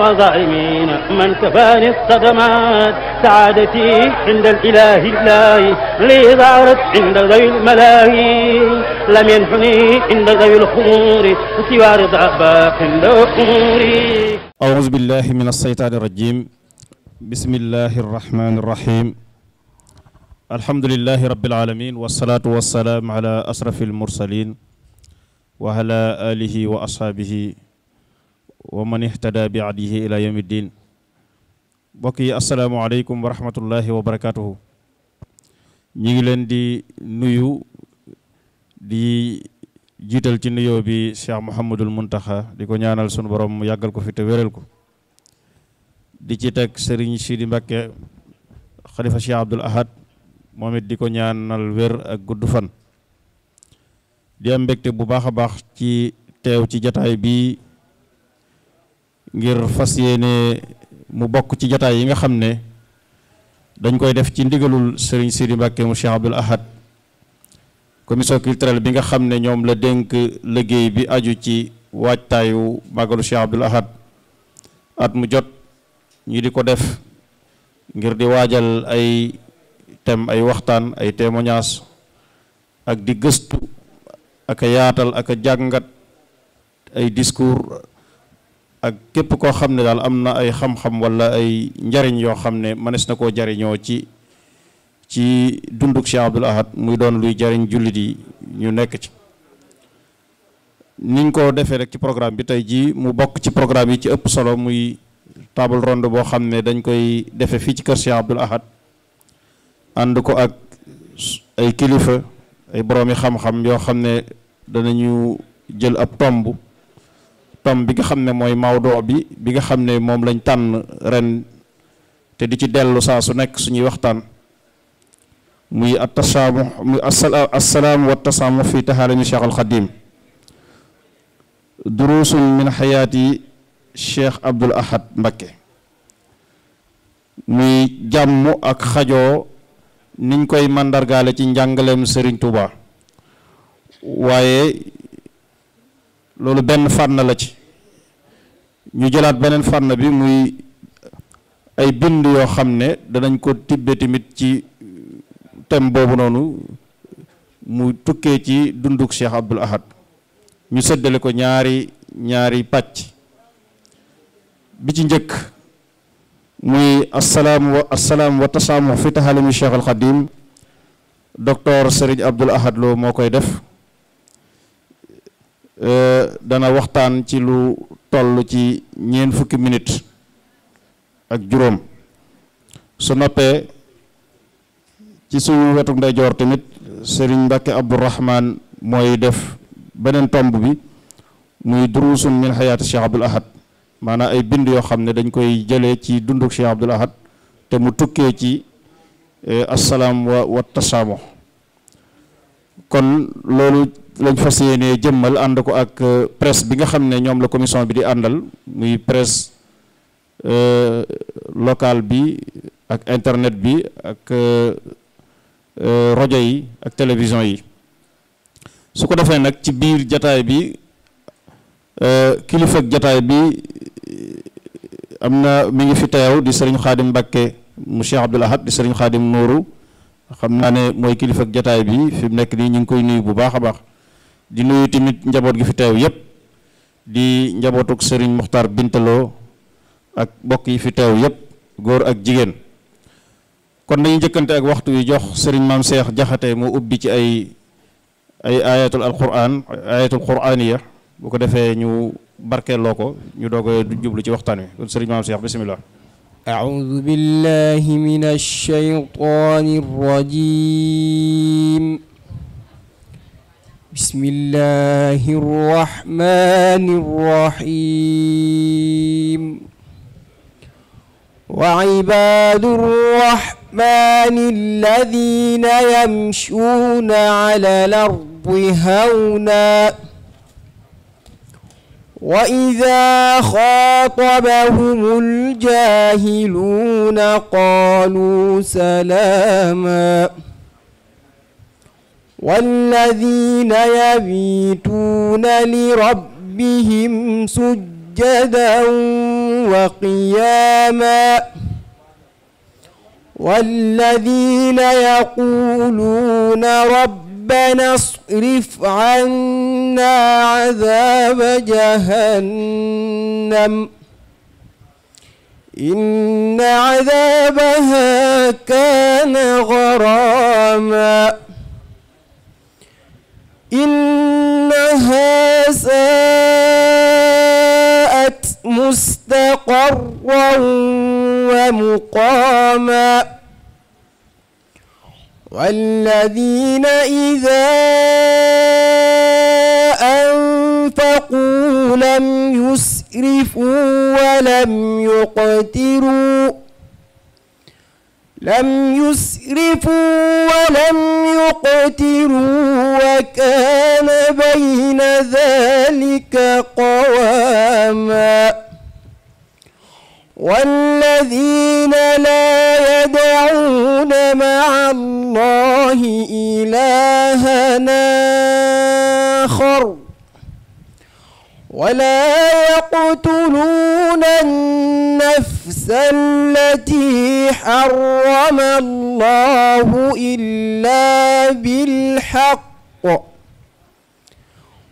وظالمين من كفاني الصدمات سعادتي عند الإله الله لي ظهرت عند ذوي الملاهي لم ينحني عند ذوي الخمور سوى رضا باق له أموري أعوذ بالله من الشيطان الرجيم بسم الله الرحمن الرحيم الحمد لله رب العالمين والصلاة والسلام على أشرف المرسلين وعلى آله وأصحابه wa man ihtada bi hadihi ila yawmi ddin mbokk yi asalaamaaleykum wa rahmatullahi barakatuhu ñu ngi leen di nuyu di jiital ci nuyoo bi Cheikh Mouhamadul Muntaxa di ko ñaanal sunu borom mu yàggal ko fi te ko di ci teg Serigne Sidi Mbakke xalifa Cheikh Abdul Ahad moom di ko ñaanal wér ak gudd fan di am mbégte bu baax a baax ci teew ci jataay bi ngir fas yéene mu bokk ci jataay yi nga xam ne dañ koy def ci ndigalul sëriñ Sidi Mbacke mu Cheikh Abdoul Ahad commission culturelle bi nga xam ne ñoom la dénk liggéey bi aju ci waajtaayu màggalu Cheikh Abdoul Ahad at mu jot ñu di ko def ngir di waajal ay thème ay waxtaan ay témoignages ak di gëstu ak a yaatal ak a jàngat ay discours ak képp koo xam ne daal am na ay xam-xam wala ay njariñ yoo xam ne mënees na koo jariñoo ci ci dunduk Cheikh Abdoul Ahad muy doon luy jariñ jullit yi ñu nekk ci niñ ko defee rek ci programme bi tey jii mu bokk ci programme yi ci ëpp solo muy table ronde boo xam ne dañ koy defe fii ci kër Cheikh Abdoul Ahad ànd ko ak ay kilifa ay boroomi xam-xam yoo xam ne danañu jël ab tomb tom bi nga xam ne mooy mawdoo bi bi nga xam ne moom lañ tànn ren te di ci dellu saa su nekk suñuy waxtaan muy atasaamu muy assalaamu wa tasaamu fi taxaalimi cheikh alxadim duruusun min xayaati cheikh abdul ahad mbakke muy jàmm ak xajoo niñ koy màndargaale ci njàngaleem sëriñ Touba waaye loolu benn fànn la ci ñu jëlaat beneen fànn bi muy ay bind yoo xam ne danañ ko tibbe tamit ci thème boobu noonu mu tukkee ci dunduk Cheikh Abdoul Ahad ñu seddale ko ñaari ñaari pàcc bi ci njëkk muy asalaam wa asalaam wa tasaamu fi taxalimi Cheikh al Xadim docteur Serigne Abdoul Ahad moo koy def Euh, dana waxtaan ci lu toll ci ñeent fukki minit ak juróom su noppee ci suñu wetu ndeyjoor tamit Serigne Mbacke Abdourahman mooy def beneen tomb bi muy durusun min xayaati Cheikh Abdoul Ahad maanaam ay bind yoo xam ne dañ koy jëlee ci dunduk Cheikh Abdoul Ahad te mu tukkee ci euh, asalaam wa wa tasaamo kon loolu lañ fas yéenee jëmmal ànd ko ak euh, presse bi nga xam ne ñoom la commission bi di àndal muy presse euh, locale bi ak internet bi ak euh, rajo yi ak télévision yi su ko defee nag ci biir jataay bi kilifa jataay bi am na mu ngi fi teew di sëriñ xaadim Mbàkke mu Cheikh Abdoul Ahad di sëriñ xaadim Nuuru xam naa ne mooy kilifa ak jataay bi fi mu nekk nii ñu ngi koy nuyu bu baax a baax di nuyu tamit njaboot gi fi teew yépp di njabootuk sëriñ Muxtaar Bintaloo ak bokk yi fi teew yépp góor ak jigéen kon dañuy njëkkante ak waxtu wi jox sëriñ Maam Cheikh Jaxate moo ubbi ci ay ay ayatul alquran ayatul quraniya bu ko defee ñu barkeeloo ko ñu doog a jublu ci waxtaan wi kon Serigne Maam Cheikh bisimilah. أعوذ بالله من الشيطان الرجيم بسم الله الرحمن الرحيم وعباد الرحمن الذين يمشون على الأرض هوناً وإذا خاطبهم الجاهلون قالوا سلاما والذين يبيتون لربهم سجدا وقياما والذين يقولون رب ربنا اصرف عنا عذاب جهنم إن عذابها كان غراما إنها ساءت مستقرا ومقاما والذين إذا أنفقوا لم يسرفوا ولم يقتروا لم يسرفوا ولم يقتروا وكان بين ذلك قواما والذين لا يدعون مع الله إلهنا آخر ولا يقتلون النفس التي حرم الله إلا بالحق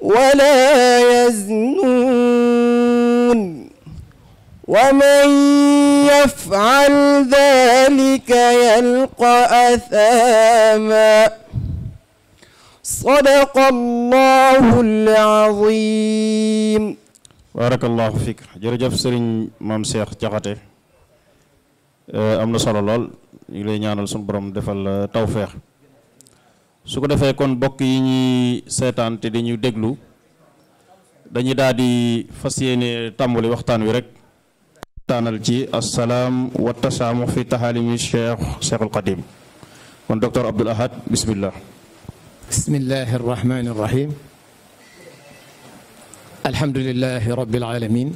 ولا يزنون ومن يفعل ذلك يلقى أثاما صدق jërëjëf sëriñ maam Cheikh Diakhaté euh, am na solo lool ñu lay ñaanal sunu borom defal tawfeex su ko defee kon bokk yi ñuy seetaan te dañuy déglu dañuy daal di fas yéene tàmbali waxtaan wi rek taanal ci assalaam wa tasaamu fi taxaalimi cheikh cheikhul qadim kon docteur Abdoul Ahad bismillah bismillahi arrahmani arrahim alhamdulilahi rabbil alamin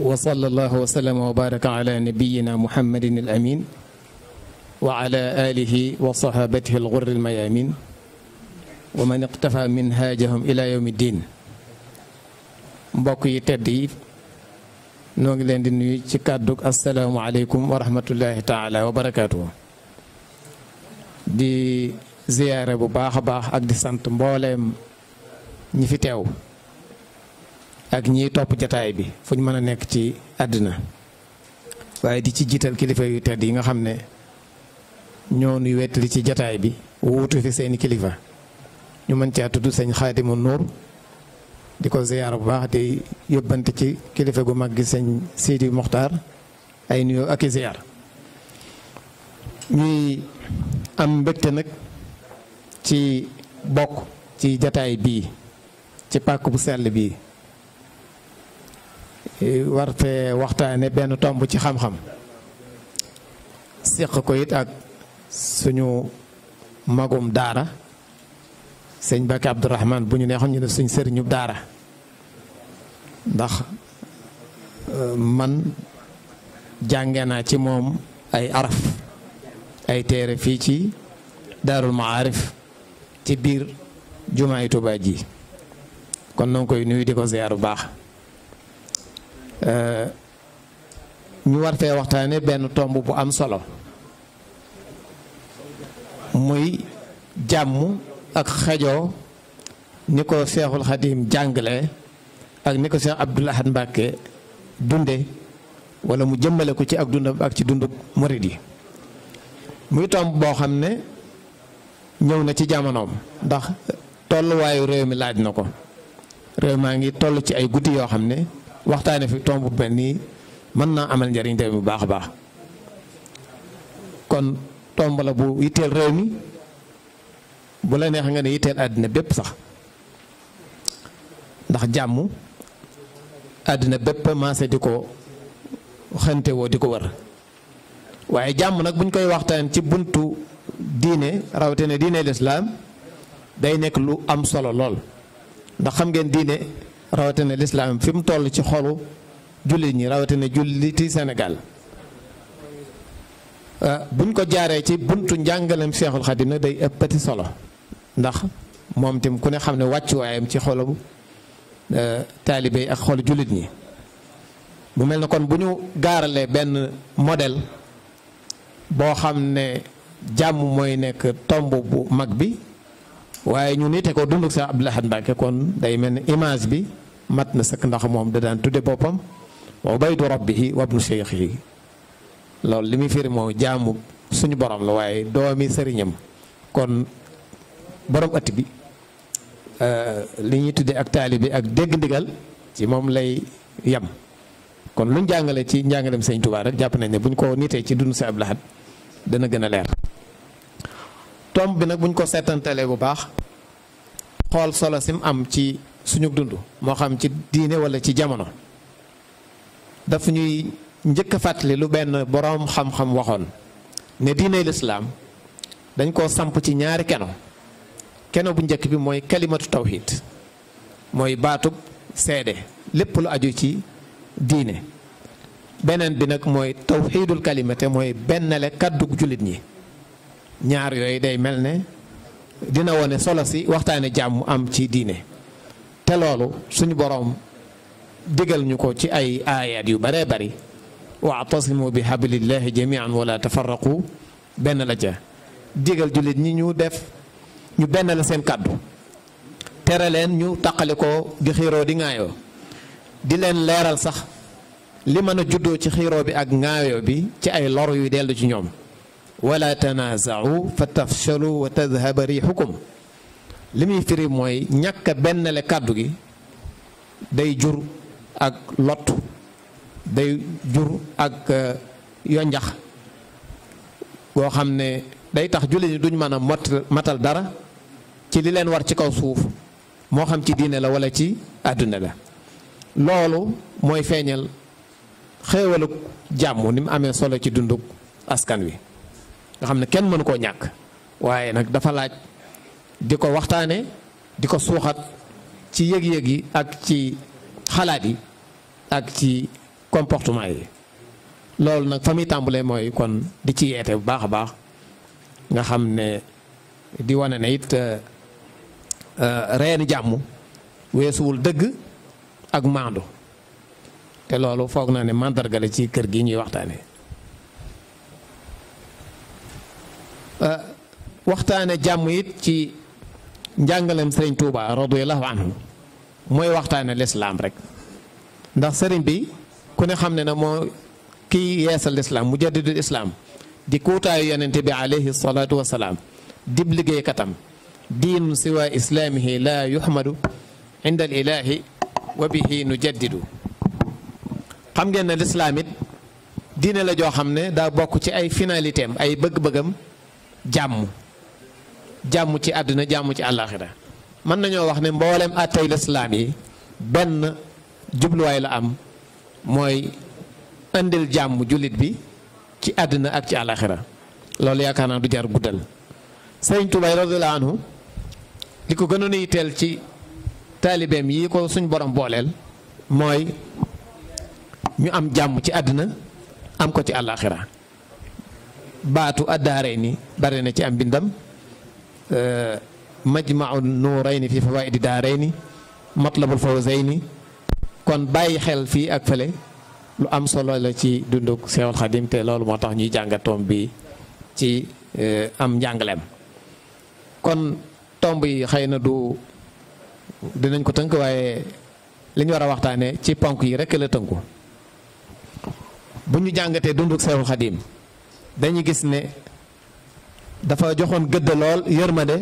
wa sallallahu wa sallama wa baraka ala nabiyina muhammadin al amin wa ala alihi wa sahabatihi al ghurri al mayamin wa man iqtafa minhajahum ila yawmi ddin mbokk yi tedd yi noo ngi leen di nuyu ci kàddug asalaamualeykum wa rahmatullahi taala wa barakaatu. di ziyaare bu baax a baax ak di sant mbooleem ñi fi teew ak ñiy topp jataay bi fu ñu mën a nekk ci àddina waaye di ci jiital kilifa yu tedd yi nga xam ne ñoo nuy wettali ci jataay bi wuutu fi seeni kilifa ñu mën caa tudd sëñ Xaadimu Nuur di ko ziyaara bu baax di yóbbante ci kilifa gu mag gi sëñ Sidi Mokhtar ay nuyoo ak i ñuy am mbëgte nag ci bokk ci jataay bii ci pàkk bu sell bii e, war fee waxtaane benn tomb ci xam-xam séq ko it ak suñu magum daara sëñ Bakki Abdourahman bu ñu neexoon ñu ne suñ sëriñu daara ndax euh, man jànge naa ci moom ay araf ay téere fii ci daarul maarif ci biir jumaay Tuubaa ji kon noo koy nuyu di ko ziar bu baax euh, ñu war fee waxtaane benn tomb bu am solo muy jàmm ak xajoo ni ko seexul xadim jàngale ak ni ko seex Abdul Ahad Mbàkke dunde wala mu jëmmale ko ci ak dundam ak ci dundub murid yi muy tomb boo xam ne ñëw na ci jamonoom ndax tolluwaayu réew mi laaj na ko réew maa ngi toll ci ay guddi yoo xam ne waxtaane fi tomb bu mel nii mën naa amal njariñ tamit bu baax a baax kon tomb la bu yitteel réew mi bu la neex nga ne yitteel àddina bépp sax ndax jàmm àddina bépp maase di ko xante woo di ko wër waaye jàmm nag buñ koy waxtaan ci buntu diine rawatina diine lislaam day nekk lu am solo lool ndax xam ngeen diine rawatina lislaam fi mu toll ci xolu jullit ñi rawatina julliti Sénégal ah, buñ ko jaaree ci buntu njàngalem Seexul Xadiim day ëppati solo ndax moom tam ku ne xam ne wàccuwaayam ci xolu euh, taalibe yi ak xolu jullit ñi mu mel ne kon bu ñu gaaralee benn model boo xam ne jàmm mooy nekk tomb bu mag bi waaye ñu nite ko dunduk sa Abdul Ahad Mbàkke kon day mel ne image bi mat na sëkk ndax moom da daan tudde boppam ubaydu rabbihi wa ibnu yi loolu li muy firi moo jaamu suñu borom la waaye doomi sëriñam kon borom ëtt bi euh, li ñuy tuddee ak taalibe ak dégg ndigal ci moom lay yem kon luñ jàngale ci njàngalem sëñ Touba rek jàpp nañ ne buñ ko nitee ci dund si Abdou Lahad dana gën a leer tomb bi nag buñ ko seetantalee bu baax xool solo sim am ci suñu dund moo xam ci diine wala ci jamono daf ñuy njëkk a fàttali lu benn boroom xam-xam waxoon ne diiney lislaam dañ koo samp ci ñaari keno kene bu njëkk bi mooy kalimatu tawxiid mooy baatub seede lépp lu aju ci diine beneen bi nag mooy tawxiidul kalimate mooy bennale kàddug jullit ñi ñaar yooyu day mel ne dina wone solo si waxtaane jàmm am ci diine te loolu suñu boroom digal ñu ko ci ay aayaat yu baree bari waatasimu bi hablillahi jamian wala tafarraqu benn la ca digal jullit ñi ñu def ñu benn la seen kàddu tere leen ñu taqali ko di xiiroo di ŋaayoo di leen leeral sax li mën a juddoo ci xiiroo bi ak ŋaayoo bi ci ay lor yuy dellu ci ñoom wala tanaazau fa tafchalu wa tadhaba rixukum li muy firi mooy ñàkk a bennale kàddu gi day jur ak lot day jur ak euh, yonjax boo xam ne day tax jullit ñi duñ mën a mot matal dara ci li leen war ci kaw suuf moo xam ci diine la wala ci àdduna la loolu mooy feeñal xéewalug jàmm ni mu amee solo ci dundug askan wi nga xam ne kenn mënu koo ñàkk waaye nag dafa laaj di ko waxtaane di ko suuxat ci yëg-yëg yi ak ci xalaat yi ak ci comportement yi loolu nag fa muy tàmbalee mooy kon di ci yeete bu baax a baax nga xam ne di wane na it Euh, reeni jàmm weesuwul dëgg ak maandu te loolu foog naa ne màndargale ci kër gi ñuy waxtaane euh, waxtaane jàmm yit ci njàngaleem sëriñ Touba radiyallahu anhu mooy waxtaane lislaam rek ndax sëriñ bi ku ne xam ne na moo kiy yeesal lislaam mu jaddidul islaam di kuutaayu yonente bi alayhi salaatu wasalaam dib liggéey katam diinun siwaa islaamihi la yuhmadu inda al ilaahi wa bihi nu jaddidu xam ngeen ne lislaam it diine la joo xam ne daa bokk ci ay finalité ay bëgg-bëggam jàmm jàmm ci àdduna jàmm ci àllaaxira mën nañoo wax ne mbooleem àttey lislaam yi benn jubluwaay la am mooy indil jàmm jullit bi ci àddina ak ci àllaaxira loolu yaakaar naa du jar guddal sëriñ Tuubaa radiyallaahu anhu li ko gënoon a yitteel ci taalibeem yii ko suñ borom booleel mooy ñu am jàmm ci àddina am ko ci àllaaxira baatu addaaree ni bare na ci am bindam majmau nuurayni fi fawaidi daarayni matlabul ni kon bàyyi xel fii ak fële lu am solo la ci dunduk Seexul Xadim te loolu moo tax ñuy jàngatoom bi ci am njàngaleem kon tomb yi xëy na du dinañ ko tënk waaye liñ war a waxtaanee ci ponk yi rekk la tënku bu ñu jàngatee dunduk Seexul Xadiim dañu gis ne dafa joxoon gëdd lool yërmande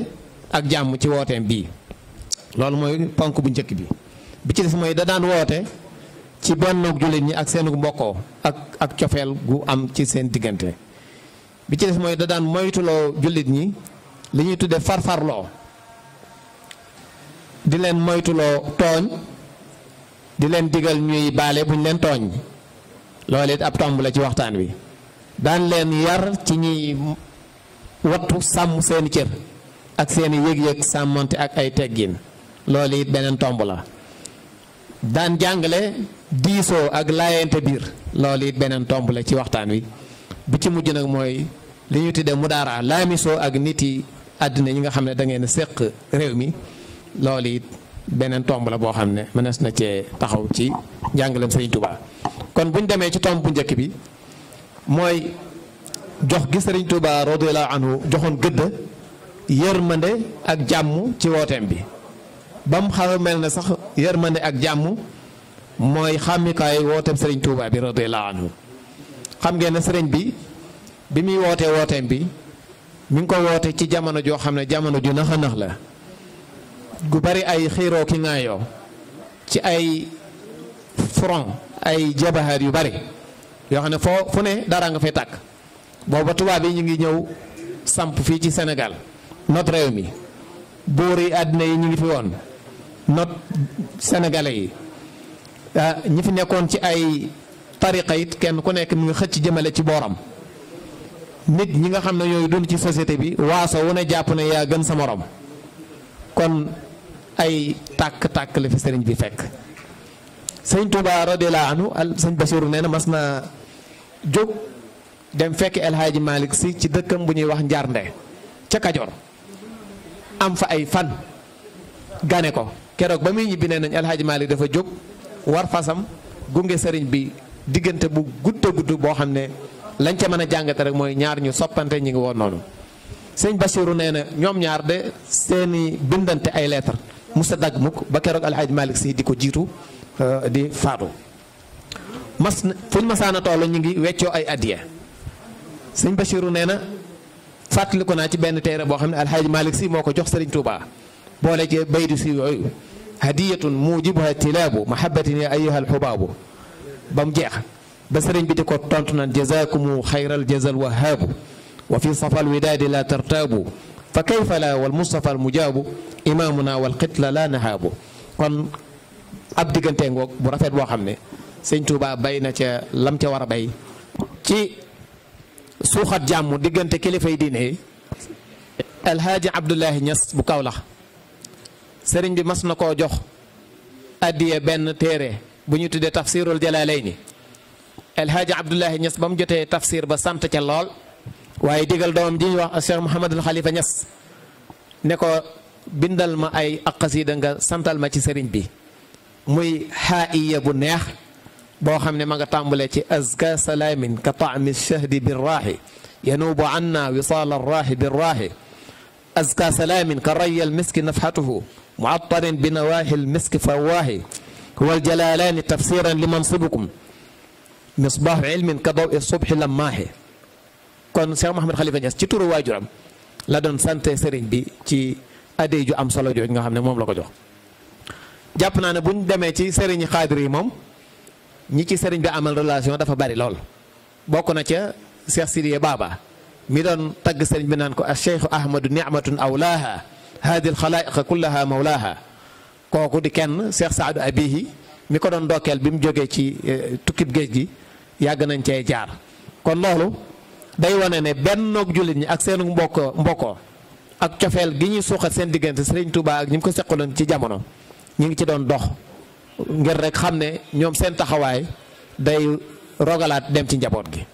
ak jàmm ci wooteem bii loolu mooy ponk bu njëkk bi bi ci des mooy da daan woote ci bonnoog jullit ñi ak seenu mbokkoo ak ak cofeel gu am ci seen diggante bi ci des mooy da daan moytuloo jullit ñi li ñuy tuddee farfarloo di leen moytuloo tooñ di leen digal ñuy baale buñ leen tooñ loolu it ab tomb la ci waxtaan wi daan leen yar ci ñuy wattu sàmm seeni cër ak seeni yëg-yëg sàmmonte ak ay teggin loolu it beneen tomb la daan jàngale diisoo ak laayante biir loolu it beneen tomb la ci waxtaan wi bu ci mujj nag mooy li ñu mu daara laamisoo ak nit yi àddina yi nga xam ne dangeen ngeen séq réew mi loolu it beneen tomb la boo xam ne mënees na cee taxaw ci njàngaleem Sëriñ Tuubaa kon buñ demee ci tomb bu njëkk bi mooy jox gi Sëriñ Tuubaa radiyallaahu anhu joxoon gëdd yërmande ak jàmm ci wooteem bi ba mu xaw a mel ne sax yërmande ak jàmm mooy xàmmikaay wooteem Sëriñ Tuubaa bi radiyallaahu anhu xam ngeen ne sëriñ bi bi muy wootee wooteem bi mu ngi ko woote ci jamono joo xam ne jamono ju nax a la gu bari ay xiiroo ki ŋaayoo ci ay front ay jabahaar yu bari yoo xam ne foo fu ne dara nga fay tàkk booba tubaab yi ñu ngi ñëw samp fii ci senegal not réew mi buur yi àddina yi ñu ngi fi woon not sénégalais yi ah, ñi fi nekkoon ci ay tariqa it kenn ku nekk mi ngi xëcc jëmale ci booram nit ñi nga xam ne ñooy dund ci société bi waaso wu ne jàpp ne yaa gën sa morom kon ay tàkk-tàkk la fi sëriñ bi fekk sëñ Touba radiyallahu anhu al sëñ Basiru nee na mas na jóg dem fekk El Hadji Malick si ci dëkkam bu ñuy wax Njarnde ca Kajoor am fa ay fan gane ko keroog ba muy ñibbi nee nañ El Hadji dafa jóg war fasam gunge sëriñ bi diggante bu gudd gudd boo xam ne lañ ca mën a jàngate rek mooy ñaar ñu soppante ñu ngi woon noonu sëñ Basiru nee na ñoom ñaar de seeni bindante ay lettre musta dagg mukk ba keroog alxaaji Malick si di ko jiitu euh, di faatu mas fuñ masaana toll ñu ngi weccoo ay addiya sëñ Bachiru nee na fàttaliku naa ci benn téere boo xam ne alxaaji Malick si moo ko jox Sëriñ Tuubaa boole ci baydu si yooyu hadiyatun mujibuha tilaabu mahabbatin ya ayyuha alxubaabu ba mu jeex ba sëriñ bi di ko tontu naan jazaakumu xayral jazal wahaabu wa fi safal widaadi la tartaabu fa kayfa la wal Mustafa al mujaabu imaamuna wal xitla la nahaabu kon ab diggante ngoog bu rafet boo xam ne sëñ Touba bay na ca lam ca war a bay ci suuxat jàmm diggante kilifay diine alhaaji Abdullahi Ñas bu kaw Kawlax sëriñ bi mas na koo jox addiye benn téere bu ñu tuddee tafsirul jalaalay ni alhaaji Abdullahi Ñas ba mu jotee tafsir ba sant ca lool waaye digal doomam ji ñuy wax Cheikh Mouhamadul Khalifa Niass ne ko bindal ma ay aqasida nga santal ma ci sëriñ bi muy xaa'iya bu neex boo xam ne ma nga tàmbalee ci azka salaamin ka taami shahdi birraahi yanuubu anna wisaal arraahi birraahi azka salaamin ka raya almiski nafxatuhu muattarin bi nawaahi almiski fawaahi huwa aljalalaani tafsiran limansibikum misbaaxu ilmin ka dawi subxi lammaahi kon Cheikh Mouhamed Khalifa Niass ci turu waajuram la doon sante sëriñ bi ci addiya ju am solo jooju nga xam ne moom la ko jox. jàpp naa ne buñ demee ci sëriñ xaadir yi moom ñi ci sëriñ bi amal relation dafa bari lool bokk na ca Cheikh Sidiye Baba mi doon tagg sëriñ bi naan ko a Cheikh Ahmadu nicmatun awlaaha haadil xalaaiqa kullaha mawlaaha kooku di kenn Cheikh Saadu Abihi mi ko doon dokkeel bi mu jógee ci eh, tukkib géej gi yàgg nañ cee jaar kon loolu. day wane ne benn noog jullit ñi ak seenu mbokk mbokkoo ak cofeel gi ñuy suuxat seen diggante Sëriñ Tuubaa ak ñi mu ko seqaloon ci jamono ñu ngi ci doon dox ngir rek xam ne ñoom seen taxawaay day rogalaat dem ci njaboot gi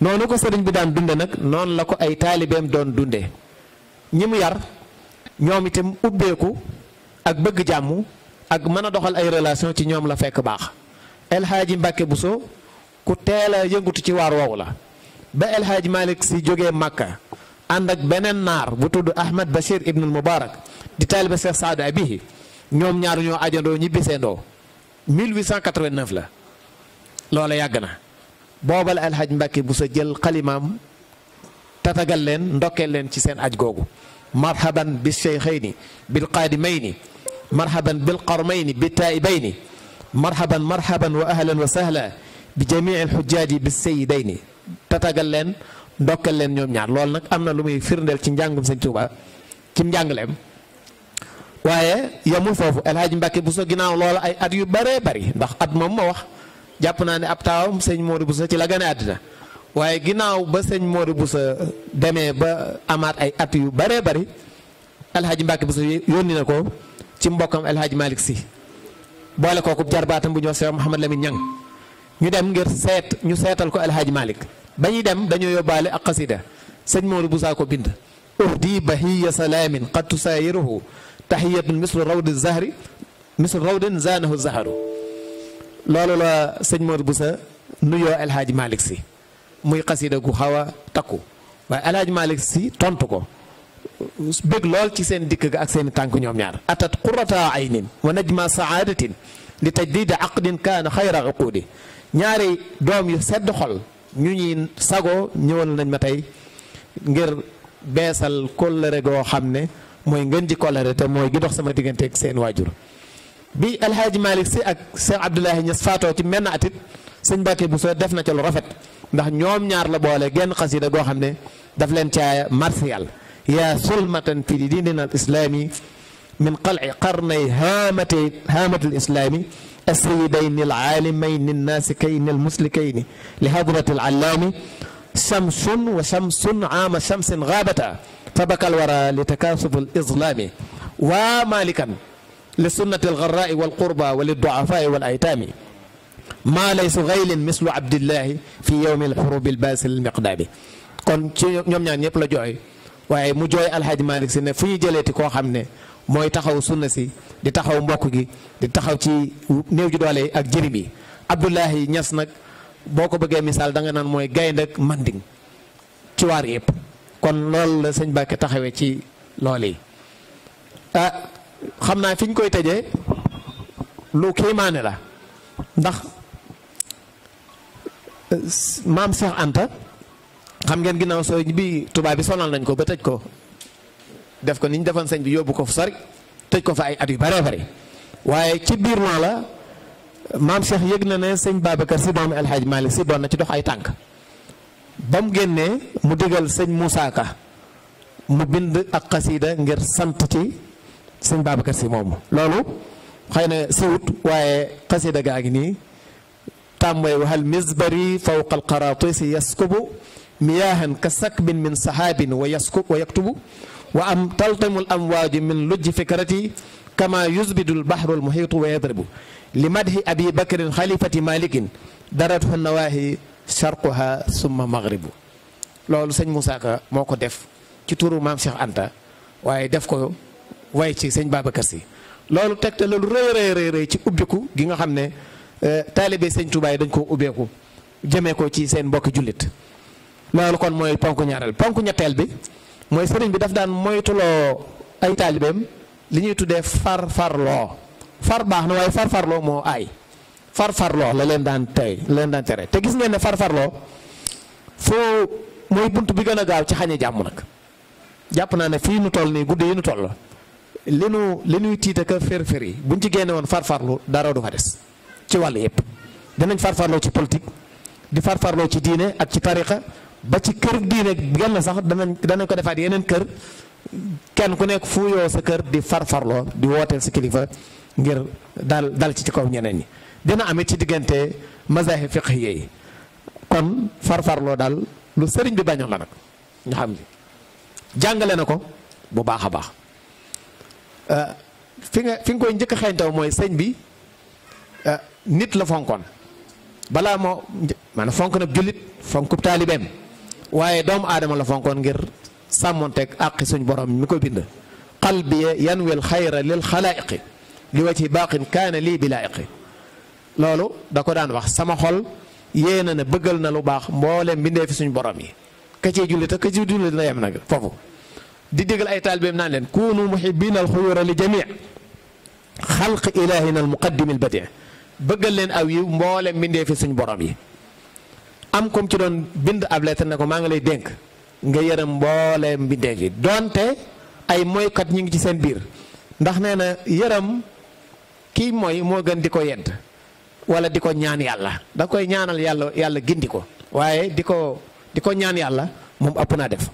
noonu ko sëriñ bi daan dunde nag noonu la ko ay taalibeem doon dunde ñi mu yar ñoom itam ubbeeku ak bëgg jàmm ak mën a doxal ay relation ci ñoom la fekk baax El Hadji Mbàkke Buso ku teela a yëngutu ci waar woowu la ba El Hadj si jógee Makka ànd ak beneen naar bu tudd Ahmed Bachir Ibn Moubarak di taaliba Cheikh Saadu Abihi ñoom ñaar ñoo ajandoo ñibbiseendoo 1889 la loola yàgg na boobal El Hadj bu sa jël xalimaam tatagal leen ndokkeel leen ci seen aj googu marhaban bi cheikhayni bil qaadimayni marhaban bil qarmayni bi taa'ibayni marhaban marhaban wa ahlan wa sahla bi jamii al xujjaaji bi sayidayni tatagal leen ndokkal leen ñoom ñaar lool nag am na lu muy firndeel ci njàngum sëñ Tuuba ci njàngaleem waaye yamul foofu El Hadj bu sa ginnaaw lool ay at yu bëree bëri ndax at moom ma jàpp naa ne ab taawam sëñ Modou Bousso ci la waaye ginnaaw ba sëñ Modou Bousso demee ba amaat ay at yu bëree bëri El Hadj Mbacke Bousso yónni na ko ci mbokkam El Hadj si boole kooku jarbaatam bu ñoo sew Mouhamad Lamine Niang ñu dem ngir seet ñu seetal ko El malik ba dem dañoo yóbbaale ak xasida sëñ Maodo Boussa ko bind uhdi bahiya salaamin qad tusaayiruhu tahiyatun mislu rawdi zahri mislu rawdin zaanahu zaharu loolu la sëñ Maodo Boussa nuyoo El Hadj Malick si muy xasida gu xaw a takku waaye El Hadj si tontu ko bëgg lool ci seen dikk ga ak seen tànk ñoom ñaar atat qurata aynin wa najma saadatin li tajdida aqdin kaana xayra uquudi ñaari doom yu sedd xol ñu ñuy sago ñëwal nañ ma tey ngir beesal kóllëre goo xam ne mooy ngeen ji kóllëre te mooy gi dox sama diggante seen waajur bi alxaaji Malick si ak Cheikh Abdoulahi Niass faatoo ci menn atit sëñ bu Buso def na ca lu rafet ndax ñoom ñaar la boole genn xasida goo xam ne daf leen caaya martial yaa sulmatan fi diinina al islaami min qalci qarnay haamati haamatul islaami السيدين العالمين الناسكين المسلكين لهضرة العلام شمس وشمس عام شمس غابتا فبكى الورى لتكاثف الإظلام ومالكا للسنة الغراء والقربى وللضعفاء والأيتام ما ليس غيل مثل عبد الله في يوم الحروب الباسل المقدام kon ci ñoom ñaan ñëpp la jooy waaye mu jooy alxaaj Malick si ne fu ñu jëleeti koo xam ne mooy taxaw sunna si di taxaw mbokk gi di taxaw ci néew ji doole ak jërim yi Abdullahi Ñas nag boo ko bëggee misaal danga naan mooy gaynde ak manding ci waar yëpp kon loolu la sëñ taxawee ci loolu yi ah xam naa fi ñu koy tëjee lu kiimaane la ndax maam Cheikh Anta xam ngeen ginnaaw soo bi tubaab bi sonal nañ ko ba tëj ko def ko ni ñu defoon sëñ bi yóbbu ko fu sori tëj ko fa ay at yu bare bare waaye ci biir ma la maam Cheikh yëg na ne sëñ Babacar si doomi Alxaaji Maalik si doon na ci dox ay tànk ba mu génnee mu digal sëñ Moussa Ka mu bind ak xasiida ngir sant ci sëñ Babacar si moomu loolu xëy na siwut waaye xasiida gaa ngi nii tàmmooy waxal misbari fawqa alqaratisi yaskubu miyaahan ka sakbin min sahaabin wa yaskub wa yaktubu wa am taltamul amwaaju min lujji fikrati kama yusbidul bahrul muhiitu wa yadribu li madhi abi bakrin xalifati malikin daratu nawaahi sharquha suma maghribu loolu sëñ Moussa Ka moo ko def ci turu maam Cheikh Anta waaye def ko way ci sëñ Babacar Si loolu tegte loolu rëy rëy rëy ci ubbiku gi nga xam ne euh, taalibe sëñ Tuubaa dañ koo ubbeeku jëmee ko ci seen mbokki jullit loolu kon mooy ponk ñaareel ponk ñetteel bi mooy sëriñ bi daf daan moytuloo ay taalibeem li ñuy tuddee far far baax na waaye far moo aay far farloo la leen daan tey la leen daan tere te gis ngeen ne far farloo foo mooy bunt bi gën a gaaw ci xañe jàmm nag jàpp naa ne fii nu toll nii guddi yi nu toll li nu li nuy tiita ka fér-fér yi buñ ci génnewoon woon farfarlu dara du fa des ci wàll yëpp dinañ farfarloo ci politique di farfarloo ci diine ak ci tariqa ba ci kër diine genn sax danañ danañ ko defaat yeneen kër kenn ku nekk fu sa kër di farfarloo di wooteel sa kilifa ngir dal dal ci ci kaw ñeneen yi dina amee ci diggante mazahib fiqh kon farfarloo daal lu sëriñ bi bañoon la nag xam jàngale na ko bu baax a baax euh, fi nga fi nga koy njëkk a xeeñtaw mooy sëñ bi euh, nit la fonkoon balaa moo maanaam fonk na jullit fonkub taalibeem waaye doomu aadama la fonkoon ngir sàmmonteeg àqi suñ borom mi ko bind qalbiya yanwil xayra lil xalaayiqi li wa ci baaqin kaana lii bilaayiqi loolu da ko daan wax sama xol yéena ne bëggal na lu baax mbooleem bindee fi suñ borom yi ka cee jullit ak ka ci jullit la yem nag foofu di digal ay taalibeem naan leen kuunu muhibbiina alxuyura li jamii xalq ilaahina almuqaddimi albadi bëggal leen aw yiw mbooleem bindee fi suñ borom yi am comme ci doon bind ab lettre ne ko maa ngi lay dénk nga yërëm mbooleem mbindeef yi donte ay moykat ñu ngi ci seen biir ndax nee na yërëm kii moy moo gën di ko yedd wala di ko ñaan yàlla da koy ñaanal yàlla yàlla gindi ko waaye di ko di ko ñaan yàlla moom ëpp naa def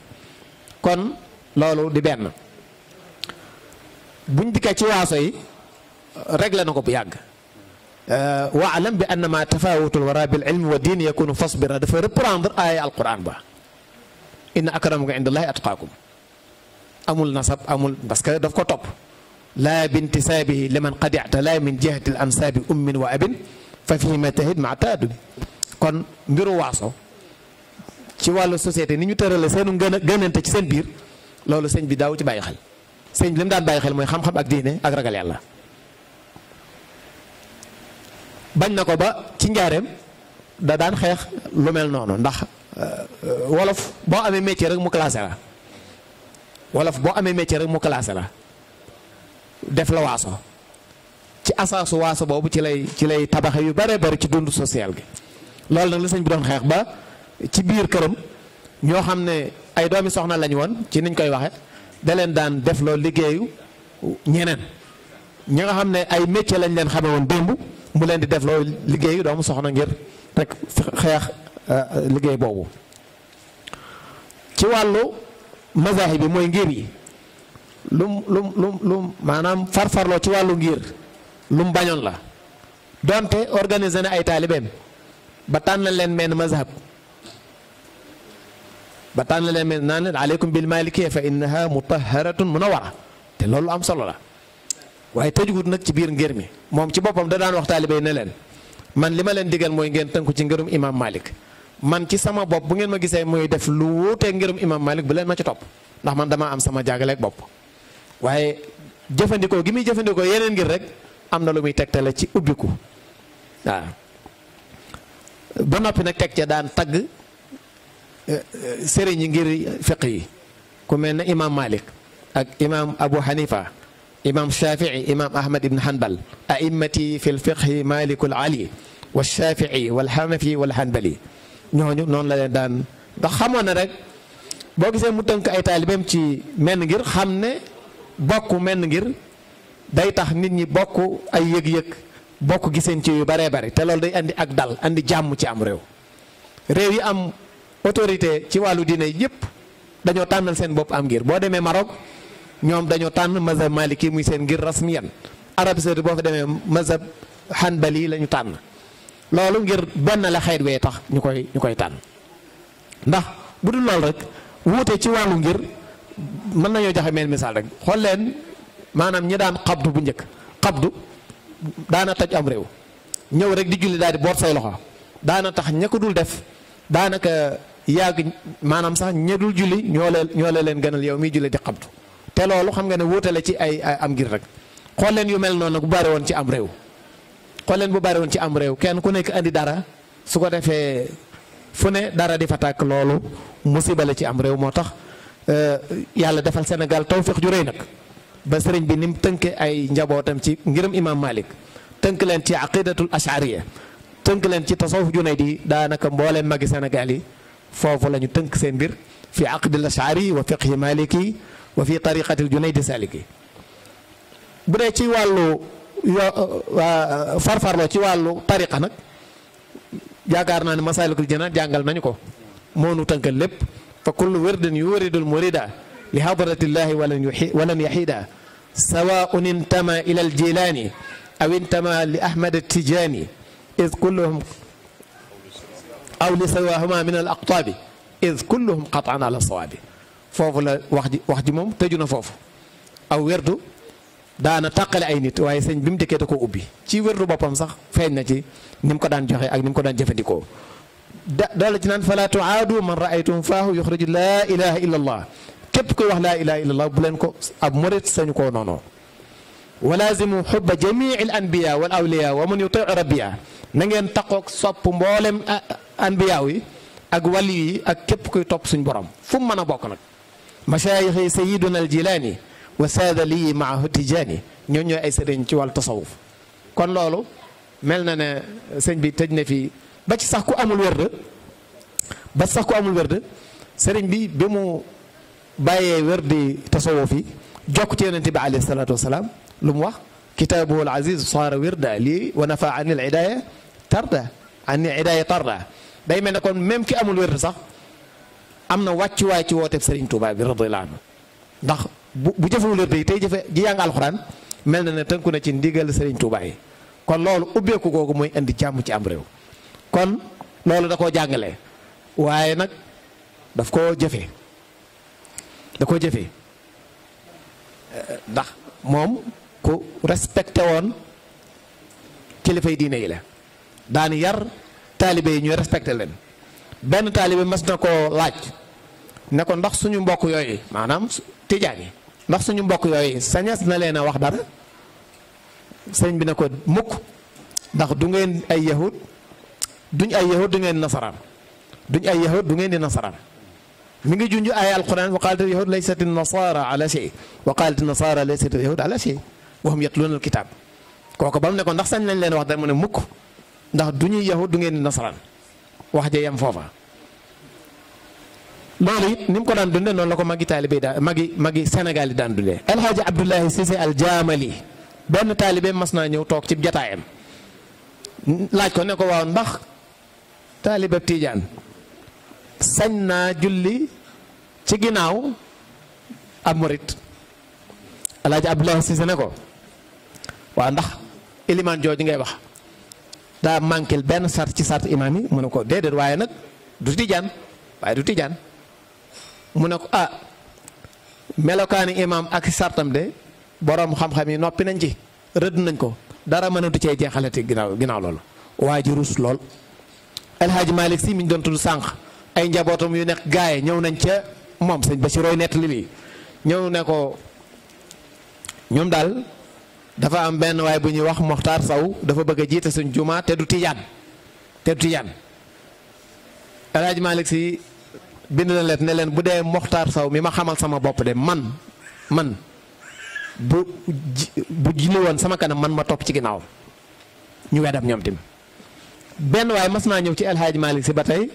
kon loolu di benn buñ dikkee ci waaso yi regle na ko bu yàgg waa waalam bi an tafawutul wara bil ilmi wa diin yakunu fasbira dafa reprendre aaya alquran ba inna akramakum indallahi atqaakum amul nasab amul parce que daf ko topp laa bintisaabihi liman qad ictala min jihati l ansaabi ummin wa abin fa fihima tahid ma taadumi kon mbiru waaso ci wàllu société ni ñu tërale seenu gën a gënante ci seen biir loolu sëñ bi daaw ci bàyyi xel sëñ bi li mu daan bàyyi xel mooy xam-xam ak diine ak ragal yàlla bañ na ko ba ci njaareem da daan xeex lu mel noonu ndax euh, wolof boo amee métier rek mu classé la wolof boo amee métier rek mu la def la waaso ci asaasu waaso boobu ci lay ci lay tabaxe yu bare bari ci dund social gi loolu nag la sëñ bi doon xeex ba ci biir këram ñoo xam ne ay doomi soxna lañu woon ci niñ koy waxe da leen daan def loo liggéeyu ñeneen ñi nga xam ne ay métier lañ leen xame woon démb mu leen di def loo liggéey doomu soxna ngir rek xeex euh, liggéey boobu ci wàllu mazahib bi mooy ngir yi lum lum lum lum maanaam farfarloo ci wàllu ngir lum bañoon la donte organiser na ay taalibeem ba tànn leen menn mazhab ba tànn leen menn naan leen aleykum bil malikiya fa innaha mutahharatun munawwara te loolu am solo la waaye tëjuwut nag ci biir ngir mi moom ci boppam da daan wax taalibe ne man li ma leen digal mooy ngeen tënku ci ngërum imaam maalik man ci sama bopp bu ngeen ma gisee muy def lu wuuteeg ngërum imam malik bu leen ma ci topp ndax man damaa am sama jaagaleeg bopp waaye jëfandikoo gi muy jëfandikoo yeneen ngir rek am na lu muy tegtale ci ubbiku waaw ba noppi nag teg ca daan tagg eh, eh, sëriñ yi ngir fiq yi ku mel ne imam malik ak imam abu hanifa imaam Shafii imaam Ahmad ibn Hanbal a'immati fi lfiqhi Malikul Ali wa Shafii wal Hanafi wal Hanbali ñooñu noonu la leen daan ndax xamoon na rek boo gisee mu tënk ay taalibeem ci menn ngir xam ne bokk menn ngir day tax nit ñi bokk ay yëg-yëg bokk giseen ci yu baree bare te loolu day andi ak dal andi jàmm ci am réew réew yi am autorité ci wàllu diine yépp dañoo tànnal seen bopp am ngir boo demee Maroc. ñoom dañoo tànn mazhab maliki muy seen ngir rasmiyan arab saudi boo fa demee mazhab hanbali la ñu tànn loolu ngir benn la xeet wee tax ñu koy ñu koy tànn ndax bu dul loolu rek wuute ci wàllu ngir mën nañoo joxe meen misaal rek xool leen maanaam ñi daan xabdu bu njëkk xabdu daana toj am réew ñëw rek di julli daal di boot say loxo daana tax ña dul def daanaka yàgg maanaam sax ña dul julli ñoo leen ñoo leen gënal yow miy julli di xabdu te loolu xam nga ne wutale ci ay am ngir rek xool leen yu mel noonu bu bari woon ci am réew xool leen bu bari ci am réew kenn ku nekk andi dara su ko defee fu ne dara di fa tàkk loolu musiba la ci am réew moo tax euh, yàlla defal Sénégal tawféex ju rëy nag ba sëriñ bi ni mu tënke ay njabootam ci ngirum imaam Malik tënk leen ci aqidatul ashariya tënk leen ci tasawuf junay di daanaka mbooleem magi Sénégal yi foofu lañu tënk seen mbir fi aqdil ashari wa fiqhi maliki wa fi tariqatil junaydi saliki bu dee ci wàllu yo farfarloo ci wàllu tariqa nag yaakaar naa ne masaalikul jinaan jàngal nañu ko moo nu tënkal lépp fa kullu wirdin yuridul murida li hadratillahi walan yaxiida sawaun intama ila aljilaani aw intama li ahmad tijaani id kulluhum aw li sawahuma min al aqtaabi id kulluhum qataan ala sawaabi foofu la wax ji wax ji moom tëju na foofu aw werdu daana tàqale ay nit waaye sëñ bi mu dikkee da koo ubbi ci werdu boppam sax feeñ na ci ni mu ko daan joxe ak ni mu ko daan jëfandikoo da doola ci naan fala tuaadu man raaytum faahu yuxriju laa ilaha illa allah képp koy wax laa ilaha illa allah bu leen ko ab murit sañu koo noonu walaazimu xubba jamii al anbiya wal awliya wa man yuti rabbiya na ngeen taqoog sopp mboolem anbiya yi ak wali yi ak képp kuy topp suñ borom fu mën a bokk nag masaayixi sayiduna al jilaani wa saada lii maahu tijaani ñoo ñooy ay sëriñ ci wàllu tasawuf kon loolu mel na ne sëñ bi tëj na fi ba ci sax ku amul wërd ba sax ku amul wërd sëriñ bi bi mu bàyyee wërdi tasawuf yi jokk ci yonente bi alayhi salaatu wasalaam lu mu wax kitaabuhu al aziz saara wirda lii wa nafa an il tarda an mel ne kon même ki amul wërd sax am na wàccuwaay ci wooteeb sëriñ Touba bi radiyallahu anhu ndax bu bu jëfewulee tey tey jëfe ji jàng alxuraan mel na ne tënku na ci ndigal Serigne Touba kon loolu ubbeeku googu mooy indi jàmm ci am réew kon loolu da koo jàngale waaye nag daf koo jëfe da koo jëfe ndax moom ku respecté woon kilifay diine yi la daan yar taalibe yi ñuy respecté leen benn taalibe mas na ko laaj ne ko ndax suñu mbokk yooyu maanaam tijaan yi ndax suñu mbokk yooyu sañes na leen a wax dara sëñ bi ne ko mukk ndax du ngeen ay yahud duñ ay yahud du ngeen nasaraan duñ ay yahud du ngeen di nasaraan mu ngi junj ay alquran wa qalat yahud laysat nasara ala shay wa qalat nasara laysat yahud ala shay wa hum kooku ba mu ne ko ndax sañ lañ leen wax dara mu ne mukk ndax du ñuy yahud du ngeen di nasaraan wax ja yem foofa loolu it ni ko daan dunde noonu la ko magi taalibe daan magi magi Sénégal yi daan dunde alxaaji Abdoulahi Cissé al jaamali benn taalibe mas naa ñëw toog ci jataayam laaj ko ne ko waaw ndax taalibe Tiijaan sañ naa julli ci ginnaaw ab murit alxaaji Abdoulahi Cissé ne waaw ndax ilimaan jooju ngay wax daa manqué benn sart ci sart imaam yi mu ne ko déedéet waaye nag du tijaan waaye du tijaan mu ne ko ah melokaani imaam ak sartam de boroom xam-xam yi noppi nañ ci rëdd nañ ko dara mënatu cee jeexalati ginnaaw ginnaaw loolu waa ji rus lool alhaaji malik si miñ doon tudd sànq ay njabootam yu nekk gaaye ñëw nañ ca moom sëñ ba si roy nettali lii ñëw ne ko ñoom daal dafa am benn waaye bu ñuy wax Moxtaar Saw dafa bëgg a jiite suñ jumaa te du tijaan te du tijaan El Hadj si bind na leen ne leen bu dee moxtar Saw mi ma xamal sama bopp de man man bu bu julli woon sama kanam man ma topp ci ginnaaw ñu weddam ñoom tim benn waaye mas naa ñëw ci El Hadj Malick si ba tey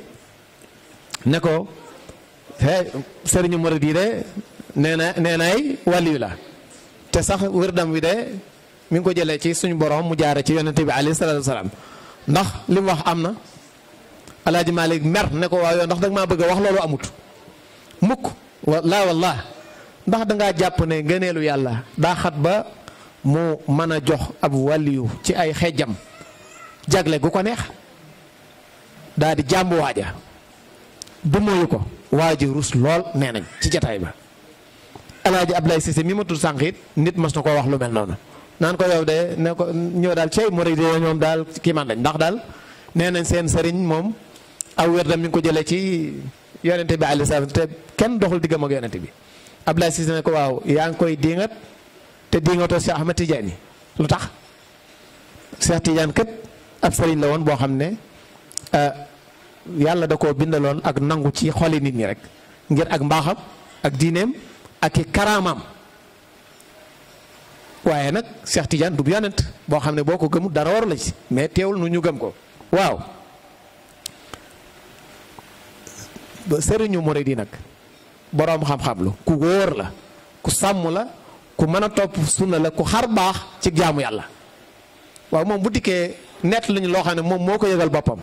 ne ko he sëriñu murid yi de nee na nee la te sax wërdam wi de mi ngi ko jëlee ci suñu borom mu jaare ci yonente bi alayhi salaatu wasalaam ndax li mu wax am na alaaji Malik mer ne ko waaw yow ndax maa bëgg a wax loolu amut mukk laa ndax dangaa jàpp ne ngëneelu yàlla daa ba mu mën a jox ab wàlliyu ci ay xejjam jagle gu ko neex daa jàmb waaja du moyu ko waaji rus lool nee nañ ci jataay ba alaaji Ablaye Cissé mi ma tudd sànq it nit mas na wax lu mel noonu naan ko yow de ne ko ñoo daal cey murid yi ñoom daal kii man lañ ndax daal nee nañ seen sëriñ moom aw wérdam mi ngi ko jëlee ci yonente bi aleyhi salaam te kenn doxul diggam ak yonente bi Abdoulaye ko waaw yaa ngi koy diingat te diingatoo Cheikh Ahmed Tidiane lu tax Cheikh Tidiane kat ab sëriñ la woon boo xam ne eh, yàlla da koo bindaloon ak nangu ci xoli nit ñi rek ngir ak mbaaxam ak diineem aki i karaamaam waaye nag Cheikh Tidiane du yonent boo xam ne boo ko gëmul dara war la ci mais teewul nu ñu gëm ko waaw sëriñu muridi nag boroom xam-xam lu ku wóor la ku sàmm la ku mën a topp sunna la ku xar baax ci jaamu yàlla waaw moom bu dikkee nett lañu loo xam ne moom moo ko yëgal boppam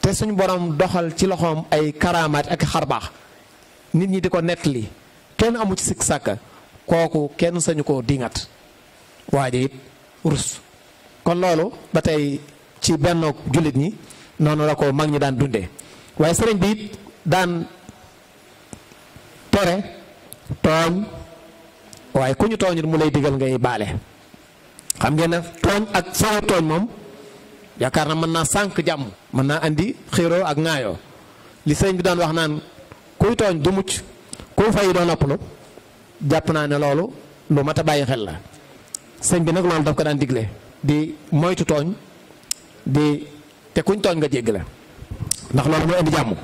te suñu borom doxal ci loxoom ay karaamaat ak xar baax nit ñi di ko nett li kenn amu ci sikk sàkka kooku kenn sañu ko dingat waaye it rus kon loolu ba tey ci benn jullit ñi noonu la ko mag ñi daan dunde waaye sëriñ bi it daan tere tooñ waaye ku ñu tooñ mu lay digal ngay baale xam ngeen ne tooñ ak saw tooñ moom yaakaar na mën naa sànq jàmm mën naa indi xiiroo ak ŋaayoo li sëriñ bi daan wax naan kuy tooñ du mucc ku fay doo noppalu jàpp naa ne loolu lu mat a bàyyi xel la sëñ bi nag loolu daf ko daan digle di moytu tooñ di te kuñ tooñ nga jégg la ndax loolu mooy indi jàmm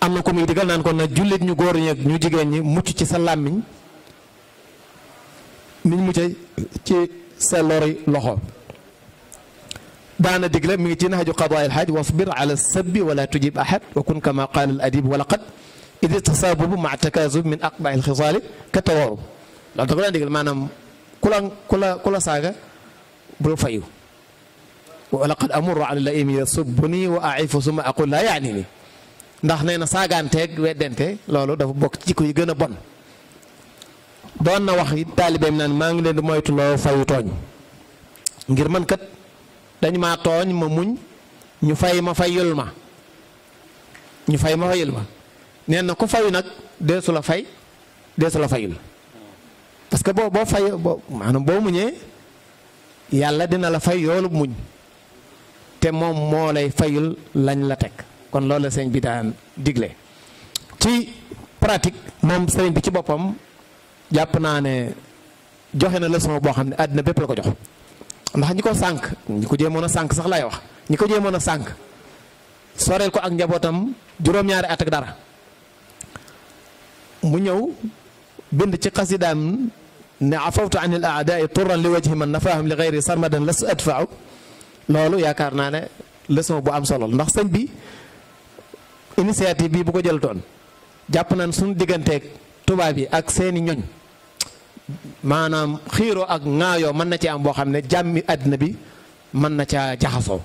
am na ko muy digal naan kon na jullit ñu góor ñi ak ñu jigéen ñi mucc ci sa làmmiñ niñ mucc ci sa lori loxo daana digle mu ngi ci naxaju qadaa'il xaaj wasbir ala sabbi wala tujib ahad wa kun kama qaala al adib wala qad idi tasaabubu ma takaasub min aqbahi alxisaali ka tawaru loolu da ko daan digal maanaam ku la ku la ku la saaga bul fayu wa laqad amurru ala laimi yasubbuni wa aifu suma aqul laa yaani ni ndax nee na saagaanteeg weddente loolu dafa bokk ci jikko yi gën a bon doon na wax taalibeem naan maa ngi leen di moytu loo fayu tooñ ngir man kat dañ maa tooñ ma muñ ñu fay ma fayul ma ñu fay ma fayul ma nee na ku fayu nag deesu la fay deesu la fayul parce que boo boo fay boo maanaam boo muñee yàlla dina la fay yoolu muñ te moom moo lay fayul lañ la teg kon loolu la sëñ bi daan digle ci pratique moom sëñ bi ci boppam jàpp naa ne joxe na leçon boo xam ne àddina bépp la ko jox ndax ñi ko sànq ñi ko jéemoon a sànq sax laay wax ñi ko jéemoon a sànq soreel ko ak njabootam juróom-ñaari at ak dara mu ñëw bind ci xasidaam ne afawtu an il aadaai turan li wajhi man nafaahum li gayri sarmadan las adfau loolu yaakaar naa ne leçon bu am solo ndax sëñ bi initiative bii bu ko jël toon jàpp nañ suñ digganteeg tubaab yi ak seeni ñoñ maanaam xiiroo ak ŋaayoo mën na ci am boo xam ne jàmmi àddina bi mën na caa jaxasoo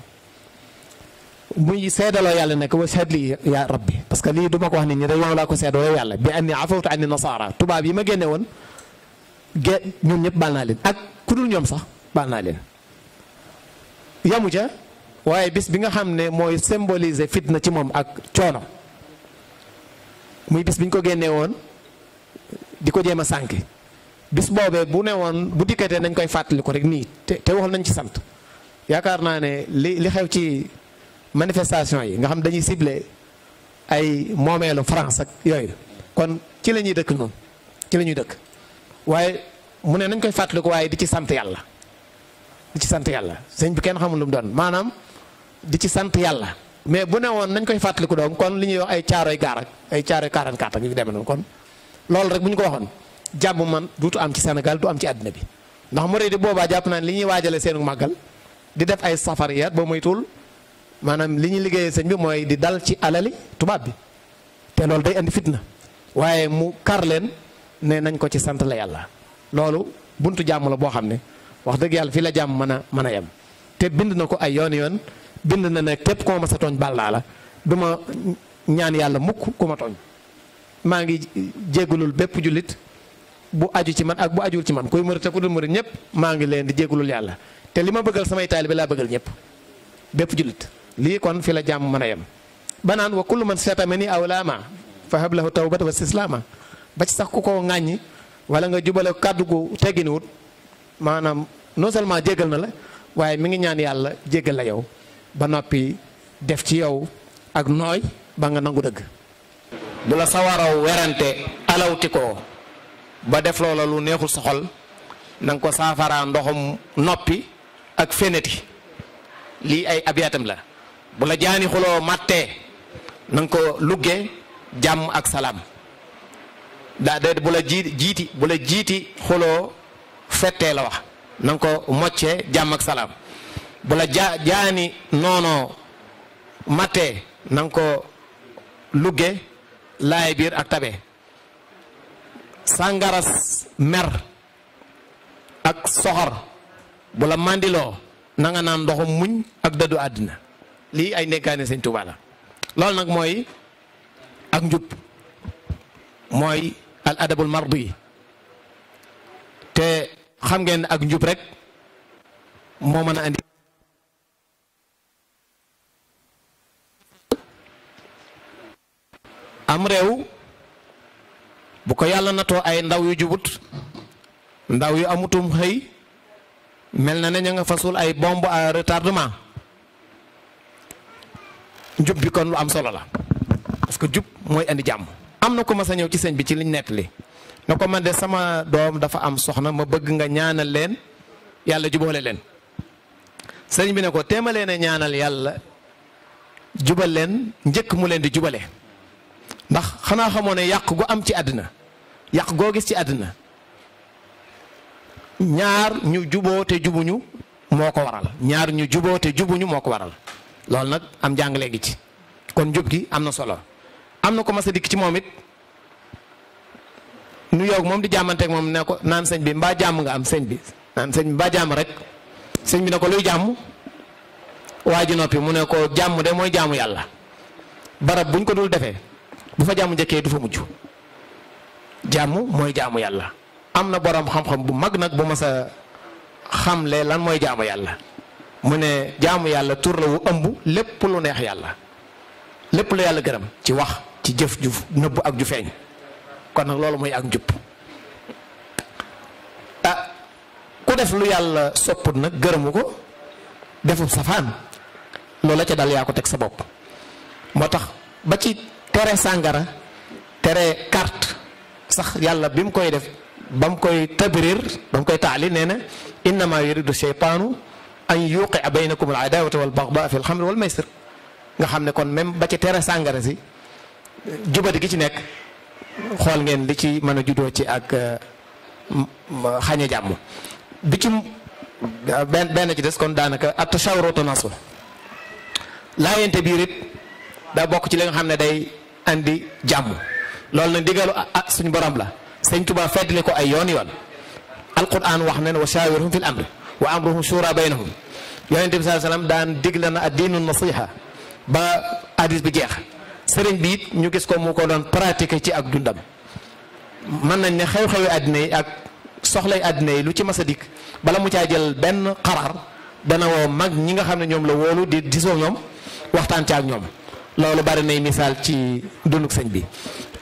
muy seedaloo yàlla ne ko washhad lii yaa rabbi parce que lii du ma ko wax nit ñi rek yow laa ko seedaloo yàlla bi anni afawtu anni nasaara tubaab yi ma génne woon ge ñoom ñëpp baal naa leen ak ku dul ñoom sax baal naa leen yamu ca waaye bis bi nga xam ne mooy symboliser fitna ci moom ak coono muy bis bi ñu ko génnee woon di ko jéem a sànk bis boobee bu ne woon bu dikkatee nañ koy fàttali ko rek nii te te nañ ci sant yaakaar naa ne li li xew ci manifestation yi nga xam dañuy ciblé ay moomeelu France ak yooyu kon ci la ñuy dëkk noonu ci la ñuy dëkk waaye mu ne nañ koy fàttaliku waaye di ci sant yàlla di ci sant yàlla sëñ bi kenn xamul lu mu doon maanaam di ci sant yàlla mais bu ne woon nañ koy fàttaliku doom kon li ñuy wax ay caaroy gaar ak ay caaroy 44 ak yu demee noonu kon loolu rek bu ñu ko waxoon jàmm man duutu am ci senegal du am ci àddina bi ndax mu rëy di boobaa jàpp naa ne maanaam li ñuy liggéeyee sëñ bi mooy di dal ci alali tubaab bi te loolu day andi fitna waaye mu kar leen ne nañ ko ci sant la yàlla loolu buntu jàmm la boo xam ne wax dëgg yàlla fii la jàmm man a mën a yem te bind na ko ay yoon yoon bind na ne képp ku ma mës tooñ la du ñaan yàlla mukk ku maa ngi jégalul bépp jullit bu aju ci man ak bu ajul ci man kuy murit te ku dul murit ñëpp maa ngi leen di jégalul yàlla te li ma bëggal samay bi laa bëggal ñëpp bépp jullit lii kon fi la jàmm mën a yem ba naan wa kullu man seetame ni aw laama fa hab lahu tawbata wa sislaama ba ci sax ku ko ŋàññi wala nga jubale kàddu gu tegginuwut maanaam non seulement jéggal na la waaye mi ngi ñaan yàlla jéggal la yow ba noppi def ci yow ak nooy ba nga nangu dëgg du la sawaraw werante alawtikoo ba def loola lu neexul soxol xol ko saafaraa ndoxum noppi ak fénati lii ay abiyatam la bu la jaani xuloo màttee na ko lugge jàmm ak salaam daa déet bu la jiiti jiiti bu la jiiti xuloo fettee la wax na ko moccee jàmm ak salaam bu la jaa jaani noonoo màttee nanga ko lugge laay biir ak tabe sàngaras mer ak soxor bu la màndiloo na nga naan ndoxum muñ ak dëddu àddina lii ay ndénkaane sëñ Tuubaa la loolu nag mooy ak njub mooy al adabul mardi te xam ngeen ak njub rek moo mën a andi am réew bu ko yàlla natoo ay ndaw yu jubut ndaw yu amutum xëy mel na ne ña nga fasul ay bombe retardement jub bi kon lu am solo la parce que jub mooy indi jàmm. am na ko ma sa ñëw ci sëñ bi ci nekk nettali ne ko man de sama doom dafa am soxna ma bëgg nga ñaanal leen yàlla jubóole leen sëñ bi ne ko téemalee ne ñaanal yàlla jubal leen njëkk mu leen di jubale ndax xanaa xamoo ne yàq gu am ci àddina yàq goo gis ci àddina ñaar ñu juboo te jubuñu moo ko waral ñaar ñu juboo te jubuñu moo ko waral. loolu nag am jàngale gi ci kon njub gi am na solo am na ko mas dikk ci moom it nu yoog moom di jàmmanteeg moom ne ko naan sëñ bi mbaa jàmm nga am sëñ bi naan sëñ jàmm rek sëñ bi ne ko luy jàmm waa ji noppi mu ne ko jàmm de mooy jaamu yàlla barab buñ ko dul defee bu fa jàmm njëkkee du fa mujj jàmm mooy jaamu yàlla am na borom xam-xam bu mag nag bu mas a xamle lan mooy jaamu yàlla mu ne jaamu yàlla tur la wu ëmb lépp lu neex yàlla lépp lu yàlla gërëm ci wax ci jëf ju nëbb ak ju feeñ kon nag loolu mooy ak njub ah ku def lu yàlla sopput nag gërëmu ko defub safaan loola ca dal yaa ko teg sa bopp moo tax ba ci tere sàngara tere carte sax yàlla bi mu koy def ba mu koy tabrir ba mu koy taali nee na innama yuridu an yuqia baynakum al adawata wal bagdaa fi al xamri wal maysir nga xam ne kon même ba ci tere sàngara si jubadi gi ci nekk xool ngeen li ci mën a juddoo ci ak uh, xañe jàmm bi ci benn benn ci des kon daanaka at tashawuru tanaasuh laayante biir it daa bokk ci li nga xam ne day indi jàmm loolu nag digalu ah, ah suñu borom la sëñ Tuubaa fedd li ko ay yoon yoon alquran wax na ne wa shaawirhum fil amri wa amruhum shura baynahum yonent bi saa salaam daan digle na addiinu nasiha ba hadis bi jeex sëriñ bi it ñu gis ko mu ko doon pratiquer ci ak dundam mën nañ ne xew-xewi àddina yi ak soxlay àddina yi lu ci mas a dikk bala mu caa jël benn xaraar dana woo mag ñi nga xam ne ñoom la wóolu di disoo ñoom waxtaan ci ak ñoom loolu bari nay misaal ci dunduk sëñ bi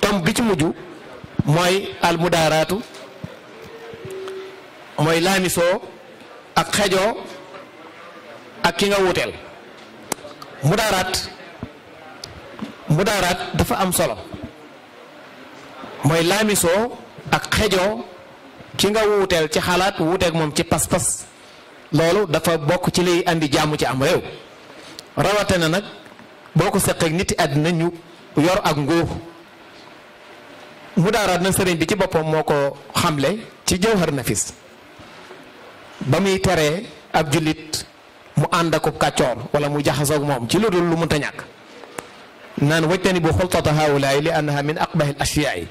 tom bi ci mujj mooy almudaaraatu mooy laamisoo ak xejoo ak ki nga wuteel mudaaraat mudaaraat dafa am solo mooy laamisoo ak xejoo ki nga wuuteel ci xalaat wuuteeg moom ci pas-pas loolu dafa bokk ci liy indi jàmm ci am réew rawate na nag boo ko seqeeg nit yi àddina ñu yor ak nguur mudaaraat nag sëriñ bi ci boppam moo ko xamle ci jawhar nafis ba muy teree ak jullit mu ànd akub kàccoor wala mu jaxasoog moom ci lu dul lu mënta ñàkk naan wajtani bu xultata haulaay li annaha min aqbahi l ashiyaay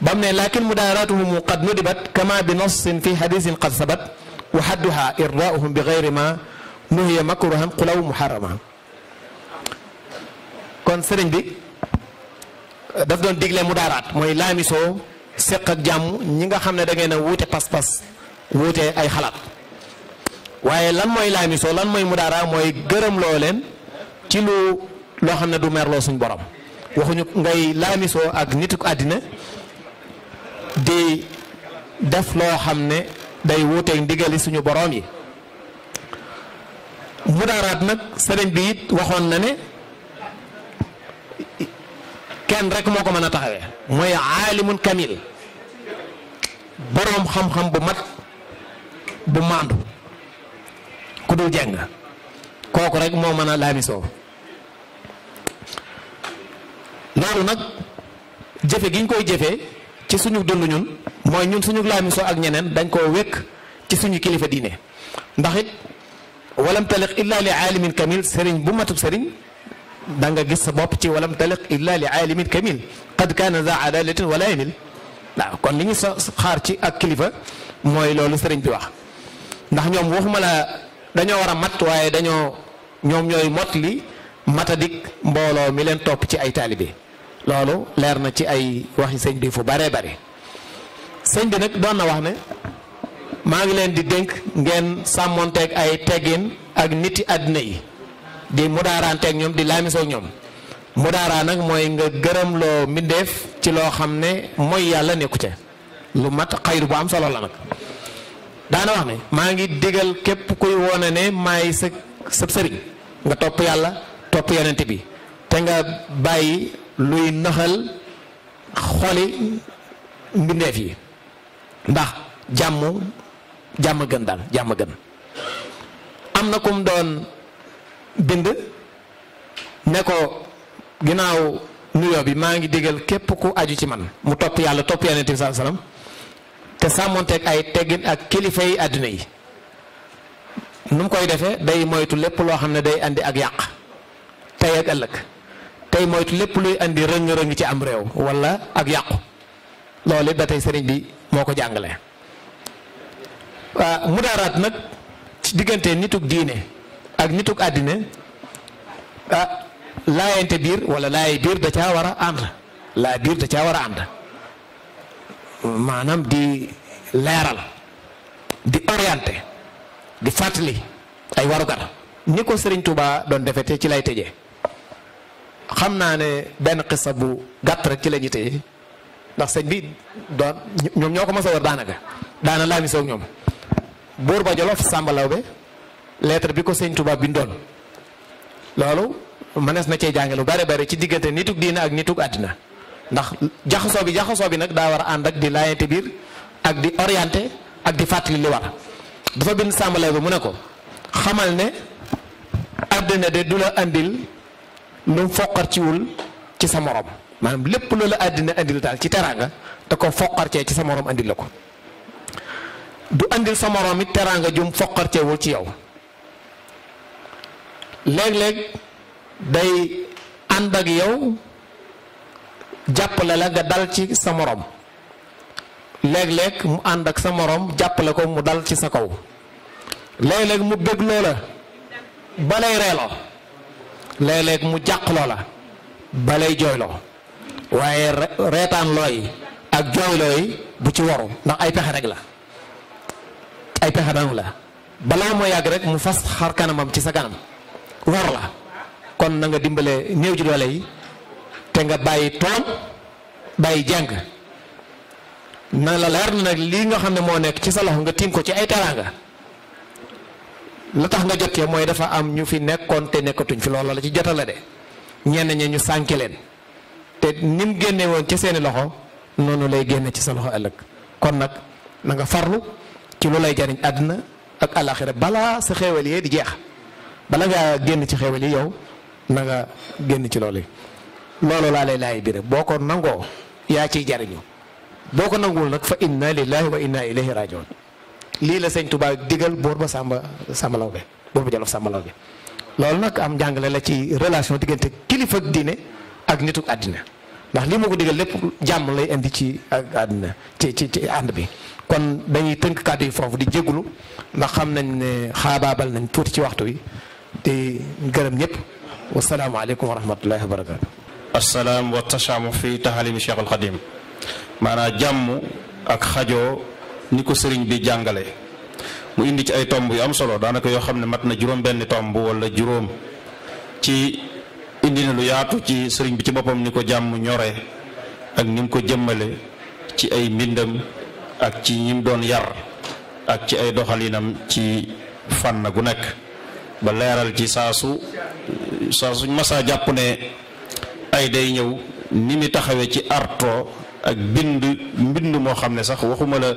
bam ne lakin mudaaratuhum qad nudibat kama bi nassin fi hadisin qad sabat wa hadduha irdaauhum bi gayri ma nuhiya makruhan qulaw muharrama kon sëriñ bi daf doon digle mudaaraat mooy laamisoo séq ak jàmm ñi nga xam ne dangeen ngeen a pas-pas wuutee ay xalaat waaye lan mooy laamisoo lan mooy mudaara mooy gërëm loo leen ci lu loo xam ne du merloo suñ borom waxuñu ngay laamisoo ak nit nituk àddina di def loo xam ne day wuuteeg ndigali suñu borom yi mudaaraat nag sëriñ bi it waxoon na ne kenn rek moo ko mën a taxawee mooy aalimun kamil boroom xam-xam bu mat bu maandu ku dul jeng kooku rek moo mën a laamisoo loolu nag jëfe gi ñu koy jëfee ci suñu dund ñun mooy ñun suñu laamisoo ak ñeneen dañ koo wékk ci suñu kilifa diine ndax it walam taliq illa li aalimin kamil sëriñ bu matub sëriñ da nga gis sa bopp ci walam taliq illa li aalimin kamil qad kaana za adalatin emil waaw kon li ñu sa xaar ci ak kilifa mooy loolu sëriñ bi wax ndax ñoom waxuma la dañoo war a mat waaye dañoo ñoom ñooy mott li matadik mbooloo mi leen topp ci ay taalibe loolu leer na ci ay waxi sëñ bi fu bare bare sëñ bi nag doon na wax ne maa ngi leen di dënk ngeen sàmmonteeg ay teggin ak niti àddina yi di mudaaraanteeg ñoom di laamisoog ñoom mudaaraan nag mooy nga gërëm loo mbindeef ci loo xam ne mooy yàlla nekku ca lu mat xayru bu am solo la nag daana wax ne maa ngi digal képp kuy wone ne maay sa sa sëriñ nga topp yàlla topp yonent bi te nga bàyyi luy naxal xoli mbindeef yi ndax jàmm jàmm gën daal jàmm gën am na kum doon bind ne ko ginnaaw nuyoo bi maa ngi digal képp ku aju ci man mu topp yàlla topp yonent bi sallallahu alayhi wasallam te sàmmonteeg ay teggin ak kilifay àddina yi nu mu koy defee day moytu lépp loo xam ne day andi ak yàq tey ak ëllëg tey moytu lépp luy andi rëng-rëng ci am réew wala ak yàqu loolu ba tey sëriñ bi moo ko jàngale waaw mudaaraat nag ci diggante nitug diine ak nitug àddina ah laayante biir wala laaye biir da caa war a ànd laa biir da caa war a ànd maanaam di leeral di orienté di fàttali ay warugar ni ko Serigne Touba doon defee ci lay tëjee xam naa ne benn xisa bu gàtt rek ci la ñuy ndax sëñ bi doon ñoom ñoo ko mos daanaka daana laa misoog ñoom buur ba Jolof Samba Lawbe lettre bi ko sëñ Touba bindoon loolu mënees na cee jànge lu bare bare ci diggante nitug diina ak nitug àddina ndax jaxasoo bi jaxasoo bi nag daa war a ànd ak di laayante biir ak di orienté ak di fàttali li war dafa bind sàmbalay bi mu ne ko xamal ne àddina de du la indil lu foqar ciwul ci sa moroom maanaam lépp loola àddina andil ci teraanga da ko foqar ci sa morom andil la ko du andil sa morom it teraanga jum foqar ceewul ci yow léeg-léeg day ànd ak yow jàppale la nga dal ci sa morom léeg lekk mu ànd ak sa morom jàppale ko mu dal ci sa kaw léeg-léeg mu bëgg loola ba lay reeloo léeg-léeg mu jàq loola ba lay jooyloo waaye reetaan looy ak jooyloo bu ci waru ndax ay pexe rek la ay pexe danu la balaa moo yàgg rek mu fas xar kanamam ci sa kanam war la kon na nga dimbale néew ji doole yi te nga bàyyi tool bàyyi jàng na la leer nag lii nga xam ne moo nekk ci sa loxo nga tiim ko ci ay teraanga la tax nga jot mooy dafa am ñu fi nekkoon te nekkatuñ fi loolu la ci jotal la de ñenn ñi ñu sànki leen te ni génnewoon ci seeni loxo noonu lay génne ci sa loxo ëllëg kon nag na nga farlu ci lu lay jariñ àddina ak alaxira balaa sa xéewal yee di jeex bala ngaa génn ci xéewal yi yow na nga génn ci loolu yi loolu laa lay laay biir boo ko nangoo yaa ciy jariñu boo ko nanguwul nag fa inna lillahi wa inna ilayhi rajiun lii la sëñ Tuubaa digal boor ba Samba Samba Laobé boor ba Jolof Samba Laobé loolu nag am njàngale la ci relation diggante kilifa ak ak nituk àddina ndax lii moo ko digal lépp jàmm lay indi ci ak àddina ci ci ci ànd bi kon dañuy tënk kàddu yi foofu di jégalu ndax xam nañ ne xaabaabal nañ tuuti ci waxtu yi te gërëm ñëpp wasalaamaaleykum wa rahmatullahi wa assalaam wa tasaamu fi taxalimi Cheikhul Xadim maanaam jàmm ak xajoo ni ko sëriñ bi jàngale mu indi ci ay tomb yu am solo daanaka yoo xam ne mat na juróom benn tomb wala juróom ci indi na lu yaatu ci sëriñ bi ci boppam ni ko jàmm ñore ak ni mu ko jëmmale ci ay mbindam ak ci ñim doon yar ak ci ay doxalinam ci fànn gu nekk ba leeral ci saa su saa suñ masaa jàpp ne ay day ñëw ni mi taxawee ci arto ak bind mbind moo xam ne sax waxuma la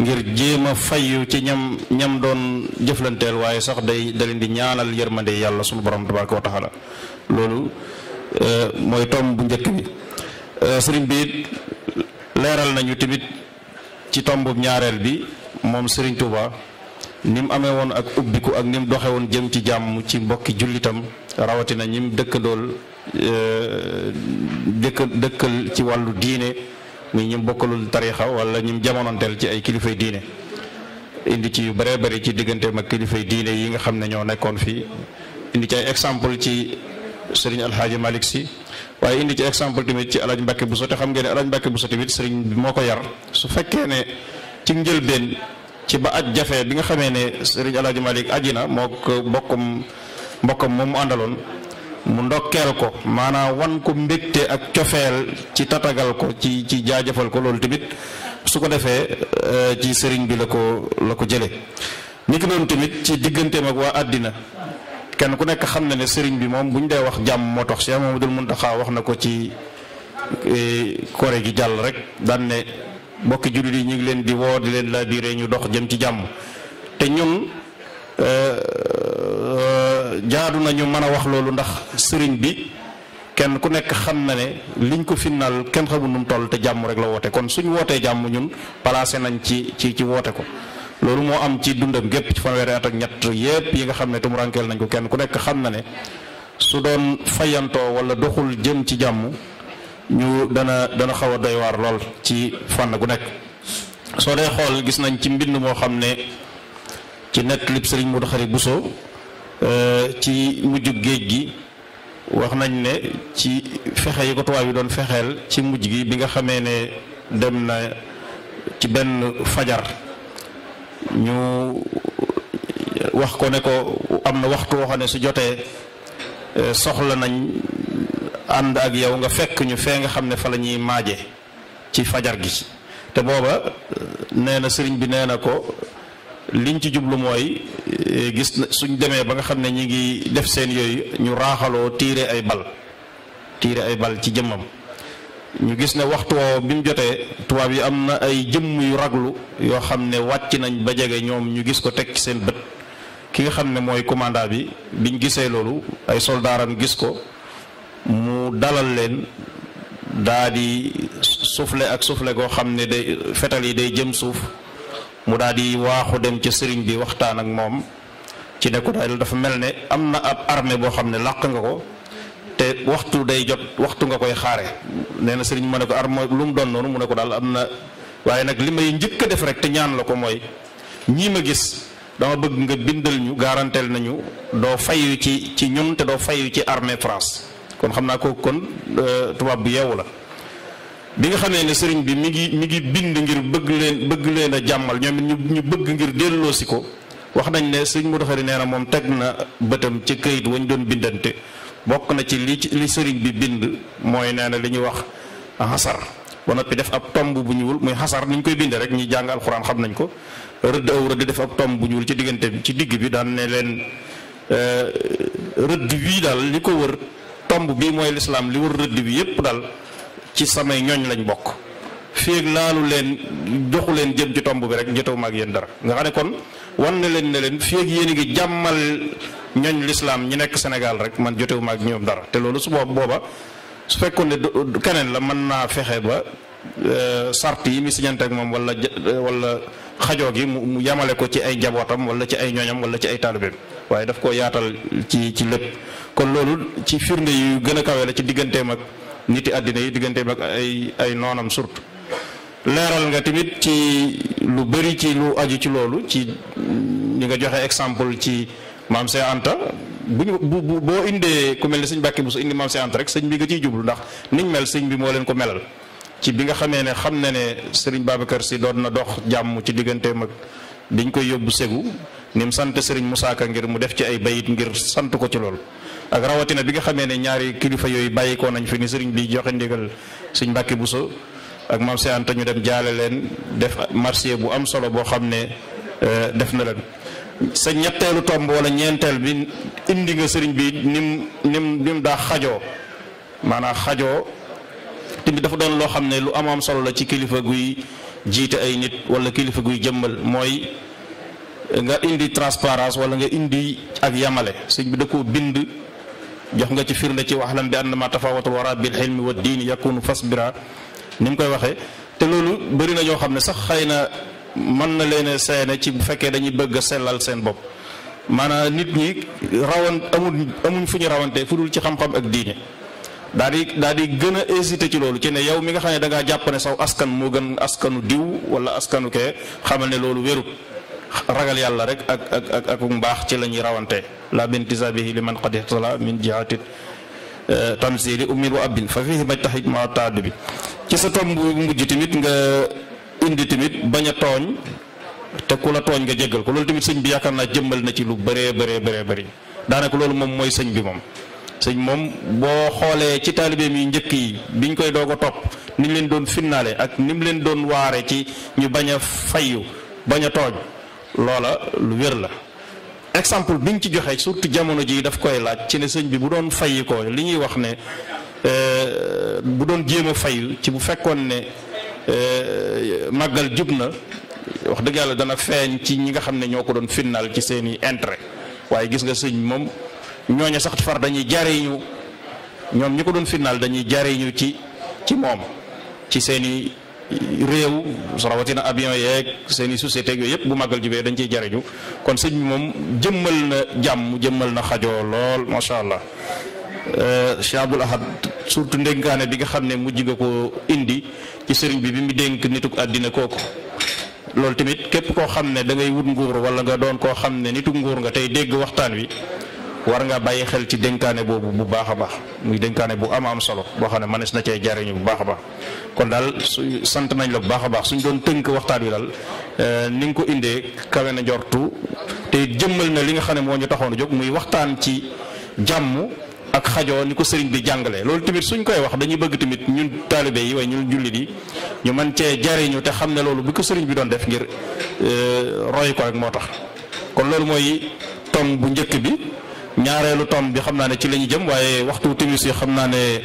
ngir jéem a fayu ci ñam ñam doon jëflanteel waaye sax day da leen di ñaanal yërmande yàlla sunu borom tabaraka wa taxala loolu euh, mooy tomb bu njëkk bi euh, sëriñ bi leeral nañu tamit ci tomb ñaareel bi moom sëriñ Touba. ni mu amee woon ak ubbiku ak ni mu doxe woon jëm ci jàmm ci mbokki jullitam rawatina ñi mu dëkkandool euh, dëkk dëkkal ci wàllu diine muy ñi mu bokkalul tariixa wala ñi jamononteel ci ay kilifay diine indi ci yu bëree bëri ci digganteem ak kilifay diine yi nga xam ne ñoo nekkoon fii indi ci ay exemple ci sëriñ alxaaji malik si waaye indi ci exemple tamit ci alaaj mbàkke bu sote te xam ngeen ne alaaj mbàkke bu so tamit sëriñ bi moo ko yar su fekkee ne ci njëlbeen ci ba aj jafe bi nga xamee ne Serigne El Hadj Malick aji na moo ko mbokkum mbokkam moom mu àndaloon mu ndokkeel ko maanaam wan ko mbégte ak cofeel ci tatagal ko ci ci jaajëfal ko loolu tamit su ko defee euh, ci sëriñ bi la ko la ko jëlee. ni ki doon tamit ci digganteem ak waa àddina kenn ku nekk xam na ne sëriñ bi moom bu ñu dee wax jàmm moo tax si Cheikh Mamadou Mountakha wax na ko ci kore euh, gi jàll rek daan ne mbokki jullit yi ñu ngi leen di woo di leen laa biire ñu dox jëm ci jàmm te ñun euh, euh, jaadu nañu mën a wax loolu ndax sëriñ bi kenn ku nekk xam na ne liñ ko finnaal kenn xamul nu mu toll te jàmm rek la woote kon suñ wootee jàmm ñun placé nañ ci ci ci woote ko loolu moo am ci dundam gépp ci fanweeri at ak ñett yépp yi nga xam ne tumurankeel nañ ko kenn ku nekk xam na ne su doon fayantoo wala doxul jëm ci jàmm ñu dana dana xaw a doy waar lool ci fànn gu nekk soo dee xool gis nañ ci mbind moo xam ne ci nettalib sëriñ Modou Khari Bousso euh, ci mujj géej gi wax nañ ne ci fexe yi ko tubaab yi doon fexeel ci mujj gi bi nga xamee ne dem na ci benn fajar ñu wax ko ne ko am na waxtu woo ne su jotee euh, soxla nañ ànd ak yow nga fekk ñu fee nga xam ne fa la ñuy maaje ci fajar gi te booba euh, nee na sëriñ bi nee na ko liñ ci jublu mooy euh, gis suñ demee ba nga xam ne ñi ngi def seen yooyu ñu raaxaloo tiire ay bal tiire ay bal ci jëmmam ñu gis ne waxtu woowu bi mu jotee tubaab yi am na ay jëm yu raglu yoo xam ne wàcc nañ ba jege ñoom ñu gis ko teg ci seen bët ki nga xam ne mooy commandant bi biñ gisee loolu ay soldaaram gis ko mu dalal leen daa di soufflé ak soufflé goo xam ne day fetal yi day jëm suuf mu daa di waaxu dem ca sëriñ bi waxtaan ak moom ci ne ko daal dafa mel ne am na ab armée boo xam ne làq nga ko te waxtu day jot waxtu nga koy xaare nee na sëriñ ma ne ko armée lu mu doon noonu mu ne ko daal am na waaye nag li may njëkk a def rek te ñaan la ko mooy ñii ma gis dama bëgg nga bindal ñu garanteel nañu doo fayu ci ci ñun te doo fayu ci armée France kon xam naa kooku kon euh, tubaab bu yeewu la bi nga xamee ne sëriñ bi mu ngi mu ngi bind ngir bëgg leen bëgg leen a jàmmal ñoom it ñu bëgg ngir delloosi ko wax nañ ne sëriñ Modou Khari nee na moom teg na bëtam ci këyit wañ doon bindante bokk na ci li li sëriñ bi bind mooy nee na li ñuy wax xasar ba noppi def ab tomb bu ñuul muy xasar ni ñu koy bindee rek ñu jàng alxuraan xam nañ ko rëdd aw rëdd def ab tomb bu ñuul ci diggante bi ci digg bi daan ne leen euh, rëdd wii daal li ko wër. tomb bii mooy lislaam li wër rëdd bi yépp dal ci samay ñooñ lañ bokk féeg laalu leen joxu leen jëm ci tomb bi rek jotawu ma ak yéen dara nga xam ne kon wan na leen ne leen féeg yéen a ngi jàmmal ñooñ lislaam ñi nekk senegal rek man jotawu ma ak ñoom dara te loolu su booba su fekkoon ne keneen la mën naa fexe ba euh, sart yi mi siñante ak moom wala wala xajoo gi mu yamale ko ci ay jabootam wala ci ay ñooñam wala ci ay taalibeem waaye daf ko yaatal ci ci lépp kon loolu ci firnde yu gën a kawe la ci digganteem ak niti àddina yi digganteem ak ay ay noonam surtout leeral nga tamit ci lu bëri ci lu aju ci loolu ci ñi nga joxe exemple ci maam Seex Anta bu ñu bu boo indee ku mel ni sëñ Mbàkke bu su indi maam Seex Anta rek sëñ bi nga ciy jublu ndax niñ mel sëñ bi moo leen ko melal ci bi nga xamee ne xam na ne sëriñ Babacar si doon na dox jàmm ci digganteem ak biñ koy yóbbu segu ni mu sant Serigne Moussa Ka ngir mu def ci ay bayit ngir sant ko ci loolu ak rawatina bi nga xamee ne ñaari kilifa yooyu bàyyikoo nañ fi ni Serigne bi joxe ndigal Serigne Mbacke Bousso ak maam si Anta dem jaale leen def marché bu am solo boo xam ne euh, def na leen. sa ñetteelu wala ñeenteel bi indi nga sëriñ bi nim nim nim daa xajoo maanaam xajoo tamit dafa doon loo xam ne lu am solo la ci kilifa guy jiite ay nit wala kilifa guy jëmmal mooy. nga indi transparence wala nga indi ak yamale sëñ bi da koo bind jox nga ci firnde ci waxlam bi ànd ma tafawatul wara bil xilmi wa diini yakunu fasbira ni mu koy waxee te loolu bëri na ñoo xam ne sax xëy na mën na leen seene ci bu fekkee dañuy bëgg a sellal seen bopp maanaam nit ñi rawan amuñ amuñ fu ñu rawantee fu dul ci xam-xam ak diine daal di daal di gën a hésité ci loolu ci ne yow mi nga xam ne da ngaa jàpp saw askan moo gën askanu diw wala askanu kee xamal ne loolu wérut ragal yàlla rek ak ak mbaax ci la ñuy rawante la bintisabihi li man qad ixtala min jihatit euh, tamsili ummin wa abin fa fihi maj taxit ma taadu bi ci sa tomb mujj tamit nga indi tamit bañ a tooñ te ku la tooñ nga jéggal ko loolu tamit sëñ bi yaakaar naa jëmmal na ci lu bëree bëree bare bëri daanaka loolu moom mooy sëñ bi moom sëñ moom boo xoolee ci taalibeem yu njëkk yi biñ koy doog a topp ni leen doon finnaale ak ni leen doon waare ci ñu bañ a fayu bañ a tooñ loola lu wér la exemple bi nga ci joxee surtout jamono ji daf koy laaj ci ne sëñ bi bu doon fayyi ko li ñuy wax ne euh, bu doon jéem a fayu ci bu fekkoon ne euh, màggal jub na wax dëgg yàlla dana feeñ ci ñi nga xam ne ñoo ko doon finnaal ci seeni intérêt waaye gis nga sëñ moom ñooñu sax far dañuy jariñu ñoom ñi ko doon finnaal dañuy jariñu ci ci moom ci seeni réew rawatina avion yeeg seeni i société yooyu yëpp bu màggal jubee dañ ciy jariñu kon sëñ bi moom jëmmal na jàmm jëmmal na xajoo lool macha allah. Euh, Cheikh Abdoul Ahad surtout ndénkaane bi nga xam ne mujj nga ko indi ci sëriñ bi bi mu dénk nituk àddina kooku loolu tamit képp koo xam ne dangay ngay wut nguur wala nga doon koo xam ne nituk nguur nga tey dégg waxtaan wi. war nga bàyyi xel ci dénkaane boobu bu baax a baax muy dénkaane bu am am solo boo xam ne mënees na cee jariñu bu baax a baax kon daal su sant nañ la bu baax a baax suñ doon tënk waxtaan wi daal euh, ni nga ko indee kawe na njortu te jëmmal na li nga xam ne moo ñu taxoon a jóg muy waxtaan ci jàmm ak xajoo ni ko sëriñ bi jàngalee loolu tamit suñ koy wax dañuy bëgg tamit ñun taalibe yi waaye ñun jullit yi ñu mën cee jariñu te xam ne loolu bi ko sëriñ bi doon def ngir euh, roy ko rek moo tax kon mooy tong bu njëkk bi. ñaareelu tom bi xam naa ne ci la ñu jëm waaye waxtu timis yi xam naa ne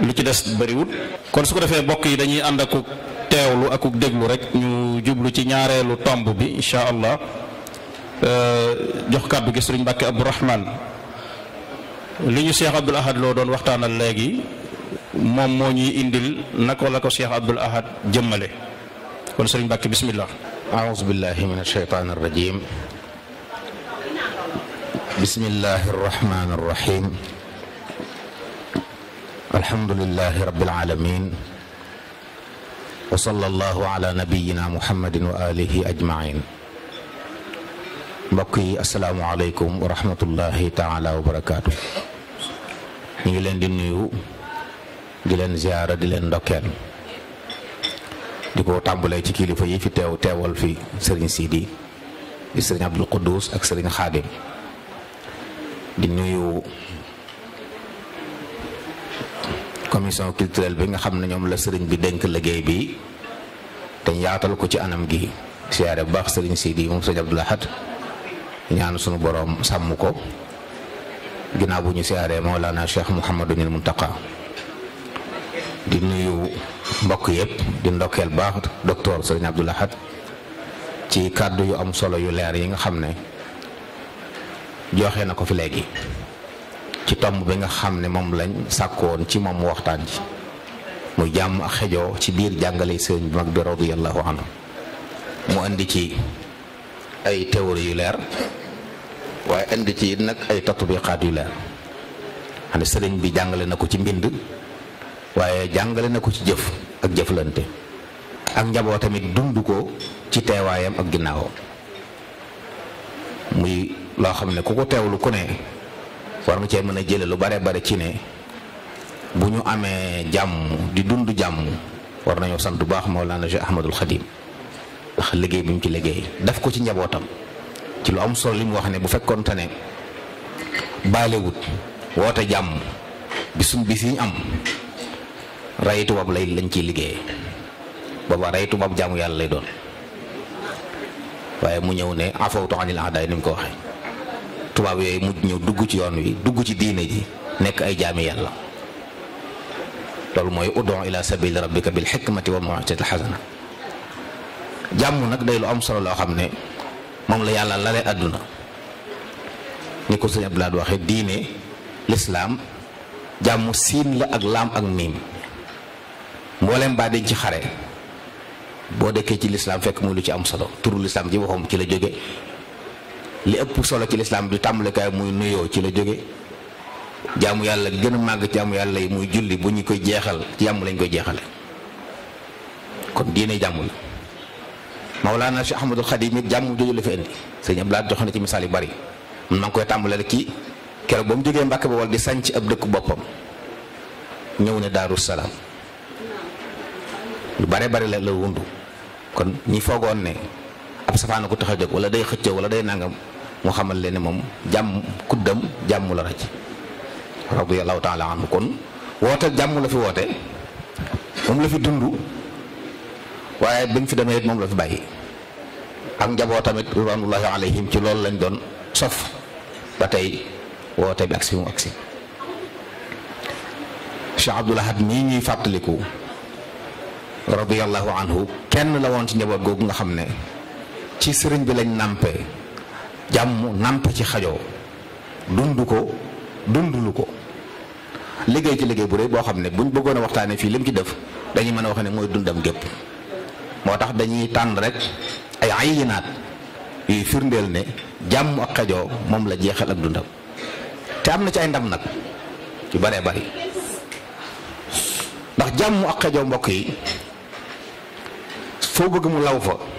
lu ci des bëriwul kon su ko defee bokk yi dañuy ànd akuk teewlu akuk déglu rek ñu jublu ci ñaareelu tomb bi incha allah euh, jox kàddu gi sëriñ Mbàkke Abdourahman li ñu Cheikh Abdoul Ahad loo doon waxtaanal léegi moom moo ñuy indil naka la ko Cheikh Abdoul Ahad jëmmale kon sëriñ Mbàkke bismillah aouzu billahi min alsheytaan arrajim bismillahi arrahmani arrahim alhamdulilahi rabbil alamin wa sallallahu ala nabiyina muhammadin wa ajmain mbokk yi asalaamualeykum wa rahmatullahi taala wa barakaatu ñu ngi leen di nuyu di leen ziyaara di leen ndokkeel di ko tàmbalee ci kilifa yi fi teew teewal fi sëriñ Sidi di sëriñ Abdul ak sëriñ Xaadim di nuyu commission culturel bi nga xam ne ñoom la sëriñ bi dénk liggéey bi te yaatal ko ci anam gi siyaare bu baax sëriñ Sidi moom sëriñ Abdou Lahad ñaan suñu boroom sàmm ko ginnaaw bu ñu siyaaree Mawlana Cheikh Mouhamadunil Muntaqa di nuyu mbokk yëpp di ndokkeel baax docteur sëriñ Abdou ci kàddu yu am solo yu leer yi nga xam ne joxe na ko fi léegi ci tomb bi nga xam ne moom lañ sàkkoon ci moom waxtaan ji mu jàmm ak xejoo ci biir jàngale sëriñ bi mag bi radiyallahu anhu mu indi ci ay théorie yu leer waaye indi ci nag ay tatbiqaat yu leer ne sëriñ bi jàngale na ko ci mbind waaye jàngale na ko ci jëf ak jëflante ak njaboo tamit dumb ko ci teewaayam ak ginnaawam muy loo xam ne ku ko teewlu ko ne war nga cee mën a jële lu bare bare ci ne bu ñu amee jàmm di dund jàmm war nañoo sant bu baax Mawlana Cheikh Ahmadul Xadim ndax liggéey bi mu ci liggéey daf ko ci njabootam ci lu am solo li mu wax ne bu fekkoonte ne baalewut woote jàmm bisum bi yi ñu am rayu tubaab lay lañ ciy liggéey booba rayu tubaab jàmm yàlla lay doon waaye mu ñëw ne afawtu anil ahdaay ni mu ko waxee tubaab yooyu mu ñëw dugg ci yoon wi dugg ci diine ji nekk ay jaami yàlla loolu mooy udon ila sabili rabbika bil xikmati wa mawcati xasana jàmm nag day lu am solo loo xam ne moom la yàlla lale àdduna ni ko sëñ Abdoulaye waxee diine lislaam jàmm siin la ak laam ak miim mboolem baa dañ ci xare boo dekkee ci lislaam fekk muy lu ci am solo turu lislaam ji waxam ci la jóge li ëpp solo ci lislaam du tàmbalikaay muy nuyoo ci la jóge jaamu yàlla gën a màgg jaamu yàlla yi muy julli bu ñu koy jeexal ci jàmm lañ koy jeexale kon diine jàmm la Mawlaana Cheikh Ahmadul Xadim it jàmm jooju la fi indi sëñ Abdoulaye jox na ci misaal yu bari man maa ngi koy tàmbalee rek ki keroog ba mu jógee Mbàkke ba wala di sànc ab dëkk boppam ñëw ne Daaru Salaam lu bare bari la la wundu kon ñi foogoon ne. ab safaana ko tax a jóg wala day xëccoo wala day nangam mu xamal leen ne moom jàmm kuddam jàmm la raj radiyallahu taala kon woote jàmm la fi woote moom la fi dund waaye bañ fi demee it moom la fi bàyyi ak njaboo tamit ridwanullahi ci loolu lañ doon sof ba tey woote bi ak si mu ak si Cheikh Abdoul Ahad ñuy fàttaliku radiyallahu anhu kenn la woon ci njaboot googu nga xam ne ci sëriñ bi lañ nàmpe jàmm nàmp ci xajoo dund ko dundulu ko liggéey ci liggéey bu rëy boo xam ne buñ bëggoon a waxtaanee fii lim ci def dañuy mën a wax ne mooy dundam gépp moo tax dañuy tànn rek ay ayinaat yuy firndeel ne jàmm ak xajoo moom la jeexal ak dundam te am na ci ay ndam nag yu bare bari ndax jàmm ak xajoo mbokk yi foo bëgg mu law fa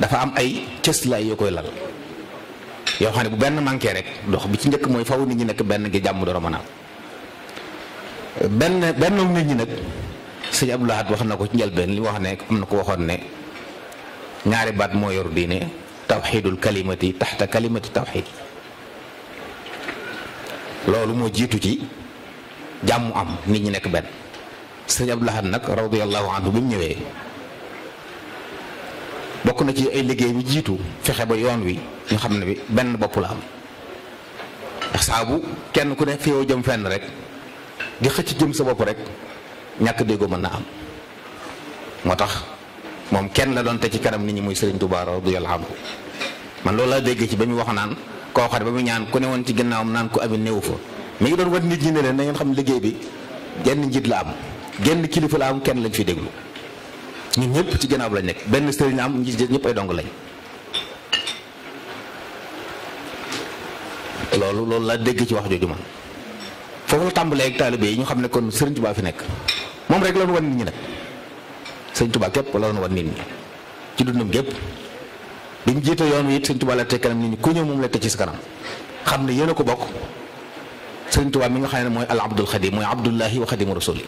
dafa am ay cëslaay yoo koy lal yoo xam ne bu benn manqué rek dox bi ci njëkk mooy faw nit ñi nekk benn gi jàmm doro mën a am benn nit ñi nag sëñ Abdou Lahad wax na ko ci njëlbeen li wax ne am na ko waxoon ne ñaari baat moo yor diine tawxiidul kalimati kalimati tawxiid loolu moo jiitu ci jàmm am nit ñi nekk benn sëñ Abdou nag radiyallahu anhu bi mu ñëwee bokk na ci ay liggéey bi jiitu fexe ba yoon wi ñu xam ne bi benn bopp la am saabu kenn ku ne feewoo jëm fenn rek di xëcc jëm sa bopp rek ñàkk déggoo mën na am moo tax moom kenn la doon te ci kanam nit ñi muy Sëriñ Tuubaa radiyallaahu anhu man loolu laa déggee ci ba mu wax naan koo xam ne ba mu ñaan ku ne woon ci ginnaawam naan ko abi néew fa mi ngi doon wan nit ñi ne leen na xam liggéey bi genn njiit la am genn kilifa la am kenn lañ fi déglu ñun ñëpp ci ginnaaw lañ nekk benn sëriñ la am ñëpp ay dong lañ. loolu loolu laa dégg ci wax jooju man foofu la tàmbalee ak taalibe yi ñu xam ne kon sëriñ Tuubaa fi nekk moom rek loolu nu nit ñi nag sëriñ Tuubaa képp la nu wan nit ñi ci dundam gépp bi mu jiite yoon wi it sëriñ Tuubaa la teg kanam nit ñi ku ñëw moom la teg ci sa kanam xam ne yéen ko bokk sëriñ Tuubaa mi nga xam ne mooy al Abdul Xadim mooy Abdullahi wa Xadimu Rasuli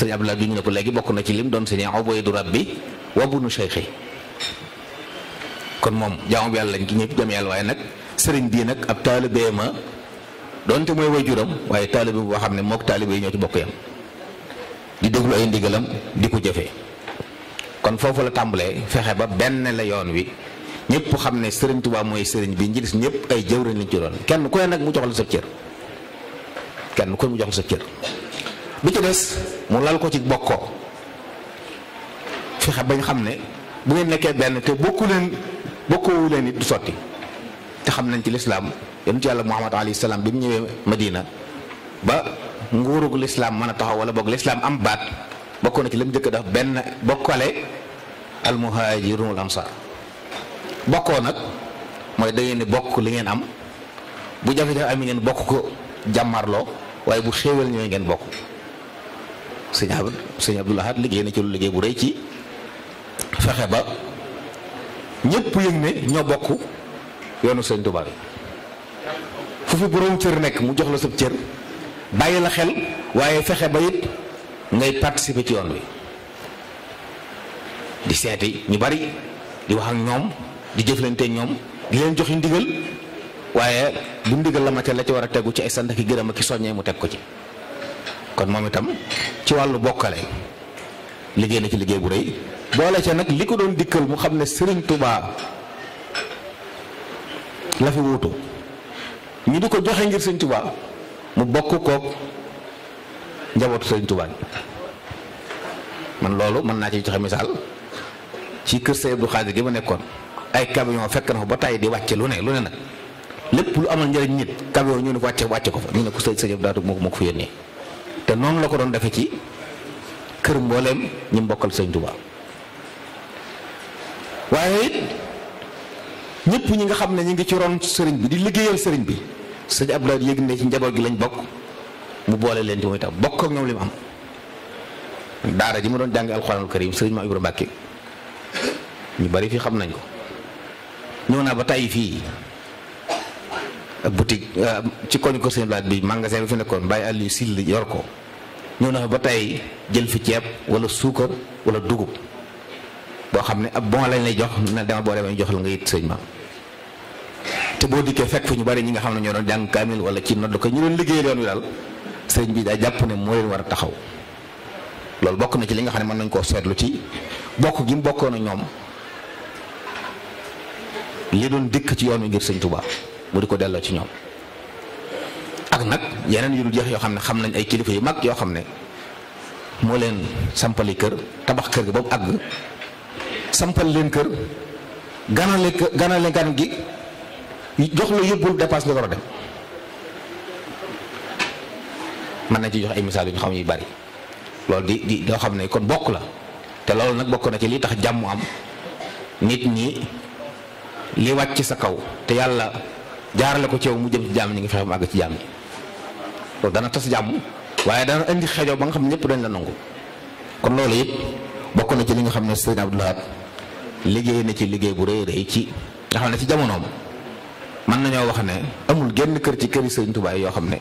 sëñ Abdoulaye bi ñu ne ko léegi bokk na ci lim doon sëñ Ubaydu Rabbi wa bunu Cheikh kon moom jaamu yàlla lañ ki ñëpp jaamu yàlla waaye nag sëriñ bii nag ab taalibe ma donte mooy woy waajuram waaye taalibe boo xam ne mook taalibe yi ñoo ci bokk yam di déglu ay ndigalam di ko jëfee kon foofu la tàmbalee fexe ba benn la yoon wi ñëpp xam ne sëriñ Tuubaa mooy sëriñ bi ñi gis ñëpp ay jëwriñ lañ ci doon kenn ku ne nag mu jox la sa cër kenn ku mu jox sa cër. bi ci des mu lal ko ci bokkoo fexe bañ xam ne bu ngeen nekkee benn te bokku leen bokkoowu leen it du sotti te xam nañ ci lislaam yonent yàlla Muhammad alayhi salaam bi mu ñëwee Madina ba nguurug lislaam mën a taxaw wala boog lislaam am baat bokkoon na ci lam jëkk daf benn bokkale almuhaajirun al ansaar bokkoo nag mooy da ngeen di bokk li ngeen am bu jafe-jafe am ngeen bokk ko jàmmarloo waaye bu xéewal ñooy ngeen bokk sëñ ab sëñ Abdou Lahad liggéey na ci lu liggéey bu rëy ci fexe ba ñëpp yëg ne ñoo bokk yoonu sëñ Tuubaa bi fu fi borom cër nekk mu jox la sab cër bàyyi la xel waaye fexe ba it ngay participer ci yoon wi di seeti ñu bari di wax ak ñoom di jëflante ñoom di leen joxi ndigal waaye bu ndigal la ma ca la ci war a tegu ci ay sant ki gërëm a ki soññee mu teg ko ci kon moom itam ci wàllu bokkale liggéey na ci liggéey bu rëy boole ca nag li ko doon dikkal mu xam ne Serigne Touba la fi wuutu ñu di ko joxe ngir Serigne Touba mu bokk kook njabootu Serigne Touba man loolu mën naa ci joxe misaal ci kër Sëriñ Abdou Khadir gi ma nekkoon ay camion fekk na fa ba tey di wàcce lu ne lu ne nag lépp lu amal njëriñ nit camion ñu ne wàcce wàcce ko fa ñu ne moo ko moo ko fa yónnee te noonu la ko doon defe ci kër mbooleem ñi mbokkal sëñ Tuubaa waaye it ñëpp ñi nga xam ne ñu ngi ci ron sëriñ bi di liggéeyal sëriñ bi sëñ Abdoulaye yëg ne ci njaboot gi lañ bokk mu boole leen ci mooy tax bokk ak ñoom li mu am daara ji ma doon jàng alxuraanul karim sëriñ ma Ibrahima Mbàkke ñu bari fii xam nañ ko ñëw naa ba tàyyi fii boutique euh, ci koñ ko seen blaat bi magasin bi fi nekkoon bàyyi àll yu sill yor ko ñëw na fa ba tey jël fi ceeb wala suukar wala dugub boo xam ne ab bon lañ lay jox na dama boo demee jox la nga it sëñ ma te boo dikkee fekk fa ñu bari ñi nga xam ne ñoo doon jàng kaamil wala ci nodd ko ñu doon liggéey yoon wi daal sëñ bi daa jàpp ne moo leen war a taxaw loolu bokk na ci li nga xam ne mën nañ koo seetlu ci bokk gi mu bokkoon ñoom li doon dikk ci yoon wi ngir sëñ Tuubaa mu di ko delloo ci ñoom ak nag yeneen yu dul jeex yoo xam ne xam nañ ay kilifa yu mag yoo xam ne moo leen sampali kër tabax kër gi boobu àgg sampal leen kër ganale ganale gan gi jox la yóbbul dépasse nga war a dem mën nañ ci jox ay misaal yu ñu xam yu bari loolu di di doo xam ne kon bokk la te loolu nag bokk na ci li tax jàmm am nit ñi li wàcc sa kaw te yàlla jaarale ko ci yow mu jëm ci jaam ñi nga fexe mu àgg ci jaam ñi loolu dana tas jàmm waaye dana indi xejoo ba nga xam ne ñëpp dañ la nangu kon loolu yëpp bokk na ci li nga xam ne sëñ Abdoul Ahad liggéey na ci liggéey bu rëy rëy ci nga xam ne ci jamonoom mën nañoo wax ne amul genn kër ci këri sëñ Tuubaa yoo xam ne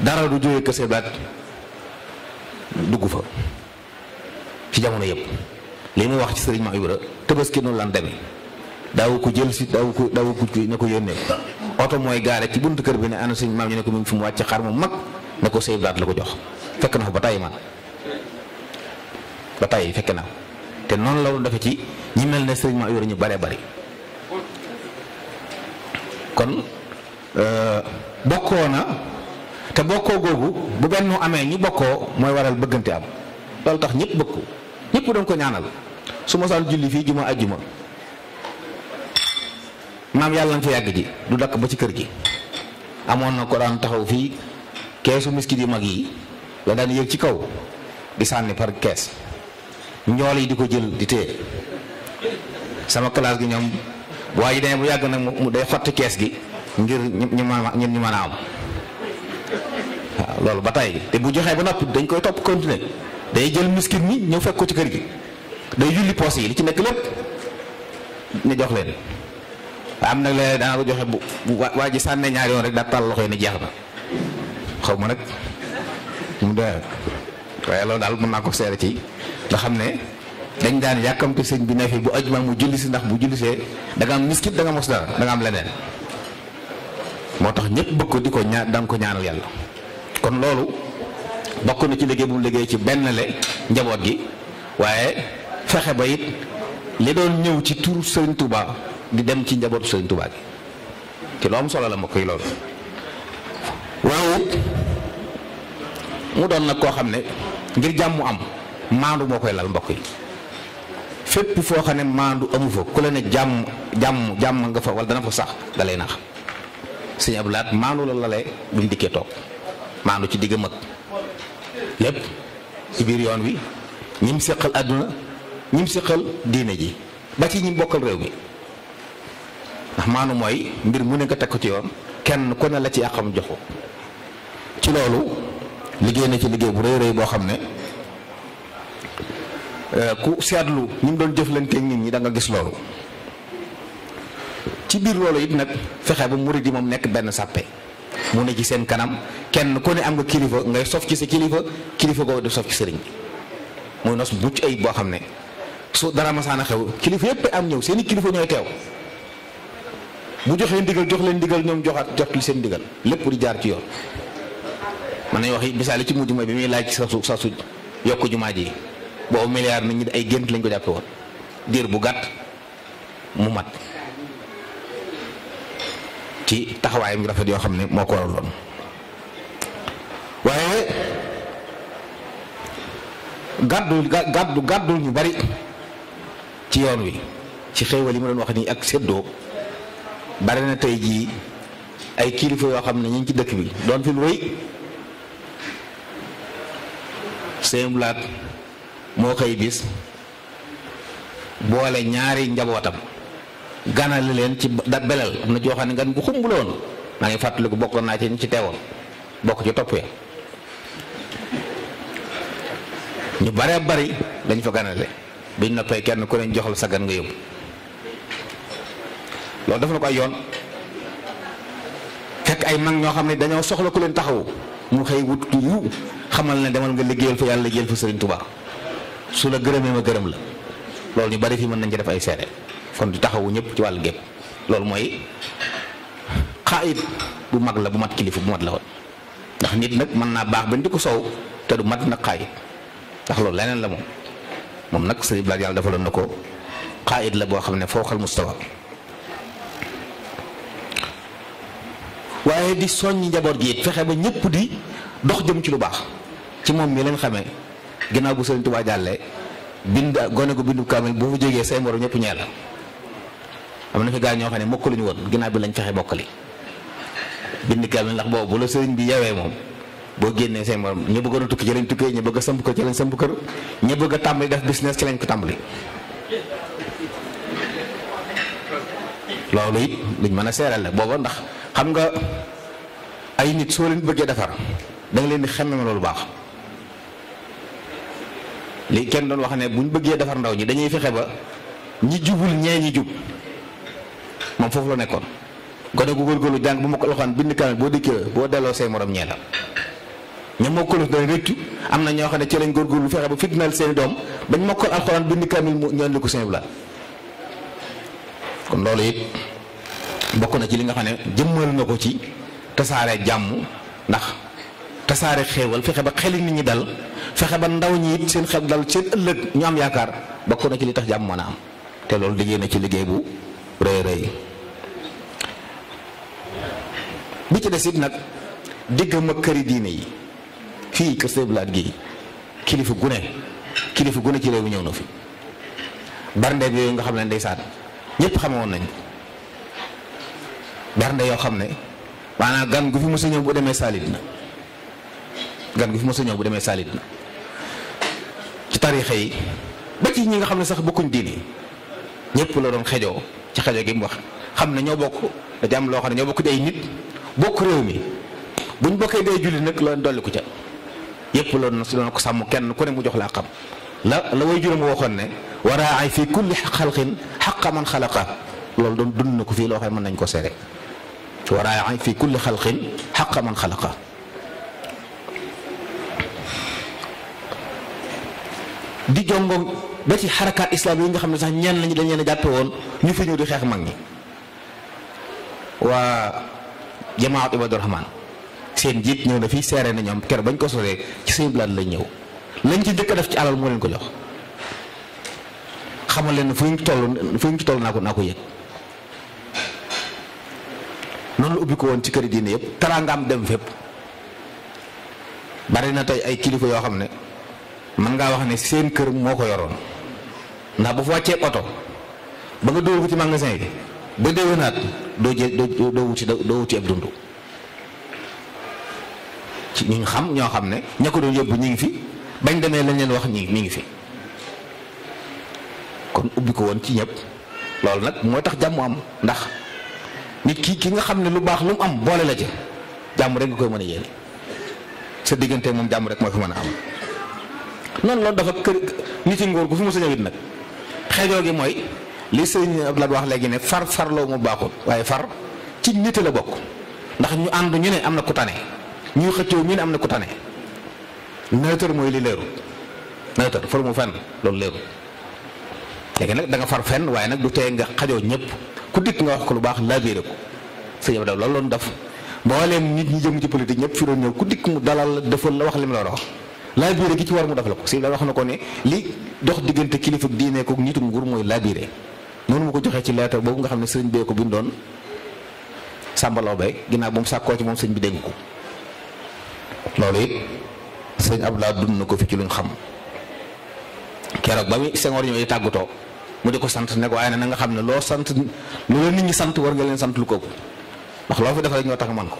dara du jógee kese baat dugg fa ci jamono yëpp li mu wax ci sëriñ Ma Ibra Tabaski noonu lan demee daawu ko jël si daawu ko daawu ko na ko yónnee oto mooy gaare ci buntu kër bi ne ana sëñ maam ñu ne ko mu ngi mu wàcc xar mu mag ne ko sëy braat la ko jox fekk na ko ba tàyyi man ba tàyyi fekk na te noonu la doon defe ci ñi mel ne sëriñ Maam Yoro ñu bare bari kon euh, bokkoo na te bokkoo googu bu benn amee ñi bokkoo mooy waral bëggante am loolu tax ñëpp bëgg ko ñëpp doon ko ñaanal su ma saan julli fii juma ajjuma maam yàlla na fi yàgg ji du dakk ba ci kër gi amoon na ko daan taxaw fii keesu miskit yu mag yi la daan yéeg ci kaw di sànni par kees ñool yi di ko jël di téye sama classe gi ñoom waaye dañ bu yàgg nag mu day xotti kees gi ngir ñu mën ñu mën a am waaw loolu ba tey te bu joxee ba noppi dañ koy topp continuer day jël miskin ni ñëw fekk ko ci kër gi day julli poos yi li ci nekk lépp ne jox leen am nag léeg-léeg danaa ko joxe bu bu waa ji sànnee ñaari yoon rek daa tàll loxo jeex na xaw ma nag mu doy waaye loolu daal mën naa ko seere ci nga xam ne dañ daan yàkkamte sëñ bi ne fi bu ajuma mu julli si ndax bu jullisee da nga am miskit da mos dara danga am leneen moo tax ñëpp bëgg ko di ko ñaan da ko ñaanal yàlla kon loolu bokk na ci liggéey bu mu liggéey ci benn le njaboot gi waaye fexe ba it li doon ñëw ci tur Sëriñ Tuubaa di dem ci njabootu sëriñ Tuubaa gi ci lu am solo la mbokk yi loolu waaw mu doon nag koo xam ne ngir jàmm am maandu moo koy lal mbokk yi fépp foo xam ne maandu amu fa ku la ne jàmm jàmm jàmm nga fa wala dana fa sax da lay nax sëñ Abdou Lahat maandu la lalee buñ dikkee toog maandu ci digg mag lépp ci biir yoon wi ñim séqal àdduna ñim séqal diine ji ba ci ñim bokkal réew mi ndax maanu mooy mbir mu ne nga teg ko ci yoon kenn ku ne la ci yàqam joxu ci loolu liggéey na ci liggéey bu rëy rëy boo xam ne euh, ku seetlu ni mu doon jëflante nit ñi da gis loolu ci biir loolu it nag fexe ba murid yi moom nekk benn sàppe mu ne ci seen kanam kenn ku ne am nga kilifa ngay sof ci sa kilifa kilifa googu di sof ci sëriñ bi muy nos bucc ayib boo xam ne soo dara masaana xew kilifa yépp am ñëw seeni kilifa ñooy teew bu joxee ndigal jox leen ndigal ñoom joxaat jot li seen ndigal lépp di jaar ci yoon. mën nañu wax misaal ci mujj mooy bi muy laaj sa su sa su yokk jumaa ji boobu milliard nit ñi ay gént lañ ko jàppe woon diir bu gàtt mu mat ci taxawaayam yu rafet yoo xam ne moo ko waraloon waaye gàddu gàddu gàddu ñu bari ci yoon wi ci xéewal yi ma doon wax nii ak séddoo bari na tey jii ay kilifa yoo xam ne ñu ngi ci dëkk bi doon fi rëy seen moo xëy bis boole ñaari njabootam ganale leen ci da belal am na joo xam ne ngan gu xumb maa ngi fàttaliku bokkoon naa ci ñu ci teewoon bokk ci topp ya ñu bare bari dañ fa ganale biñ noppee kenn ku leen joxal sa gan nga yóbbu loolu def na ko ay yoon fekk ay mag ñoo xam ne dañoo soxla ku leen taxawu mu xëy wut ku yiw xamal ne demal nga liggéeyal fa yàlla liggéeyal fa Sëriñ tubaa su la gërëmee ma gërëm la loolu ñu bari fii mën nañ ci def ay seere kon di taxawu ñëpp ci wàllu gépp loolu mooy xaayit bu mag la bu mat kilifa bu mat la woon ndax nit nag mën naa baax ba di ko soow te du mat nag xaayit ndax loolu leneen la moom moom nag sëriñ Blaaj yàlla defaloon na ko xaayit la boo xam ne foo xal mustawa waaye di soññ njaboot gi it fexe ba ñëpp di dox jëm ci lu baax ci moom mi leen xamee ginnaaw bu Sëriñ Tuubaa jàllee bind gone ko bindu kaamil bu mu jógee say moroom ñëpp ñee la am na fi ñoo xam ne mokkaluñu woon ginnaaw bi lañ fexe mokkali bind kaamil ndax boobu bu la sëriñ bi yewee moom boo génnee say morom ñu bëggoon tukki ci lañ tukkee ñu bëgg a samp kër ci lañ samp kër ñu bëgg a tàmbali def business ci lañ ko tàmbali. loolu it luñ mën a seeral la booba ndax. xam nga ay nit soo leen bëggee defar da leen di xemmeme loolu baax li kenn doon wax ne bu ñu bëggee defar ndaw ñi dañuy fexe ba ñi jubul ñee ñi jub moom foofu la nekkoon gone gu góorgóorlu jàng bu ma ko loxoon bind kaamil boo dikkee boo delloo say morom ñee la ñu mokkalus dañ rëccu am na ñoo xam ne ci lañ góorgóorlu fexe ba fitnaal seeni doom bañ mokkal alxuraan bind kaamil mu ñaan li ko seen la kon loolu it bokk na ci li nga xam ne jëmmal na ko ci tasaare jàmm ndax tasaare xéewal fexe ba xeli nit ñi dal fexe ba ndaw ñi seen xel dal seen ëllëg ñu am yaakaar bokk na ci li tax jàmm mën a am te loolu liggéey na ci liggéey bu rëy rëy bi ci des it nag diggam ak këri diine yi fii kër Sëblaat gi kilifa gune kilifa gune ci réew mi ñëw na fi barndeeb yooyu nga xam ne ndeysaan ñëpp xame nañ bernde yoo xam ne maanaam gan gu fi mos a ñëw bu demee saalit na gan gu fi mos demee saalit na ci tariixa yi ba ci ñi nga xam ne sax bokkuñ diini ñëpp la doon xejoo ci xejo gi mu wax xam ne ñoo bokk dañu am loo xam ne ñoo bokk day nit bokk réew mi buñ bokkee day julli nag la dolli ko ca yëpp loolu si doon ko sàmm kenn ku ne jox laa la la way juróom waxoon ne waraay fii kulli xalqin xaqa man xalaqa loolu doon dund na ko fii loo xam ne mën nañ koo seere waraay fi kulli xalqin xaqa man xalaqa di jongo ba ci xarakaat islam yi nga xam ne sax ñenn lañu dañ leen a woon ñu fi ñëw di xeex mag ñi waa jamaat Ibadu Rahman seen jiit ñëw na fii seere na ñoom ker bañ ko sosee ci seen blaat lañ ñëw lañ ci njëkk def ci alal moo leen ko jox xamal leen fu ñu toll fu ñu toll naa ko naa ko yëg loolu la ubbi ko woon ci këri diine yëpp taraangaam dem fépp bari na tey ay kilifa yoo xam ne mën ngaa wax ne seen kër moo ko yoroon ndax bu fa wàccee oto ba nga dóor ko ci magasin bi ba déwénaat doo jé doo doo wuti doo wuti ab dund ci ñu xam ñoo xam ne ña ko doon yóbbu ñu ngi fi bañ demee lañ leen wax ñi mi ngi fi kon ubbi ko woon ci ñëpp loolu nag moo tax jàmm am ndax. nit ki ki nga xam ne lu baax lu mu am boole la ci jàmm rek nga koy mën a sa diggante moom jàmm rek moo fi mën a am. noonu loolu dafa kër nit yi ngóor gu fi mos a ñëw nag xejoo gi mooy li sëñ Abdoulaye wax léegi ne far farloo mu baaxul waaye far ci nit la bokk ndax ñu ànd ñu ne am na ku tane ñuy xëccoo ñu ne am na ku tane mooy li leeru neutre far mu fenn loolu leerul léegi nag danga far fenn waaye nag du tee nga xajoo ñëpp. ku dikk nga wax ko lu baax laabire ko sëñ Abdou loolu loon def mbooleem nit ñi jëm ci politique ñëpp fi doon ñëw ku dikk mu dalal la defal la wax li mu la wax laabire gi ci war mu def la ko sëñ Abdou wax na ko ne li dox diggante kilifa diine ko nitum nguur mooy laabire noonu mu ko joxee ci leetar boobu nga xam ne sëriñ bee ko doon sàmbaloo bay ginnaaw ba mu sàkkoo ci moom sëñ bi dégg ko loolu it sëñ Abdou dund na ko fi ci luñ xam keroog ba muy Senghor ñëw tàggatoo mu de ko sant ne ko waaye na nga xam ne loo sant lu la nit ñi sant war nga leen sant lu kooku ndax loo fi defal ñoo tax man ko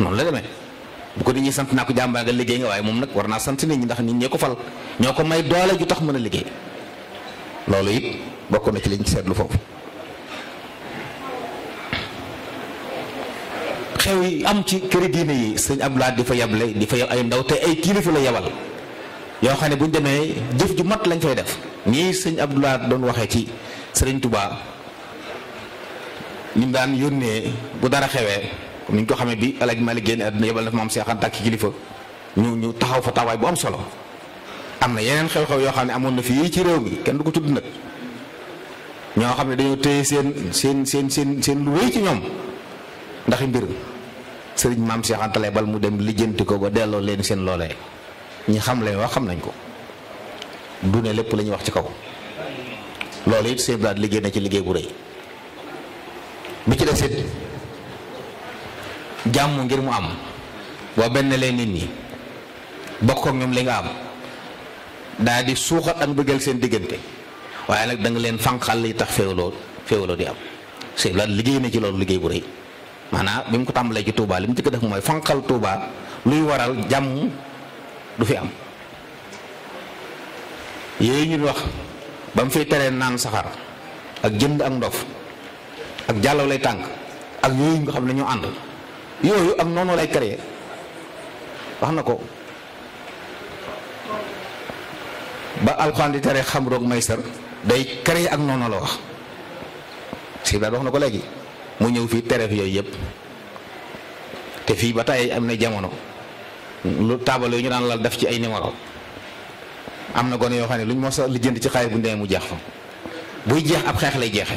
noonu la demee bu ko nit ñi sant naa ko jàmbaa nga liggéey nga waaye moom nag war naa sant nit ñi ndax nit ñee ko fal ñoo ko may doole ju tax mën a liggéey loolu it bokk na ci liñ seetlu foofu xew yi am ci këri diine yi sëñ Abdoulaye di fa yable di fa yab ay ndaw te ay kilifa la yabal yoo xam ne bu ñu demee jëf ju mat lañ fay def nii sëñ Abdoulaye doon waxee ci sëriñ Touba ñu daan yónnee bu dara xewee ni ñu ko xamee bi El Hadj Malick génn àdduna yebal na fa maam Seex Anta ñu ñu taxaw fa tawaay bu am solo am na yeneen xew yoo xam ne amoon na fii ci réew mi kenn du ko tudd nag ñoo xam ne dañoo téye seen seen seen seen seen lu ñoom ndax mbir sëriñ maam Seex bal mu dem lijjanti ko ba delloo leen seen loolee. ñi xam leen wax xam nañ ko du ne lépp la ñuy wax ci kaw loolu it seen liggéey na ci liggéey bu rëy bi ci des it jàmm ngir mu am waa benn leen nit ñi bokk ak ñoom li nga am daa di suuxat ak bëggal seen diggante waaye nag da leen fanqal li tax féewaloo féewaloo di am seen blaat liggéey na ci lool liggéey bu rëy maanaam bi mu ko tàmbalee ci Touba li mu njëkk def mooy fanqal Touba luy waral jàmm du fi am yooyu ñun wax ba mu fiy teree naan saxaar ak jënd ak ndof ak jàllaw tànk ak yooyu nga xam ne ñoo ànd yooyu ak noonu lay créer wax na ko ba alxuraan di tere xam roog maysar day créer ak noonu la wax si daal wax na ko léegi mu ñëw fii tere fi yooyu yëpp te fii ba tey am na jamono lu taabal ñu daan lal def ci ay numéro am na gone yoo xam ne lu ñu mos jënd ci xaalis bu ndee mu jeex fa buy jeex ab xeex lay jeexe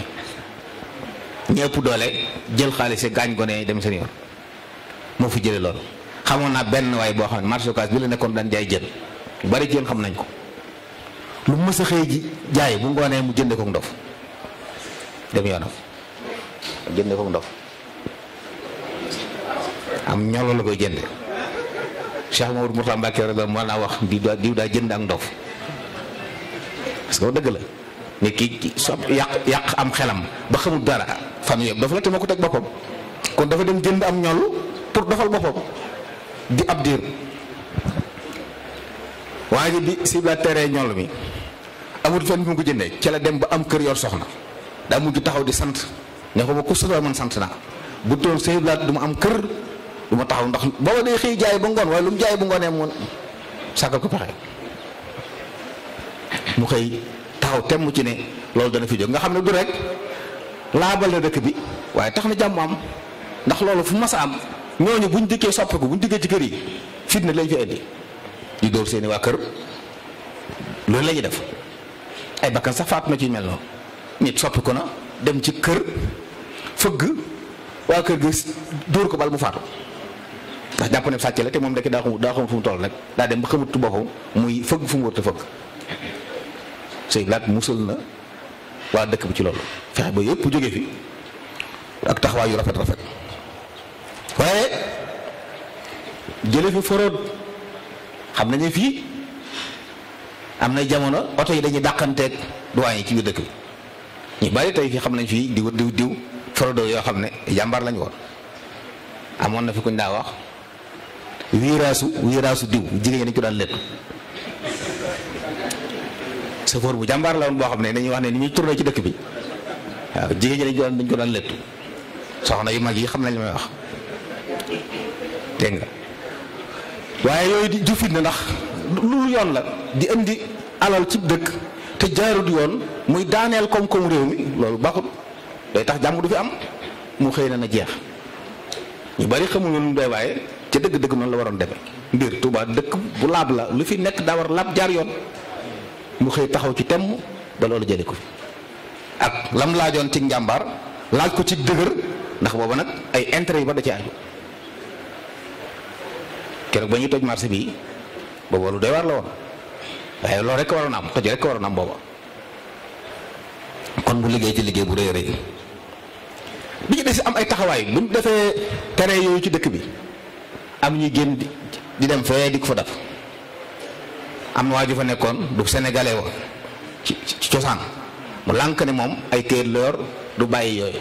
ñëpp doole jël xaalis yi gaañ gone yi dem seen yoon moo fi jële loolu xamoon naa benn waay boo xam ne marché Ocass bi la nekkoon daan jaay jën bari jën xam nañ ko lu mës xëy ji jaay bu ngoonee mu jënde ko ndof dem yoonam jënde ko ndof am ñolo la koy jënde Cheikh Mamadou Mourtada Mbacke rek moo naa wax di daa diw daa jënd ak ndof parce que dëgg la ne kii so yàq yàq am xelam ba xamul dara fan yëpp dafa la te moo ko teg boppam kon dafa dem jënd am ñollu pour dofal boppam di ab diir waa ji bi si la teree ñoll mi amul fenn bi mu ko jëndee ca la dem ba am kër yor soxna daa mujj taxaw di sant ne ko ba ku soxla man sant naa bu doon sëy du ma am kër du ma taxaw ndax booba day xëy jaay ba ngoon waaye lu mu jaay bu ngoonee moom sàkkal ko pexe mu xëy taxaw temm ci ne loolu dana fi jóg nga xam ne du rek laabal na dëkk bi waaye tax na jàmm am ndax loolu fu mas a am ñooñu buñ dikkee soppeeku buñ dikkee ci kër yi fitna lañ fi indi di dóor seeni waa kër loolu la def ay bakkan sax faatu na ci mel noonu nit soppiku na dem ci kër fëgg waa kër gi dóor ko bal mu faatu ndax jàpp ne sàcc la te moom dëkk daa xamut daa xamut fu mu toll nag daa dem ba xamut boppam muy fëgg fu mu wër te fëgg sëñ laat musal na waa dëkk bi ci loolu fexe ba yëpp jóge fi ak taxawaay yu rafet rafet waaye jële fi forood xam nañu fii am na jamono oto yi dañuy dàqanteeg duwaañ yi ci biir dëkk bi ñu bari tey fii xam nañ fii di diw diw forodo yoo xam ne jàmbaar lañ woon amoon na fi kuñ daa wax wiiraasu wiiraasu diw jigéen ñi dañ ko daan létt safoor bu jàmbaar la boo xam ne dañuy wax ne ni ñu tourné ci dëkk bi waaw jigéen ñi dañ ko daan dañ ko soxna yu mag yi xam nañ li may wax dégg nga waaye yooyu di jufit na ndax lu yoon la di indi alal ci dëkk te jaarut yoon muy daaneel koom-koom réew mi loolu baaxul day tax jàmm du fi am mu xëy na na jeex ñu bari xamuñu lu doy waaye ca dëgg-dëgg noonu la waroon demee mbir Touba dëkk bu laab la lu fi nekk daa war laab jaar yoon mu xëy taxaw ci temm ba loolu jëlee ko fi ak lam laajoon ci njàmbaar laaj ko ci dëgër ndax booba nag ay intérêt yu ba da ci aju keroog ba toj marché bi booba lu doy waar la waroon am toj rek kon mu liggéey ci liggéey bu rëy rëy bi ñu des am ay taxawaay bu ñu defee tere yooyu ci dëkk bi. am ñuy génn di dem fee di ko fa dab am na waa ju fa nekkoon du sénégalais wa ci cosaan mu lànk ne moom ay kër lor du bàyyi yooyu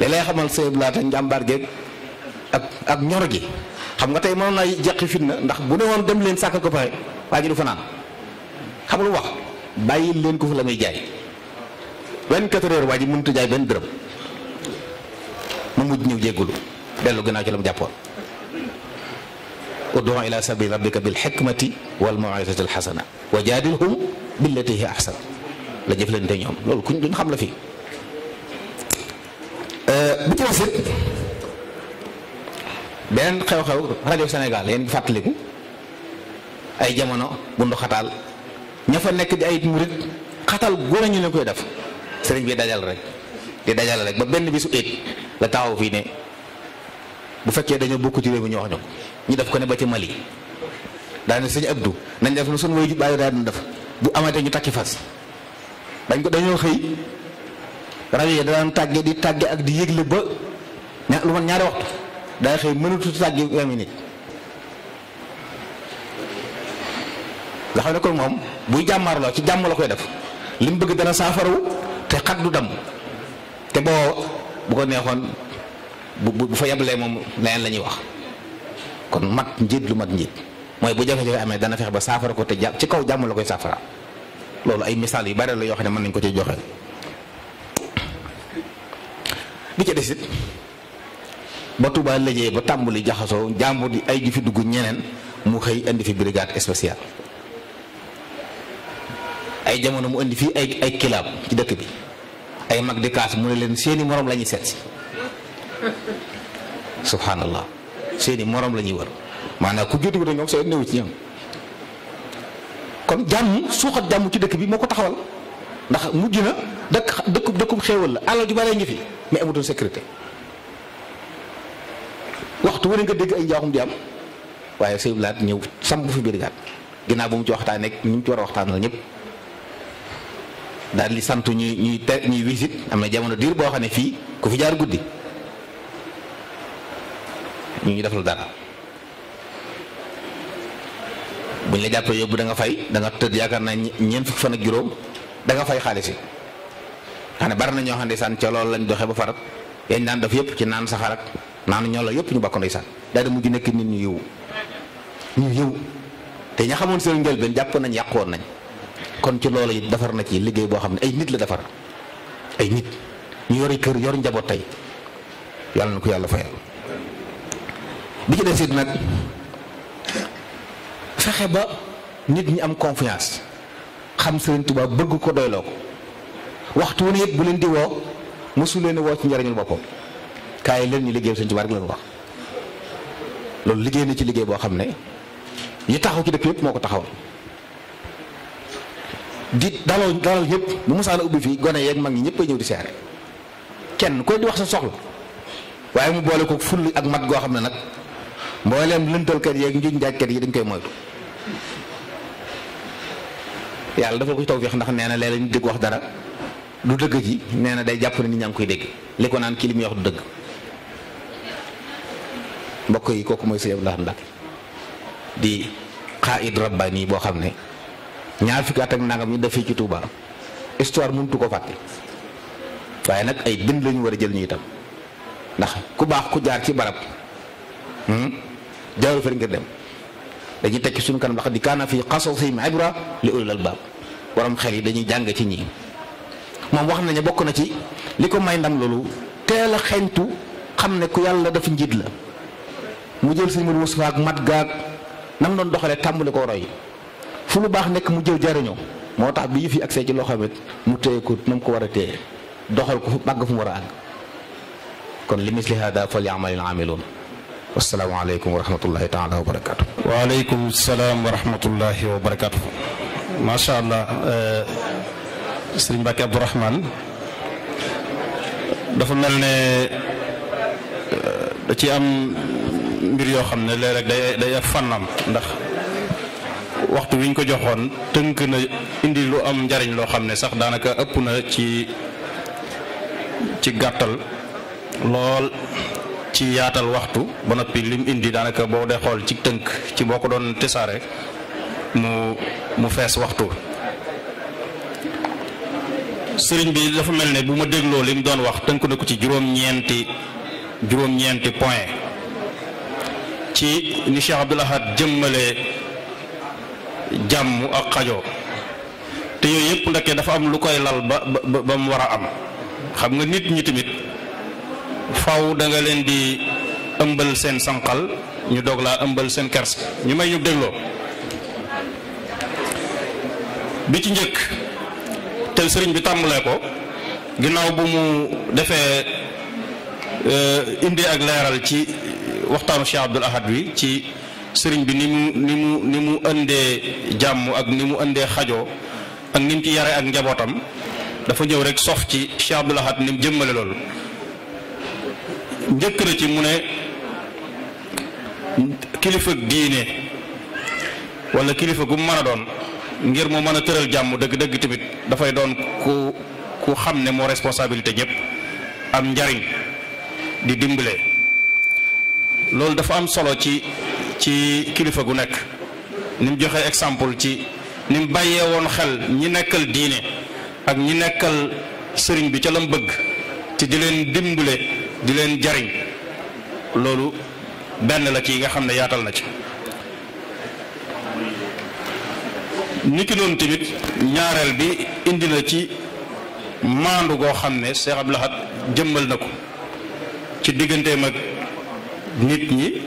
li lay xamal sëñ laata njàmbaar geeg ak ak gi xam nga tey mënoon naa jeqi fitna ndax bu ne woon dem leen sàkk ko pare waa ji du fanaan xam lu wax bàyyi leen ko fa la muy jaay 24 heures waa ji mënut a jaay benn dërëm mu mujj ñëw jéggulu dellu gannaaw ci la mu jàppoon ud'u ila sabili rabbika bil hikmati wal maw'izati al hasana wa jadilhum billati hiya ahsan la jëflante ñoom loolu kuñ duñ xam la fii euh, bu ci wasit beneen xew-xew rajo Sénégal yéen fàttaliku ay jamono bu xataal ña fa nekk di ay murit xatal góor ñu leen koy def sëriñ bi dajal rek di dajal rek ba benn bisu éet la taxaw fii ne bu fekkee dañoo bokk ci réew mi ñu wax ñu ko ñu def ko ne ba ci Mali daane sëñ du nañ def na suñu woy ju bàyyi daa doon def bu amatee ñu takki fas dañ ko dañoo xëy rajo yi daan tàgge di tàgge ak di yëgle ba ña lu man ñaari waxtu daa xëy mënatu tàgge nit minutes nga xam ne kon moom buy jàmmaar jàmmaarloo ci jàmm la koy def li bëgg dana saafarawu te xat du dam te boo bu ko neexoon bu bu fa yeblee moom leneen la ñuy wax kon mat njiit lu mat njiit mooy bu jafe-jafe amee dana fexe ba saafara ko te ja ci kaw jàmm la koy saafara loolu ay misaal yu bari la yoo xam ne mën nañ ko ci joxe. bi ci des it ba Touba léegi ba tàmbali jaxasoo jàmbur di ay ju dugg ñeneen mu xëy indi fi brigade spéciale ay jamono mu indi fii ay ay kilaab ci dëkk bi ay mag di kaas mu ne leen seeni morom lañuy ñuy seet. subhanallah seeni morom la ñuy wër maanaam ku jotiwut ak ñoom seen néew ci ñoom kon jàmm suuxat jàmm ci dëkk bi moo ko taxawal ndax mujj na dëkk dëkk dëkkum xéewal la alal ju bare ngi fi mais amatul sécurité waxtu wala nga dégg ay njaaxum di am waaye sëñ ñëw samp fi brigade ginnaaw bu ci waxtaan ñu mu ci war a waxtaanal di sant ñuy ñuy te ñuy visite am na jamono diir boo xam ne fii ku fi jaar guddi. ñu ngi defal dara buñ la jàppee yóbbu danga fay danga nga tëdd yaakaar naa ñeent fukki fan juróom danga fay xaalis yi xam ne bari na ñoo xam ndeysaan ca loolu lañ doxee ba farat yañ daan def yëpp ci naan saxaar ak naan ñoo la yëpp ñu bokk ndeysaan daal di mujj nekk nit ñu yëwu ñu yëwu te ña xamoon seen njëlbeen jàpp nañ yàqoon nañ kon ci loolu it defar na ci liggéey boo xam ne ay nit la defar ay nit ñu yori kër yor njaboot tey yàlla na ko yàlla fayal bi ci des nag fexe ba nit ñi am confiance xam Serigne tubaab bëgg ko doyloo ko waxtu wu ne bu leen di woo mosu leen woo ci njariñul boppam kaay leen ñu liggéeyal Serigne Touba rek leen wax loolu liggéey na ci liggéey boo xam ne yi taxaw ci dëkk yëpp moo ko taxawal di daloo dalal ñëpp bu musaana ubbi fii gone yeeg mag ñi ñëpp a ñëw di seere kenn koy di wax sa soxla waaye mu boole ko full ak mat goo xam ne nag. mbooleem lëntalkat yeeg njuñ njaajkat yi dañ koy moytu yàlla dafa ko tawfeex ndax nee na léeg-léeg ñu dégg wax dara du dëgg ji nee na day jàpp ne nit ñaa ngi koy dégg li naan kii li muy wax du dëgg mbokk yi kooku mooy sëñ Abdoulaye Mbacke di xaayid rabbaani boo xam ne ñaar fukki at ak nangam ñu def fii ci Touba histoire mëntu ko fàtte waaye nag ay bind lañu war a jël ñu itam ndax ku baax ku jaar ci barab. Hmm, jaarul fenn ngir dem dañuy tekki suñu kanam laqad kaana fi qasasihim ibra li ulil albaab borom xel yi dañuy jàng ci ñii moom wax nañu bokk na ci li ko may ndam loolu teel a xam ne ku yàlla dafa njiit la mu jël sëñ Modou Moustapha ak mat gaag nam doon doxalee tàmbali ko roy fu lu baax nekk mu jël jariñoo moo tax bi yëf yi agsee ci loo xam mu téye ko na ko war a téye doxal ko fu àgg fu mu war a àgg kon li misli hada fal ya'malil aamiluun wasalaamaaleykum wa rahmatullahi taala wa barakaatu. waaleykum salaam wa rahmatullahi wa barakaatu. macha allah eh, sëriñ Mbacke Abdourahmane dafa mel ne eh, da ci am mbir yoo xam ne léeg-léeg day day ak fànnam ndax waxtu wi ñu ko joxoon tënk na indi lu am njariñ loo xam ne sax daanaka ëpp na ci ci gàttal lool. ci yaatal waxtu ba noppi lim indi daanaka boo dee xool ci tënk ci boo ko doon tesaare mu mu fees waxtu sëriñ bi dafa mel ne bu ma dégloo li doon wax tënk na ko ci juróom-ñeenti juróom-ñeenti point ci ni Cheikh Abdoul Ahad jëmmale jàmm ak xajoo te yooyu yëpp ndeke dafa am lu koy lal ba ba ba mu war a am xam nga nit ñi faw danga leen di ëmbal seen sanqal ñu doog laa ëmbal seen kers ñu may ñu dégloo bi ci njëkk te sëriñ bi tàmbalee ko ginnaaw bu mu defee euh, indi ak leeral ci waxtaanu Cheikh Abdoul Ahad wi ci sëriñ bi ni mu ni mu ni mu indee jàmm ak ni mu indee xajoo ak ni mu ci yare ak njabootam dafa ñëw rek sof ci Cheikh Abdoul Ahad ni mu jëmmale loolu njëkk na ci mu ne kilifa diine wala kilifa gu mu mën a doon ngir mu mën a tëral jàmm dëgg-dëgg tamit dafay doon ku xam ne moo responsabilité ñëpp am njariñ di dimbale loolu dafa am solo ci ci kilifa gu nekk ni mu joxe exemple ci ni mu bàyyee woon xel ñi nekkal diine ak ñi nekkal sëriñ bi ca lam bëgg te di leen dimbale di leen jariñ loolu benn la ci yi nga xam ne yaatal na ci ni ki noonu tamit ñaareel bi indi na ci maandu goo xam ne Cheikh Abdou Lahad jëmmal na ko ci digganteem ak nit ñi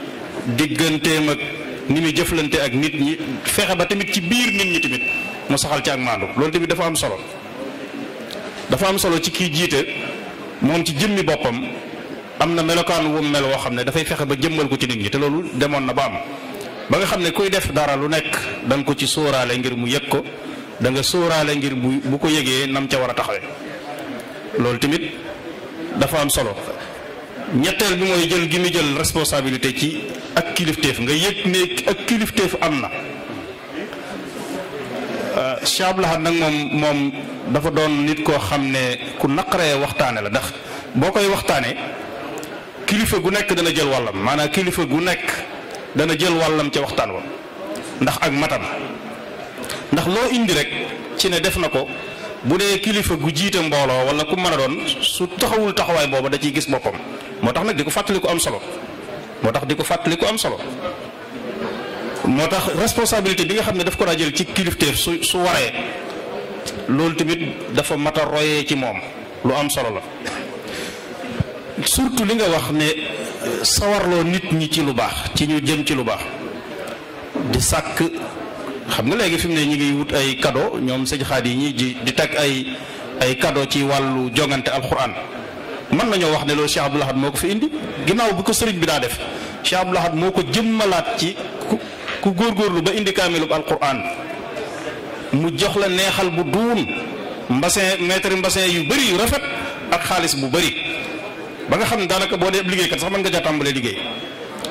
digganteem ak ni muy jëflante ak nit ñi feexe ba tamit ci biir nit ñi tamit mu saxal ci ak maandu loolu tamit dafa am solo dafa am solo ci kii jiite moom ci jëmmi boppam am na melokaan wu mel woo xam ne dafay fexe ba jëmbal ko ci nit ñi te loolu demoon na ba am ba nga xam ne kuy def dara lu nekk da ko ci sooraale ngir mu yëg ko danga nga sóoraale ngir bu bu ko yëgee nam ca war a taxawee loolu tamit dafa am solo ñetteel bi mooy jël gi mu jël responsabilité ci ak kilifteef nga yëg ne ak kilifteef am na euh, Cheikh Abdoul Ahad nag moom moom dafa doon nit koo xam ne ku naqaree waxtaane la ndax boo koy waxtaanee kilifa gu nekk dana jël wàllam maanaa kilifa gu nekk dana jël wàllam ca waxtaan wa ndax ak matam ndax loo indi rek ci ne def na ko bu dee kilifa gu jiite mbooloo wala ku mën a doon su taxawul taxawaay booba da ciy gis boppam moo tax nag di ko fàttali ku am solo moo tax di ko fàttali am solo moo tax responsabilité bi nga xam ne daf ko daa jël ci kilifteef su su waree loolu tamit dafa mat a royee ci moom lu am solo la. surtout li nga wax ne sawarloo nit ñi ci lu baax ci ñu jëm ci lu baax di sàkk xam nga léegi fi mu ne ñu ngi wut ay kado ñoom sëñ xaat yi ñi di di teg ay ay cadeau ci wàllu jongante alxuraan mën nañoo wax ne loolu Cheikh Abdoul moo ko fi indi ginnaaw bi ko sëriñ bi daa def Cheikh Abdoul Ahad moo ko jëm malaat ci ku góorgóorlu ba indi kaamilub alxuraan mu jox la neexal bu duun mbasin maître mbasin yu bëri yu rafet ak xaalis bu bari ba nga xam ne daanaka boo dee ab liggéeykat sax mën nga caa tàmbalee liggéey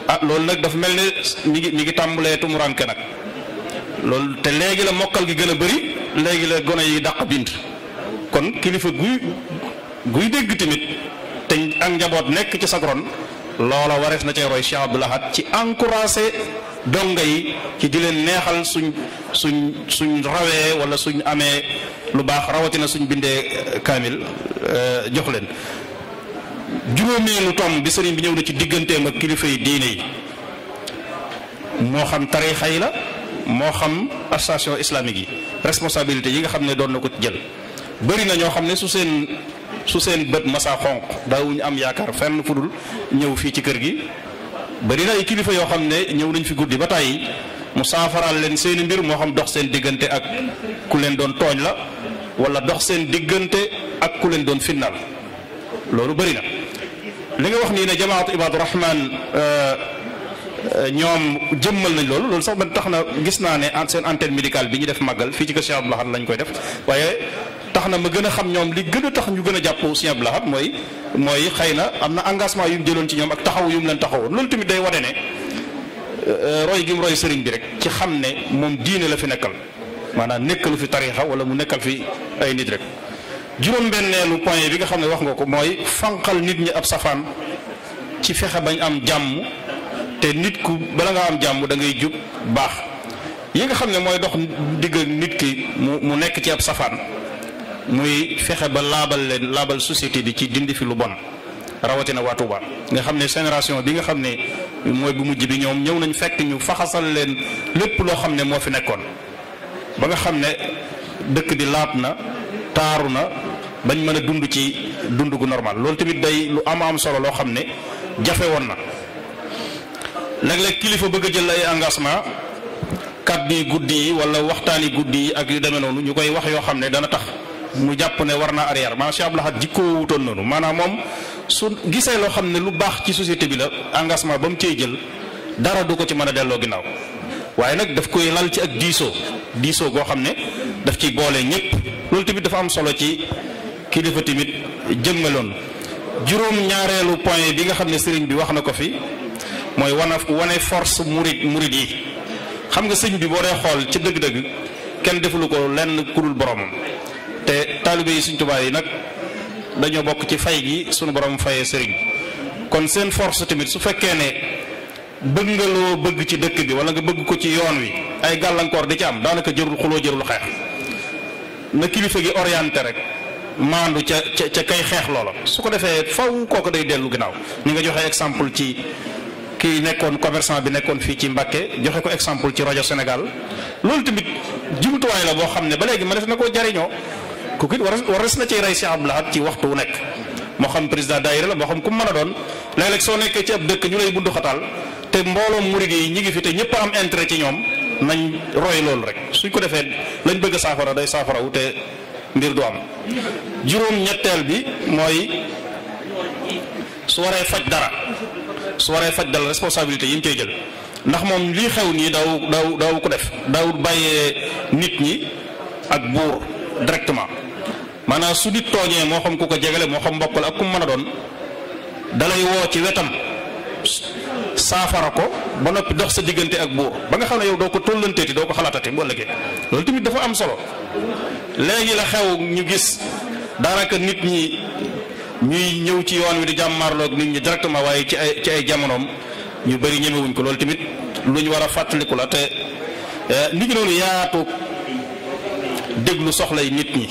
ah loolu nag dafa mel ne mi ngi mi ngi tàmbulee tumuranke nag loolu te léegi la mokkal gi gën a bëri léegi la gone yi dàq bind kon kilifa guy guy dégg tamit te ak njaboot nekk ci sagron loola warees na cee roy Cheikh Abdoul Ahad ci encouragé donga yi ci di leen neexal suñ suñ suñ rawee wala suñ amee lu baax rawatina suñ bindee eh, kaamil eh, jox leen juróomeelu tom bi sëriñ bi ñëw na ci digganteem ak kilifay yi diine yi moo xam tarixa yi la moo xam association islamique yi responsabilité yi nga xam ne doon na ko jël bëri na ñoo xam ne su seen su seen bët masaa xonq daawuñu am yaakaar fenn fu dul ñëw fii ci kër gi bëri na ay kilifa yoo xam ne ñëw nañ fi guddi ba tàyyi mu saafaraal leen seeni mbir moo xam dox seen diggante ak ku leen doon tooñ la wala dox seen diggante ak ku leen doon finnaal loolu bëri na li nga wax nii ne jamaatu ibaadu rahmaan euh, euh, ñoom jëmmal nañ loolu loolu sax man tax na gis naa ne seen antenne médicale bi ñu def màggal fii ci kër Cheikh Abdou Lahad lañ koy def waaye tax na ma gën a xam ñoom li gën a tax ñu gën a jàpp Cheikh Abdou Lahad mooy mooy xëy na am na engagement yu mu jëloon ci ñoom ak taxaw yu mu leen taxawoon loolu tamit day wane ne euh, roy gi mu roy sëriñ bi rek ci xam ne moom diine la fi nekkal maanaam nekkalu fi tariixa wala mu nekkal fi ay nit rek. juróom-benneelu point bi nga xam ne wax nga ko mooy fanqal nit ñi ab safaan ci fexe bañ am jàmm te nit ku bala nga am jàmm dangay ngay jub baax yi nga xam ne mooy dox digg nit ki mu mu nekk ci ab safaan muy fexe ba laabal leen laabal société bi ci dindi fi lu bon rawatina waa Touba nga xam ne génération bi nga xam ne mooy bu mujj bi ñoom ñëw nañ fekk ñu faxasal leen lépp loo xam ne moo fi nekkoon ba nga xam ne dëkk bi laab na. taaru na bañ mën a dund ci dund gu normal loolu tamit day lu am am solo loo xam ne jafe woon na léeg-léeg kilifa bëgg a jël ay engagement kàddu yi guddi yi wala waxtaani guddi yi ak yu demee noonu ñu koy wax yoo xam ne dana tax mu jàpp ne war naa arrière si Cheikh Abdou Lahad jikkoo wutoon noonu maanaam moom su gisee loo xam ne lu baax ci société bi la engagement ba mu cay jël dara du ko ci mën a delloo ginnaaw waaye nag daf koy lal ci ak diisoo diisoo goo xam ne daf ci boolee ñëpp loolu tamit dafa am solo ci kilifa tamit jëmmaloon juróom ñaareelu point bi nga xam ne sëriñ bi wax na ko fi mooy wana wane force murid murid yi xam nga sëñ bi boo dee xool ci dëgg-dëgg kenn defulu ko lenn kudul boromam te taalibe yi suñ tubaab yi nag dañoo bokk ci fay gi suñu borom fayee sëriñ kon seen force tamit su fekkee ne bëgg nga loo bëgg ci dëkk bi wala nga bëgg ko ci yoon wi ay gàllankoor di ci am daanaka jërul xuloo jërul xeex na kilifa gi orienté rek maandu ca ca ca kay xeex loola su ko defee faw kooku day dellu ginnaaw ni nga joxe exemple ci kii nekkoon commerçant bi nekkoon fii ci Mbacke joxe ko exemple ci rajo Sénégal loolu tamit jumtuwaay la boo xam ne ba léegi ma def na ko jariñoo kooku it waras na ci rey si Abdou Lahad ci waxtu wu nekk moo xam président daayira la moo xam ku mu mën a doon léeg-léeg soo nekkee ci ab dëkk ñu lay bundu xataal te mbooloom murid yi ñi ngi fi te ñëpp am intérêt ci ñoom nañ roy loolu rek suñ ko defee lañ bëgg saafara day saafarawu te mbir du am juróom ñetteel bi mooy su waree faj dara su waree faj dara responsabilité yi mu cay jël ndax moom lii xew nii daw daaw daaw ko def daaw bàyyee nit ñi ak buur directement maanaam su nit tooñee moo xam ku ko jegale moo xam mbokk ak ku mu mën a doon dalay woo ci wetam saafara ko ba noppi dox sa diggante ak buur ba nga xam ne yow doo ko tollanteeti doo ko xalaatati bu ëllëgee loolu tamit dafa am solo léegi la xew ñu gis daanaka nit ñi ñuy ñëw ci yoon wi di jàmmarloog nit ñi directement waaye ci ay ci ay jamonoom ñu bëri ñemewuñ ko loolu tamit lu ñu war a fàttaliku la te eh, nit ñi noonu yaatu déglu soxlay nit ñi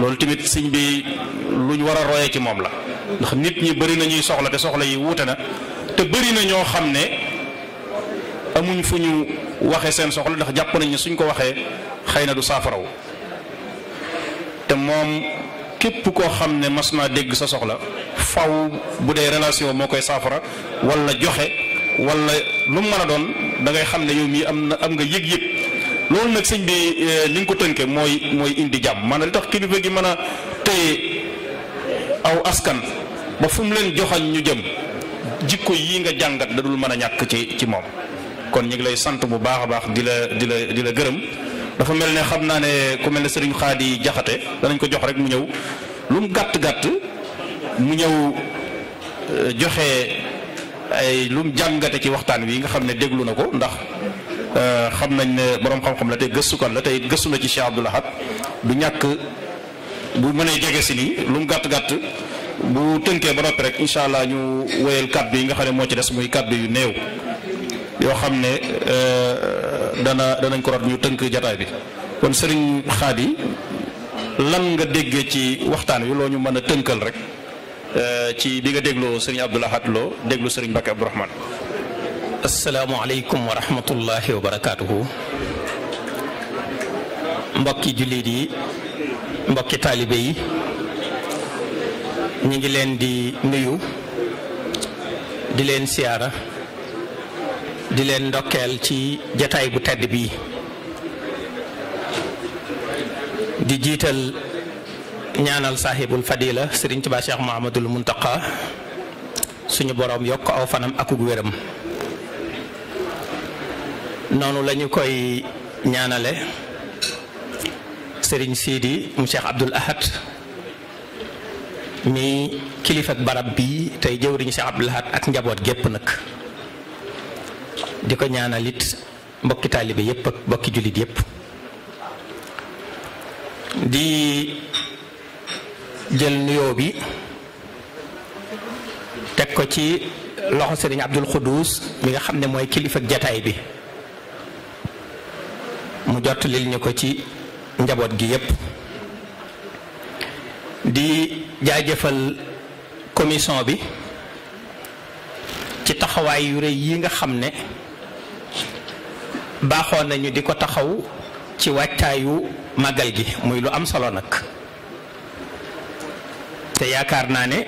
loolu tamit sëñ bi lu ñu war a royee ci moom la ndax nit ñi bari na ñuy soxla te soxla yi wuute na te bëri na ñoo xam ne amuñ fu ñu waxee seen soxla ndax jàpp nañ ne suñ ko waxee xëy na du saafaraw te moom képp koo xam ne mas naa dégg sa soxla faw bu dee relation moo koy saafara walla joxe wala lu mën a doon da ngay xam ne yow mii am na am nga yëg-yëg loolu nag sëñ bi euh, li nga ko tënkee mooy mooy indi jàmm a li tax kilifa gi mën a téye aw askan ba fu mu leen joxañ ñu jëm jikko yii nga jàngat da mën a ñàkk ci ci moom kon ñu ngi lay sant bu baax a baax di la di la di la gërëm dafa mel ne xam naa ne ku mel ne sëriñ di Jaxate danañ ko jox rek mu ñëw lu mu gàtt gàtt mu ñëw euh, joxe ay lu mu jàngate ci waxtaan wi nga xam ne déglu na ko ndax euh, xam nañ ne borom xam-xam la te gëstukat la tey gëstu na ci Cheikh Abdoul Ahad du ñàkk bu mënee jege si nii lu mu gàtt gàtt. bu tënkee ba noppi rek incha allah ñu wéyal kàddu yi nga xam ne moo ci des muy kàddu yu néew yoo xam ne euh, dana danañ ko rot ñu tënk jataay bi kon sëriñ Xaadi lan nga déggee ci waxtaan wi loo ñu mën a tënkal rek euh, ci bi nga dégloo sëriñ Abdoul Ahad Lo déglu sëriñ Mbacké Abdou Rahmane asalaamaaleykum wa rahmatullahi wa barakaatuhu mbokki jullit yi mbokki taalibe yi ñu ngi leen di nuyu di leen siyaara di leen ndokkeel ci jataay bu tedd bii di jiital ñaanal saaxibul fadila sëriñ Tuubaa Cheikh Muhammadul Muntaqa suñu boroom yokk aw fanam akug wéram noonu lañu koy ñaanale sëriñ Sidi mu Cheikh Abdul Ahad mi kilifa ak barab bi tey jëwriñ si Abdou Lahad ak njaboot gépp nag di ko ñaanal it mbokki taalibe yépp ak mbokki jullit yépp di jël nuyoo bi teg ko ci loxo sëriñ Abdul Xuduus mi nga xam ne mooy kilifa ak jataay bi mu jottalil ñu ko ci njaboot gi yépp di jaajëfal commission bi ci taxawaay yu rëy yi nga xam ne baaxoon nañu di ko taxaw ci wàccaayu màggal gi muy lu am solo nag te yaakaar naa ne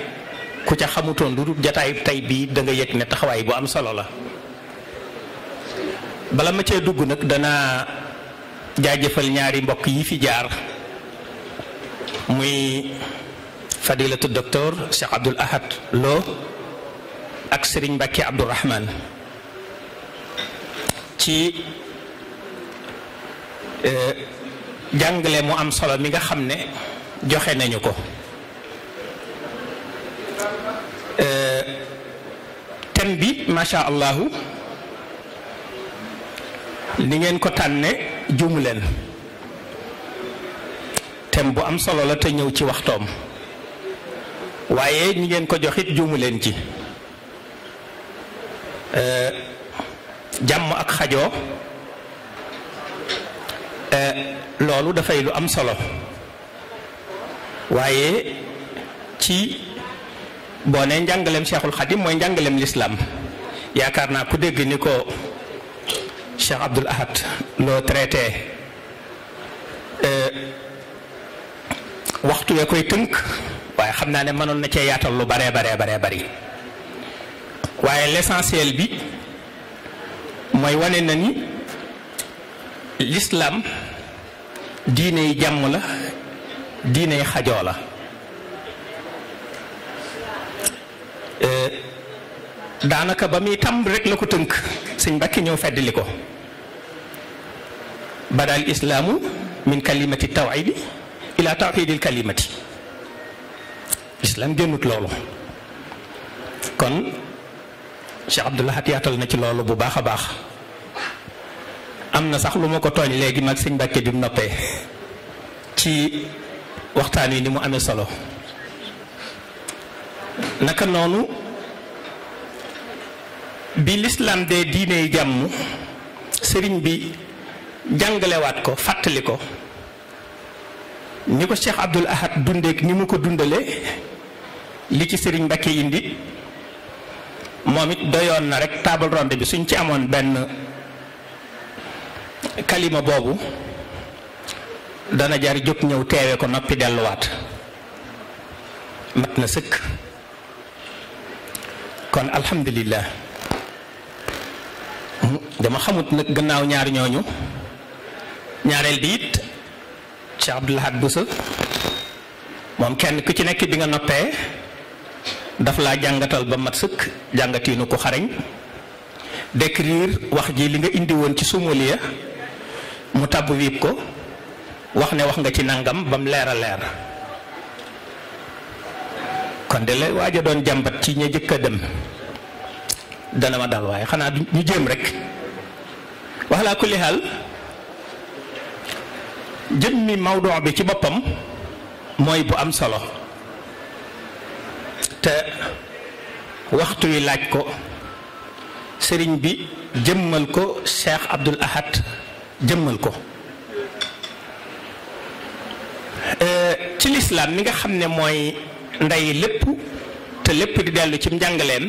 ku ca xamutoon lu dul jataay tey bii danga nga yëg ne taxawaay bu am solo la bala ma cee dugg nag danaa jaajëfal ñaari mbokk yi fi jaar muy fadilatu docteur Cheikh Abdoul Ahad Lo ak Serigne Mbacke Abdourahman ci eh, jàngale mu am solo mi nga xam ne joxe nañu ko eh, thème bi macha allahu li ngeen ko tànne jumu leen thème bu am solo la te ñëw ci waxtoom waaye ñi ngeen ko joxit juumu leen ci jàmm ak xajoo loolu dafay lu am solo waaye ci boo ne njàngaleem Cheikhul Khadim mooy njàngaleem lislaam yaakaar naa ku dégg ni ko Cheikh Abdoul Ahad loo traité waxtu ya koy tënk waaye xam naa ne mënoon na cee yaatal lu bare baree baree bari waaye l'essentiel bi mooy wane na ni lislaam diine diiney jàmm la diiney xajoo la euh, daanaka ba muy tàmb rek la ko tënk sëñ Mbàkke ñëw feddali ko badaal islaamu min kalimati tawhidi ila tawhidil kalimati lislaam génnut loolu kon Cheikh Abdou Lahad yaatal na ci loolu bu baax a baax am na sax lu ma ko tooñ léegi mag sëñ Mbàkke bi mu noppee ci waxtaan wi ni mu amee solo naka noonu bi lislaam dee diiney jàmm sëriñ bi jàngalewaat ko fàttali ko ni ko Cheikh Abdou Lahad dundeek ni mu ko dundale li ci sëriñ Mbacke indi moom it doyoon na rek table ronde bi suñ ci amoon benn kalima boobu dana jar jóg ñëw teewe ko noppi delluwaat mat na sëkk kon alhamdulillah dama xamut nag gannaaw ñaar ñooñu ñaareel bi it ci Abdoul Ahad Bousso moom kenn ku ci nekk bi nga noppee daf laa jàngatal ba mat sëkk jàngatiinu ko xarañ décrire wax ji li nga indi woon ci sumuliya mu tàbb wiib ko wax ne wax nga ci nangam ba mu leera a leer kon de la waaj doon jàmbat ci ña jëkk a dem dana ma dal waaye xanaa ñu jéem rek wax laa kulli xaal jëmmi mawdoo bi ci boppam mooy bu am solo te waxtu wi laaj ko sëriñ bi jëmmal ko Cheikh Abdoul Ahad jëmmal ko euh, ci lislaam mi nga xam ne mooy ndey lépp te lépp di dellu ci njàngaleem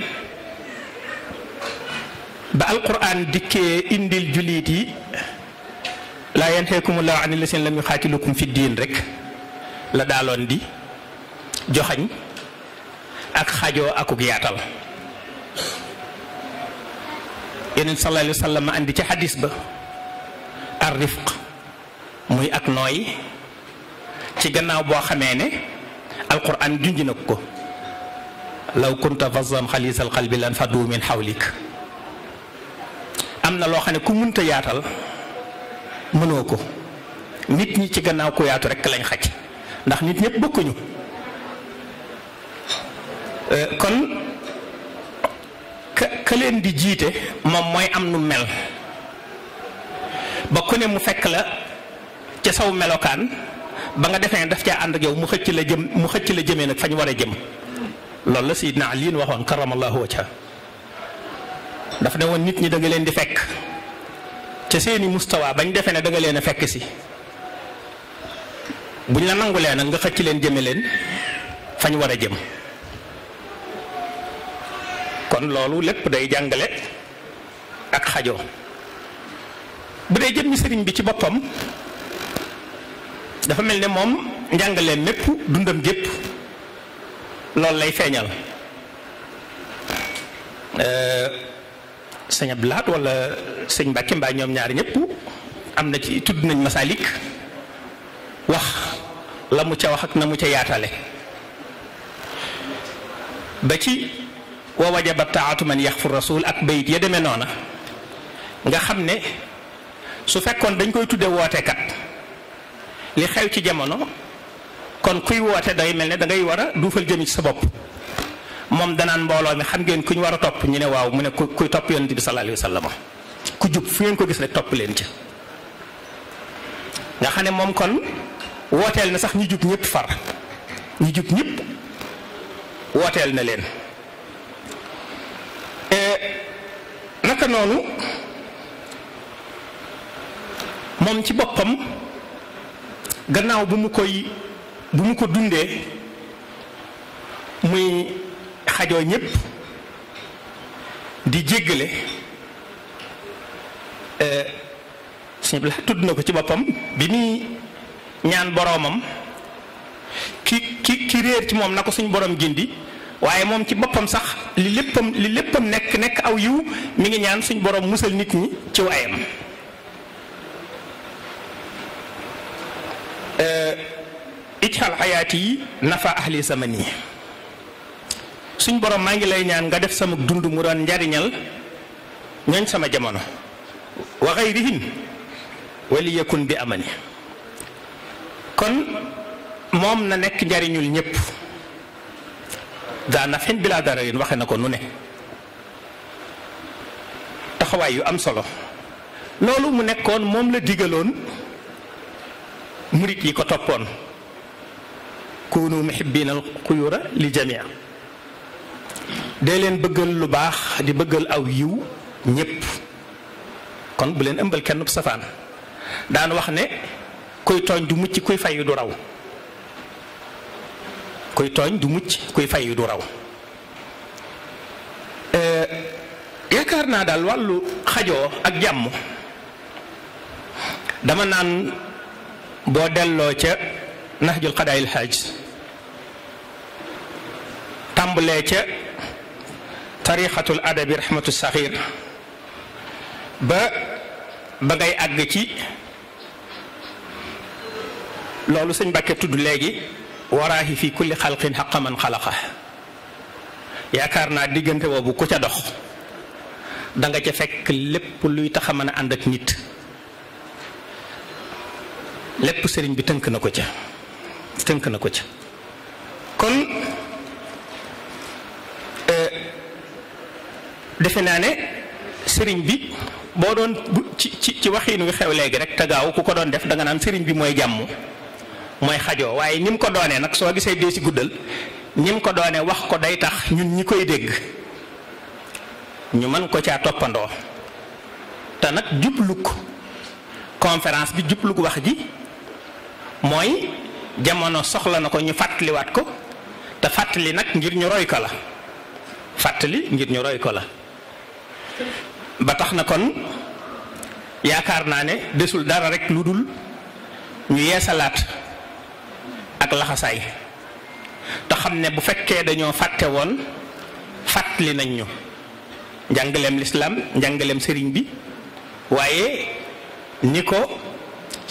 ba alquran dikkee indil jullit yi laa yanhaakumullahu ani lasina lam yuxaatilukum fi diin rek la daaloon di joxañ ak xajoo akuk yaatal yeneen sallallahu alayhi wa sallam andi ba ar muy ak nooy ci gannaaw boo xamee ne alquran junj na ko law kunta fazzan xalisal xalbi lan fadu min xawlik am na loo xam ne ku munta yaatal mënoo ko nit ñi ci gannaaw ku yaatu rekk lañ xaj ndax nit ñëpp bokkuñu Euh, kon ka ka leen di jiite moom mooy am nu mel ba ku ne mu fekk la ca saw melokaan ba nga defee ne daf caa ànd ak yow mu xëcc la jëm mu xëcc la jëmee nag fañ war a jëm loolu la naa liin waxoon karamallahu wajha daf ne woon nit ñi danga leen di fekk ca seeni mustawa bañ defee ne danga leen a fekk si buñ la nangu leen nag nga xëcc leen jëme leen fañ war a jëm kon loolu lépp day jàngale ak xajoo bu dee jëmmi sëriñ bi ci boppam dafa mel ne moom njàngale mépp dundam gépp loolu lay feeñal euh, sëñ Abdoulaat wala sëñ Mbàkke mbaa ñoom ñaar ñëpp am na ci tudd nañ masaalik wax la mu ca wax ak na mu ca yaatale ba ci wa wajaba taatu man yaxfu rasul ak bayit ya demee noona nga xam ne su fekkoon dañ koy tudde wootekat li xew ci jamono kon kuy woote day mel ne da ngay war a duufal jëmi ci sa bopp moom danaan mbooloo mi xam ngeen ku ñu war a topp ñu ne waaw mu ne ku kuy topp yonent bi sa alayhi ku jub fu ngeen ko gis rek topp leen ca nga xam ne moom kon wooteel na sax ñu jub ñëpp far ñu jub ñëpp wooteel na leen naka noonu moom ci boppam gannaaw bu mu koy bu mu ko dundee muy xajoo ñépp di jéggale sëñ bi la tudd na ko ci boppam bi muy ñaan boroomam ki ki ki réer ci moom na ko suñ boroom gindi waaye moom ci boppam sax li léppam li léppam nekk nekk aw yiw mi ngi ñaan suñ borom musal nit ñi ci waayam euh, ijxal xayaati yi nafa ahli zamani suñ borom maa ngi lay ñaan nga def sama dund mu doon njariñal ñooñ sama jamono wa xayrihim wali yakun bi amani kon moom na nekk njariñul ñépp daa nafin bilaa dara yéen waxe na ko nu ne taxawaay yu am solo loolu mu nekkoon moom la digaloon murit yi ko toppoon kunu muhibbina al xuyura li jamia dee leen bëggal lu baax di bëggal aw yiw ñépp kon bu leen ëmbal kenn bu safaan daan wax ne kuy tooñ du mucc kuy fayu du raw kuy tooñ du mucc kuy fay du raw euh, yaakaar naa daal wàllu xajoo ak jàmm dama naan boo delloo ca naxjul xadaayil xaaj tàmbalee ca tarixatu adabi raxmatu saxiir ba ba ngay àgg ci loolu sëñ Mbàkke tudd léegi waraahi fi kulli xalqin xaqa man xalaqa yaakaar naa diggante boobu ku ca dox danga nga ca fekk lépp luy tax a mën a ànd ak nit lépp sëriñ bi tënk na ko ca tënk na ko ca kon euh, defe naa ne sëriñ bi boo doon ci ci ci waxiin wi xew léegi rek te ku ko doon def da nga naan sëriñ bi mooy jàmm mooy xajoo waaye ni ko doonee nag soo gisee dee si guddal ni ko doonee wax ko day tax ñun ñi koy dégg ñu mën ko caa toppandoo te nag jubluk conférence bi jubluk wax ji mooy jamono soxla na ko ñu fàttaliwaat ko te fàttali nag ngir ñu roy ko la fàttali ngir ñu roy ko la ba tax na kon yaakaar naa ne desul dara rek lu dul ñu yeesalaat ak laxasaay te xam ne bu fekkee dañoo fàtte woon fàttali nañ ñu njàngaleem lislaam njàngaleem sëriñ bi waaye ni ko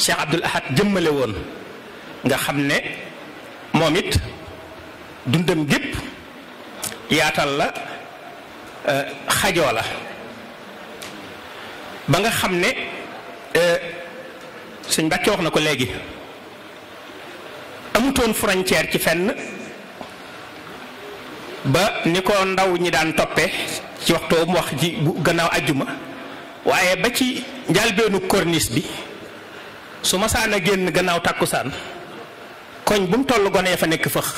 Cheikh Abdul Ahad jëmmale woon nga xam ne moom it dundam gépp yaatal la euh, xajoo la ba nga xam ne euh, sëñ Mbàkke wax na ko léegi amutoon frontière ci fenn ba ni ko ndaw ñi daan toppe ci waxtoom wax ji bu gannaaw ajjuma waaye ba ci njalbeenu korniis bi su masaan a génn gannaaw tàkkusaan koñ bu mu toll gone fa nekk fëx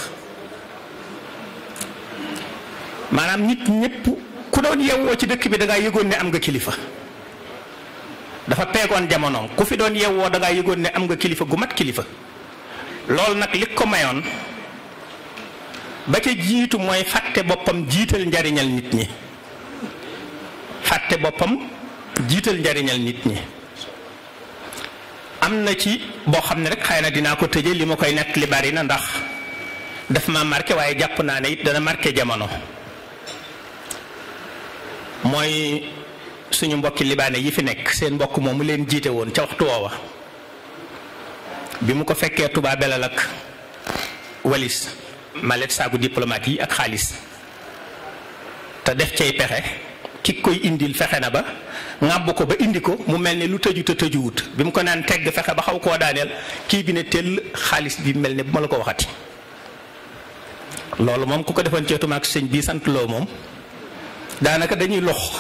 maanaam nit ñëpp ku doon yewwoo ci dëkk bi dangay yëgoon ne am nga kilifa dafa peegoon jamonoom ku fi doon yewwoo da ngaa yëgoon ne am nga kilifa gu mat kilifa loolu nag li ko mayoon ba ca jiitu mooy fàtte boppam jiital njariñal nit ñi fàtte boppam jiital njariñal nit ñi am na ci boo xam ne rek xëy na dinaa ko tëje li ma koy nett li bari na ndax daf ma marqué waaye jàpp naa ne it dana marqué jamono mooy suñu mbokki libaane yi fi nekk seen mbokk mu leen jiite woon ca waxtu woowa bi mu ko fekkee Touba Belel ak walis malet saagu diplomate yi ak xaalis te def cay pexe ki koy indil fexe na ba ŋàbb ko ba indi ko mu mel ni lu tëju te tëjuwut bi mu ko naan tegg fexe ba xaw koo daaneel kii bi ne tell xaalis bi mel ni bu ma la ko waxati loolu moom ku ko defoon ceetuma sëñ bii sant loo moom daanaka dañuy lox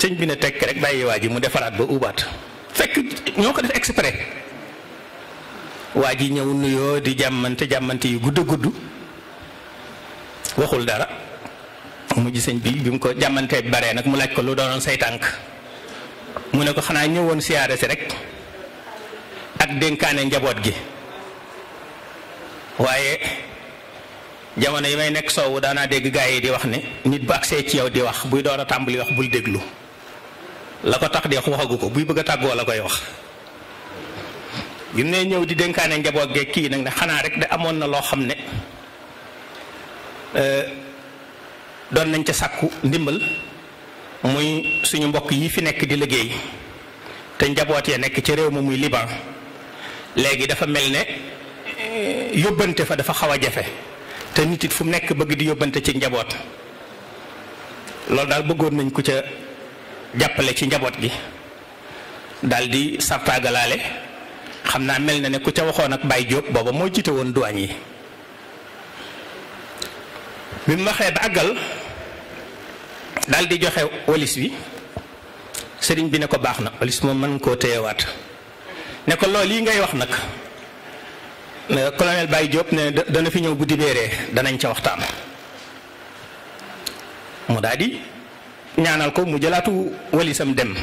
sëñ bi ne tekk rek bàyyi waa ji mu defaraat ba ubaat fekk ñoo ko def exprès waa ji ñëw nuyoo di jàmmante jàmmante yu gudd gudd waxul dara mujj sëñ bi bi mu ko jàmmantee baree nag mu laaj ko lu doonoon say tànk mu ne ko xanaa ñëwoon siyaare si rek ak dénkaane njaboot gi waaye jamono yi may nekk soowu daanaa dégg gaa yi di wax ne nit bu agsee ci yow di wax buy doon a tàmbali wax bul déglu la ko tax de waxagu ko buy bëgg a tàggoo la koy wax bi ñëw di dénkaane njaboot geeg kii nag ne xanaa rek de amoon na loo xam ne euh, doon nañ ca sàkku ndimbal muy suñu mbokk yi fi nekk di liggéey te njaboot ya nekk ci réew mi muy Liban léegi dafa mel ne euh, yóbbante fa dafa xaw a jafe te nit it fu mu nekk bëgg di yóbbante ci njaboot loolu daal bëggoon nañ ku ca jàppale ci njaboot gi daal di sartaagalaale xam naa mel na ne ku ca waxoon ak bay jóob booba moo jiite woon duwaañ yi bi mu waxee ba àggal daal di joxe walis bi sëriñ bi ne ko baax na walis moom mën koo téyewaat ne ko loolu yi ngay wax nag colonel Baye Diop ne dana fi ñëw bu dibéeree danañ ca waxtaan mu daal ñaanal ko mu jëlaatu walisam dem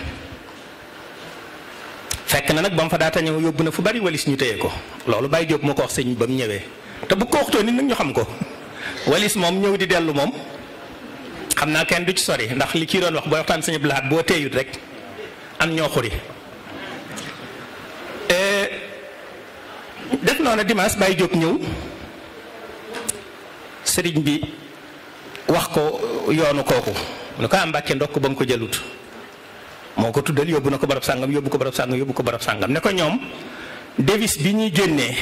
fekk na nag ba mu fa daata ñëw yóbbu na fu bari walis ñu téye ko loolu Baye Diop moo ko wax sëñ ba mu ñëwee te bu ko waxtoo nit ñu xam ko walis moom ñëw di dellu moom xam naa kenn du ci sori ndax li kii doon wax booy waxtaan sëñ boo téyut rek am ñoo xuri e, def noonu dimanche Baye Diop ñëw sëriñ bi wax ko yoonu kooku mu ko am ah, Mbàkke ndokk ba nga ko jëlut moo ko tuddal yóbbu na ko barab sàngam yóbbu ko barab sàngam yóbbu ko barab sàngam ne ko ñoom devis bi ñuy génnee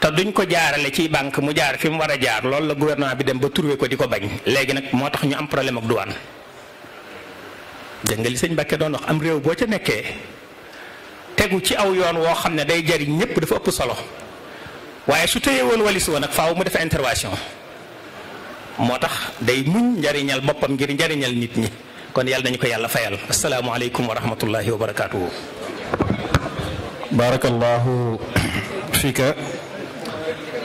te duñ ko jaarale ci banque mu jaar fi mu war a jaar loolu la gouvernement bi dem ba trouvé ko di ko bañ léegi nag moo tax ñu am problème ak douane dégg nga li sëñ Mbàkke doon ndox am réew boo ca nekkee tegu ci aw yoon woo xam ne day jariñ ñëpp dafa ëpp solo waaye su tëyee woon walis woon nag faaw mu def intervention moo tax day muñ njariñal boppam ngir njariñal nit ñi kon yàlla nañu ko yàlla fayal asalaamaaleykum wa rahmatullahi wa barakaatuhu. barakallahu fika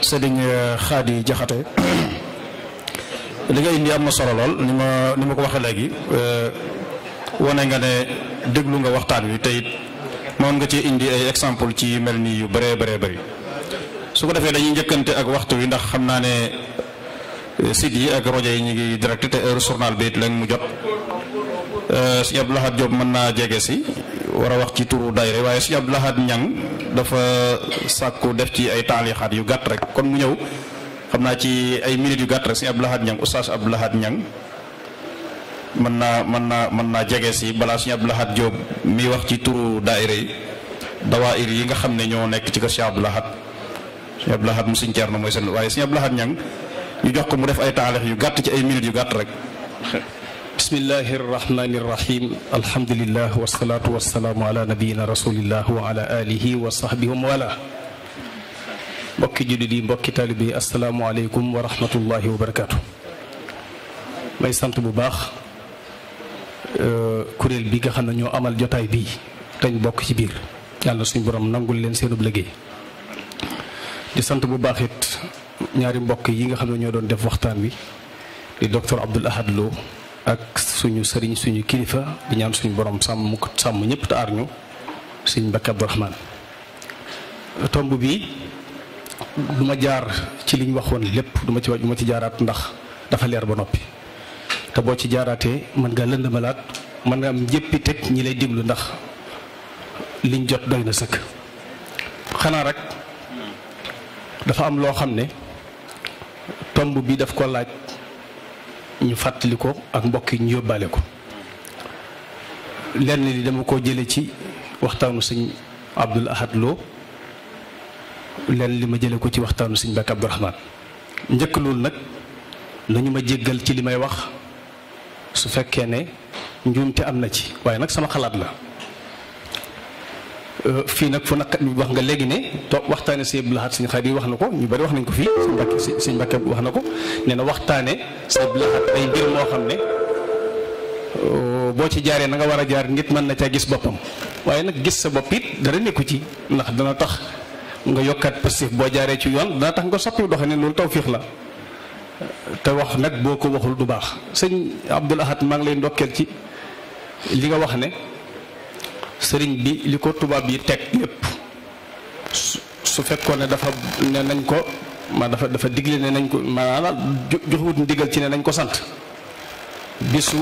sëriñ eh, Xaadi Jaxate li nga indi am na solo lool ni ma ni ma ko waxee léegi eh, wane nga ne déglu nga waxtaan wi tey it nga ci indi ay exemple ci mel nii yu bëree bëree bëri su ko defee dañuy njëkkante ak waxtu wi ndax xam naa ne. site yi ak rajo yi ñu ngi direct te heure journal bi it mu jot euh, sëñ Abdou Lahad Diop mën naa jege si war a wax ci turu daayira waaye sëñ Abdou Lahad dafa sàkku def ci ay taalixaat yu gàtt rek kon ñëw xam naa ci ay minutes yu gàtt rek sëñ Abdou Lahad Niang oustaz Abdou mën naa mën naa mën naa jege si balaa sëñ Abdou Lahad wax ci turu daayira yi dawaayir yi nga xam ne ñoo nekk ci kër sëñ Abdou Lahad sëñ Abdou Lahad mu sëñ Ceerno mooy seen waaye sëñ Abdou Lahad ñu jox ko mu def ay taalex yu gàtt ci ay minutes yu gàtt rek. bismillahi rahmani rahim alhamdulillah wasalaatu wasalaamu ala nabiyina rasulillah wa ala alihi wa sahbihi wa wala mbokki jullit yi mbokki taalib yi asalaamualeykum wa rahmatullahi wa barakaatu. may sant bu baax euh, kuréel bi nga xam ne ñoo amal jotaay bii tañ bokk ci biir yàlla suñ borom nangul leen seenub liggéey di sant bu baax ñaari mbokk yi nga xam ne ñoo doon def waxtaan wi di docteur Abdoul Ahad Lo ak suñu sëriñ suñu kilifa di ñaan suñu borom sàmm ko sàmm ñëpp te ñu suñu Mbàkke Abdu Rahmaan tomb bi duma ma jaar ci liñ waxoon lépp du ma ci du ma ci jaaraat ndax dafa leer ba noppi te boo ci jaaraatee mën ngaa lëndamalaat mën nga am jéppi teg ñi lay déglu ndax liñ jot doy na sëkk xanaa rek dafa am loo xam ne tomb bi daf ko laaj ñu fàttali ko ak mbokk yi ñu yóbbaale ko lenn li dama ko jële ci waxtaanu sëñ Abdul Ahad Lo lenn li ma jële ko ci waxtaanu sëñ Bakk Abdourahman njëkk loolu nag nañu ma jéggal ci li may wax su fekkee ne njuumte am na ci waaye nag sama xalaat la fii nag fu naqat wax nga léegi ne to waxtaane sëñ Abdou Lahad sëñ Xaadir wax na ko ñu bari wax nañ ko fii sëñ Mbàkke sëñ Mbàkke wax na ko nee na waxtaane sëñ Abdou Lahad ay mbir moo xam ne boo ci jaaree na nga war a jaar nit mën na caa gis boppam waaye nag gis sa bopp it dara nekku ci ndax dana tax nga yokkat positif boo jaaree ci yoon dana tax nga soppi doxe ne loolu tawfiix la te wax nag boo ko waxul du baax sëñ Abdou Lahad maa lay ndokkeel ci li nga wax ne sëriñ bi li ko tubaab yi teg lépp su fekkoon ne dafa ne nañ ko ma dafa dafa digle ne nañ ko maanaam joxuwut ndigal ci ne nañ ko sant bisu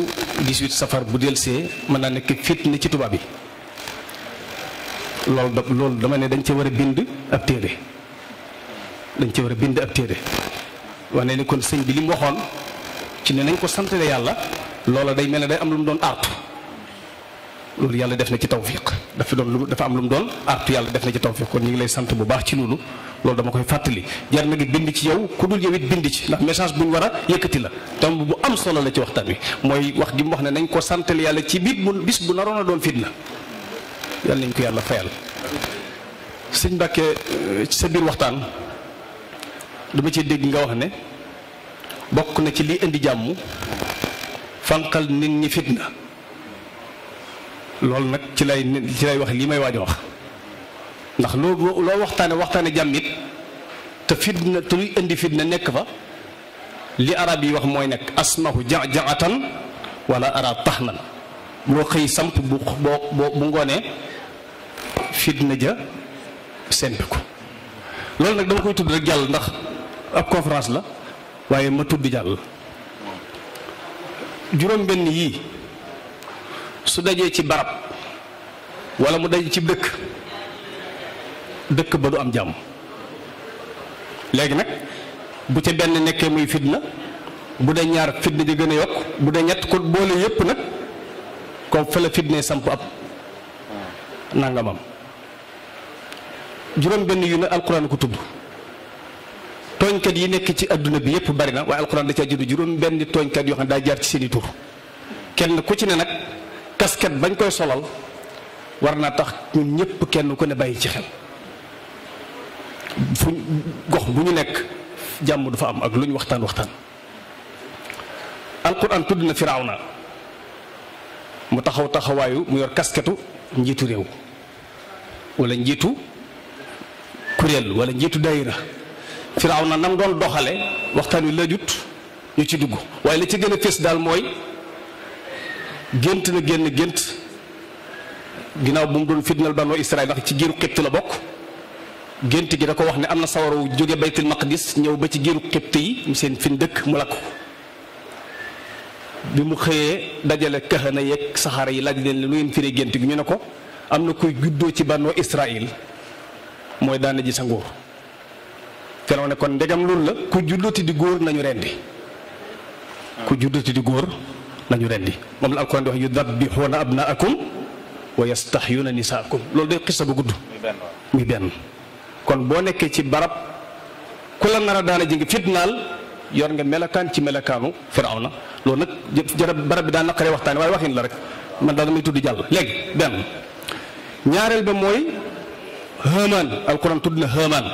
18 safar bu delsee mën naa nekk fitna ci tubaab yi lool da loolu dama ne dañ ci war a bind ab téere dañ ci war a bind ab téere wane ni kon sëñ bi li mu waxoon ci ne nañ ko santale yàlla loola day mel ne day am lu mu doon artu loolu yàlla def na ci tawfiq dafa doon lu dafa am lu mu doon artu yàlla def na ci tawfiq kon ñu ngi lay sant bu baax ci loolu loolu dama koy fàttali jar na ngi bind ci yow ku dul yow it bind ci ndax message bu ñu war a yëkkati la tam bu am solo la ci waxtaan wi mooy wax gi mu wax ne nañ ko santal yàlla ci biir bu bis bu naroon a doon fitna yàlla nañ ko yàlla fayal sëñ Mbàkke euh, ci sa biir waxtaan dama ci dégg nga wax ne bokk na ci li indi jàmm fanqal nit ñi fitna loolu nag ci lay ci lay wax lii may waaj a wax ndax loo loo waxtaane waxtaane jàmm it te fitna te luy indi fitna nekk fa li arab yi wax mooy nekk asmahu jajaatan wala ara taxnan boo xëy samp bu boo bu ngoonee fitna ja sempi ko loolu nag dama koy tudd rek jàll ndax ab conférence la waaye ma tudd jàll juróom benn yii su dajee ci barab wala mu daje ci dëkk dëkk ba du am jàmm léegi nag bu ca benn nekkee muy fitna bu dee ñaar fitna ji gën a yokk bu dee ñett kon boole yépp nag kon fa la fitne samp ab nangamam juróom benn yu ne alxuraan ko tudd tooñkat yi nekk ci adduna bi yépp bari na waaye alxuraan da caa juddu juróom benn tooñkat yoo xam ne daa jaar ci seeni tur kenn ku ci ne nag casquette bañ koy solal war naa tax ñun ñëpp kenn ku ne bàyyi ci xel fu gox bu ñu nekk jàmm du fa am ak lu ñu waxtaan waxtaan alquran tudd na firawna mu taxaw taxawaayu mu yor kasketu njiitu réew wala njiitu kuréel wala njiitu daayira na nam doon doxale waxtaan wi lajut ñu ci dugg waaye la ci gën a fés daal mooy gént la génn gént ginnaaw bu mu doon fitnal banu Israël ndax ci giiru xibti la bokk gént gi da ko wax ne am na sawara wu jóge baytul maqdis ñëw ba ci giiru xibti mu seen fin dëkk mu ko bi mu xëyee dajale kahana yeeg saxaar yi laaj leen lu ngeen firee gént gi ñu ne ko am na kuy juddoo ci banu Israël mooy daane ji sa nguur fenoo ne kon ndegam loolu la ku juddati di góor nañu rendi ku juddati di góor nañu rendi moom la alquran di wax yudabbixuuna abnaakum wa yastaxyuuna nisaakum loolu day xisa bu gudd muy benn kon boo nekkee ci barab ku la nar a daana ji ngi fitnaal yor nga melakaan ci melokaanu melakaanu na loolu nag jarab barab bi daan naqaree waxtaan waaye waxin la rek man daal damay tudd jàll léegi benn ñaareel ba mooy Haamaan alquran tudd na Haamaan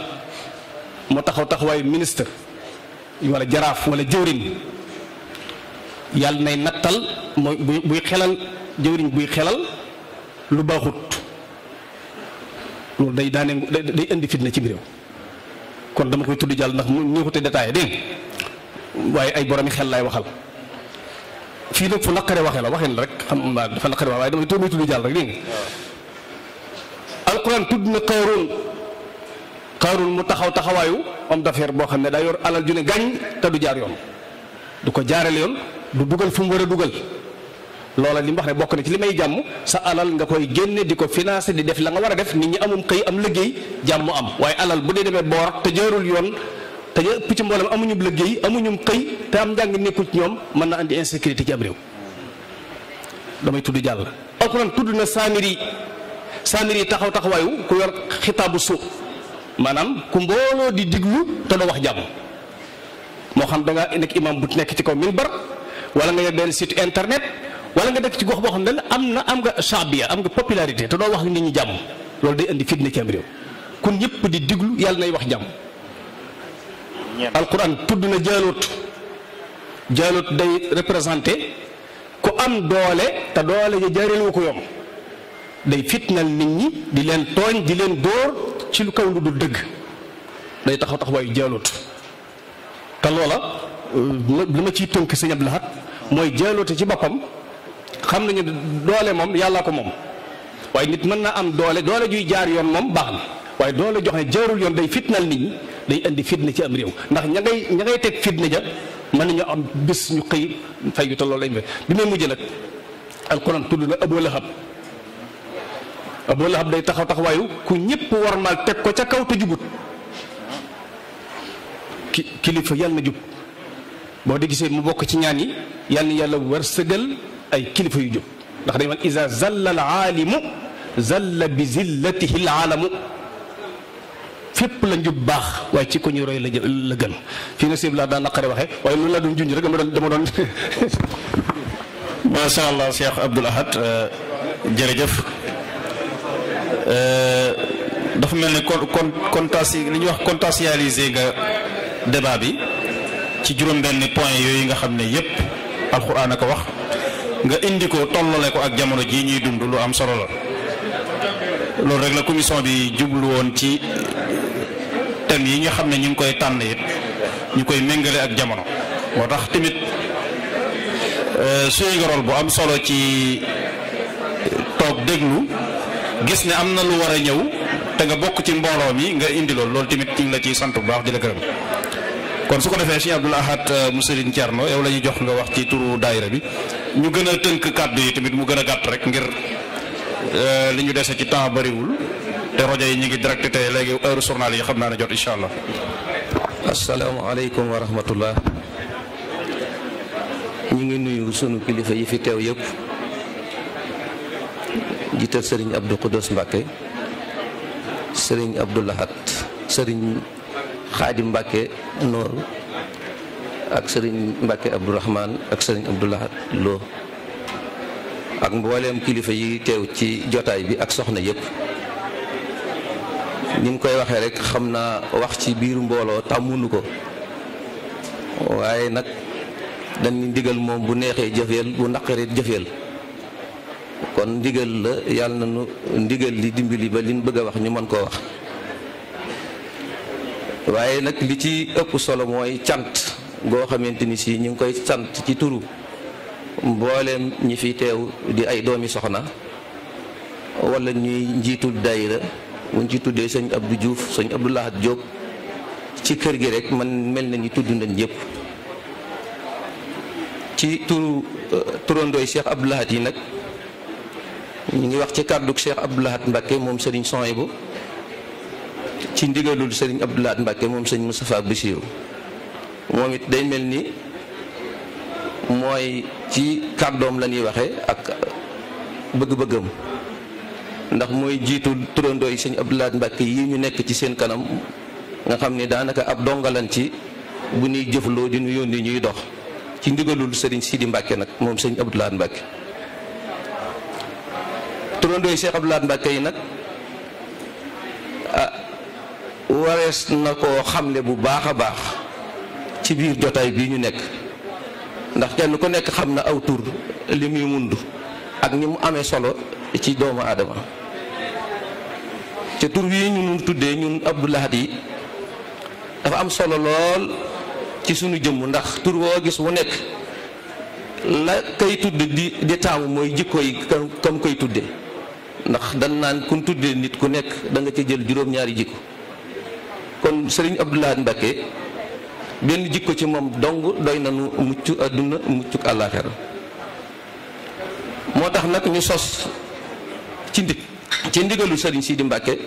moo taxaw taxawaayu ministre wala jaraaf wala jëwrin yàlla nay nattal mooy buy xelal jëwriñ buy xelal lu baaxut loolu day daane day indi fitna ci biir réew kon dama koy tudd jàll ndax mu ñëwute détaillé dégg waaye ay boromi xel laay waxal fii nag fu naqare waxee la waxeen la rek xam dafa naqare waaye damay tudd tudd jàll rek mu taxaw taxawaayu homme d'affaires boo xam ne daa yor alal ju ne gàññ te du jaar yoon du ko jaarale yoon du buggal fu mu war a dugal loola li mu wax ne bokk na ci li may jàmm sa alal nga koy génne di ko financé di def la nga war a def nit ñi amum xëy am liggéey jàmm am waaye alal bu dee demee boor te jaarul yoon te ñu ëpp ci amuñu liggéey amuñu xëy te am njàng nekkul ci ñoom mën na andi insécurité ci am réew damay tudd jàll. alxuraan tudd na saamiri yi taxaw taxawaayu ku yor xitaabu suuf maanaam ku mbooloo di diglu te doo wax jàmm moo xam da ngaa nekk imam bu nekk ci kaw minbar wala nga yor benn site internet wala nga dëkk ci gox boo xam ne la am na am nga saabiya am nga popularité te doo wax nit ñi jàmm loolu day indi fitna ci am réew kon ñëpp di diglu yàlla nay wax jàmm. alquran tudd na jaaloot jaaloot day représenté ku am doole te doole ja jaareel wu ko yomb day fitnal nit ñi di leen tooñ di leen dóor ci lu kaw lu dul dëgg day taxaw taxawaayu jaaloot te loola. Euh, li ma ciy tonk sëñ Abdou mooy jaaloote ci boppam xam nañu doole moom yàllaa ko moom waaye nit mën naa am doole doole juy jaar yoon moom baax na waaye doole joxe jaarul yoon day fitnal nit ñi day indi fitna ci am réew ndax ña ngay ña ngay teg fitna ja mën nañu am bés ñu xëy fayu te loolu lañ fe bi may mujj nag alquran tudd na Abu Lahab Abu Lahab day taxaw taxawaayu ku ñëpp warmal teg ko ca kaw te jubut ki kilifa yàlla na jub boo di gisee mu bokk ci ñaan yi yal na yàlla war sëgal ay kilifa yu jóg ndax dañu wan isa zalla al aalimu zalla bi zillatihi al aalamu fépp la njub baax waaye ci ko ñu roy la gën fii na sib laa daan naqare waxee waaye loolu laa doon junj rek dama doon dama doon macha allah Cheikh Ahad jërëjëf dafa mel ni kon kon li ñuy wax contextualiser nga débat bi ci juróom-benn point yooyu nga xam ne yépp alxuraan a ko wax nga indi ko tollale ko ak jamono jii ñuy dund lu am solo la loolu rek la commission bi jublu woon ci thèmes yi nga xam ne ñu ngi koy tànn it ñu koy méngale ak jamono moo tax tamit euh, suñu gorol bu am solo ci toog déglu gis ne am na lu war a ñëw te nga bokk ci mbooloo mi nga indi loolu loolu tamit ñu ngi la ciy sant bu baax di la gërëm. kon su ko defee Cheikh Abdoul Ahad euh, mu Serigne Thierno yow la ñuy jox nga wax ci turu daayira bi ñu gën a tënk kàddu yi tamit mu gën a gàtt rek ngir euh, li ñu dese ci temps bariwul te rajo yi ñu ngi direct te léegi heure journal yi xam naa ne jot incha allah. asalaamaaleykum wa rahmatullah ñu ngi nuyu sunu kilifa yi fi teew yëpp jiital sëriñ Abdou Khoudous sëriñ Abdoul sëriñ. xaadim mbàkke nooru ak sëriñ mbàkke abdourahman ak sëriñ abdoulahat loo ak mbooleem kilifa yi teew ci jotaay bi ak soxna yépp ni mu koy waxee rek xam naa wax ci biir mbooloo tàmmunu ko waaye nag dañu ndigal moom bu neexee jëfeel bu naqaree jëfeel kon ndigal la yàlla na nu ndigal li dimbali ba liñ bëgg a wax ñu mën koo wax waaye nag li ci ëpp solo mooy cant goo xamante ni si ñu ngi koy sant ci turu mbooleem ñi fi teew di ay doomi soxna wala ñuy njiitul dayra buñ ci tuddee sëñ Abdou juuf sëñ Abdou Lahad Diop ci kër gi rek man mel na ni tudd nañ yëpp ci turu euh, turandooy Cheikh Abdou Lahad yi nag ñu ngi wax ci kàddug Cheikh Abdou Lahad Mbacké moom Serigne Souhaïbou ci ndigalul sëriñ Abdou Lahad Mbacke moom sëñ Moustapha Bassirou moom it day mel ni mooy ci kàddoom la ñuy waxee ak bëgg-bëggam ndax mooy jiitu turandoo yi sëñ Abdou Lahad Mbacke yi ñu nekk ci seen kanam nga xam ni daanaka ab dongalan ci bu ñuy jëfloo di ñu yónni ñuy dox ci ndigalul sëriñ Sidi Mbacke nag moom sëñ Abdou Lahad Mbacke turandoo yi Cheikh yi nag ah, warees na koo xamle bu baax a baax ci biir jotaay bii ñu nekk ndax kenn ku nekk xam na aw tur li muy mundu ak ni mu amee solo ci doomu aadama te tur bii ñu mun tuddee ñun Abdou Lahad yi dafa am solo lool ci sunu jëmm ndax tur woo gis wu nekk la kay tudd di di taamu mooy jikko yi kam koy tudde ndax dan naan kun tuddee nit ku nekk da nga ci jël juróom-ñaari jikko sëriñ Abdoulaye Mbacke benn jikko ci moom dong doy na nu mucc àdduna muccuk àllaaxira moo tax nag ñu sos ci ndig ci ndigalu sëriñ Sidi Mbacke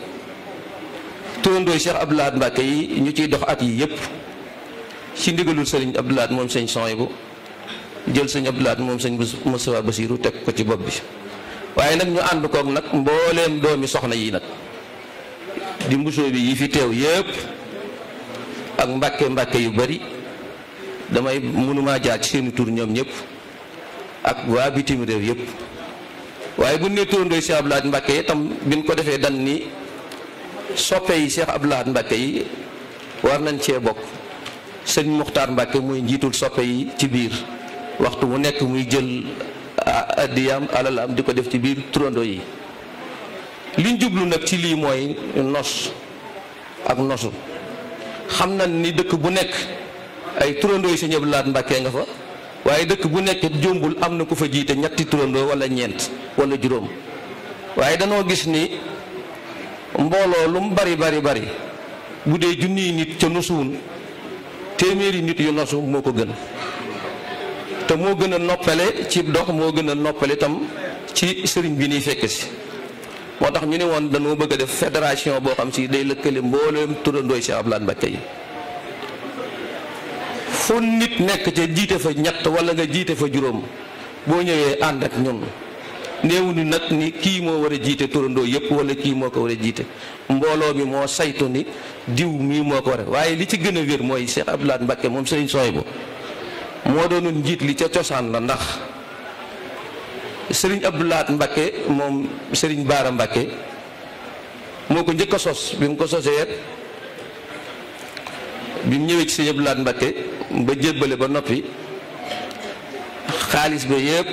turandooy Cheikh Abdoulaye Mbacke yi ñu ciy dox at yi yépp ci ndigalul sëriñ Abdoulaye moom sëñ Soyibu jël sëñ Abdoulaye moom sëñ Moustapha Bassirou teg ko ci bopp bi waaye nag ñu ànd koog nag mbooleem doomi soxna yi nag di mbusoo bi yi fi teew yépp ak mbàkke mbàkke yu bari damay mënuma jaar ci seeni tuur ñoom ñëpp ak waa bitim réew yëpp waaye bu ne turandooy Cheikh mbakke Lahad Mbàkke itam biñ ko defee dan ni soppe yi Cheikh Abdou Lahad Mbàkke yi war nañ cee bokk sëñ Muxtaar Mbàkke muy njiitul soppe yi ci biir waxtu mu nekk muy jël addiyam alal am di ko def ci biir turandoo yi liñ jublu nag ci lii mooy nos ak nosu xam na ni dëkk bu nekk ay turandoo yi Sëñ Abdou Lahad nga fa waaye dëkk bu nekk jombul am na ku fa jiite ñetti turandoo wala ñeent wala juróom waaye danoo gis ni mbooloo lu mu bari bari bari bu dee junniy nit ca nosuwun téeméeri nit yu nosu moo ko gën te moo gën a noppale ci dox moo gën a noppale tam ci sëriñ bi nuy fekk si moo tax ñu ne woon dañoo bëgg a def fédération boo xam si day lëkkale mbooleem turandooy Cheikh Abdoul Ahad Mbacké yi fu nit nekk ca jiite fa ñett wala nga jiite fa juróom boo ñëwee ànd ak ñun néew ni nag ni kii moo war a jiite turandoo yëpp wala kii moo ko war a jiite mbooloo mi moo saytu ni diw mii moo ko war a waaye li ci gën a wér mooy Cheikh Abdoul Ahad Mbacké moom Serigne Souhaïbou moo doonoon njiit li ca cosaan la ndax sëriñ Abdou Lahad Mbacké moom sëriñ Baara mbakke moo ko njëkk a sos bi mu ko sosee bi mu ñëwee ci sëriñ Abdou Lahad Mbacké ba jébbale ba noppi xaalis ba yépp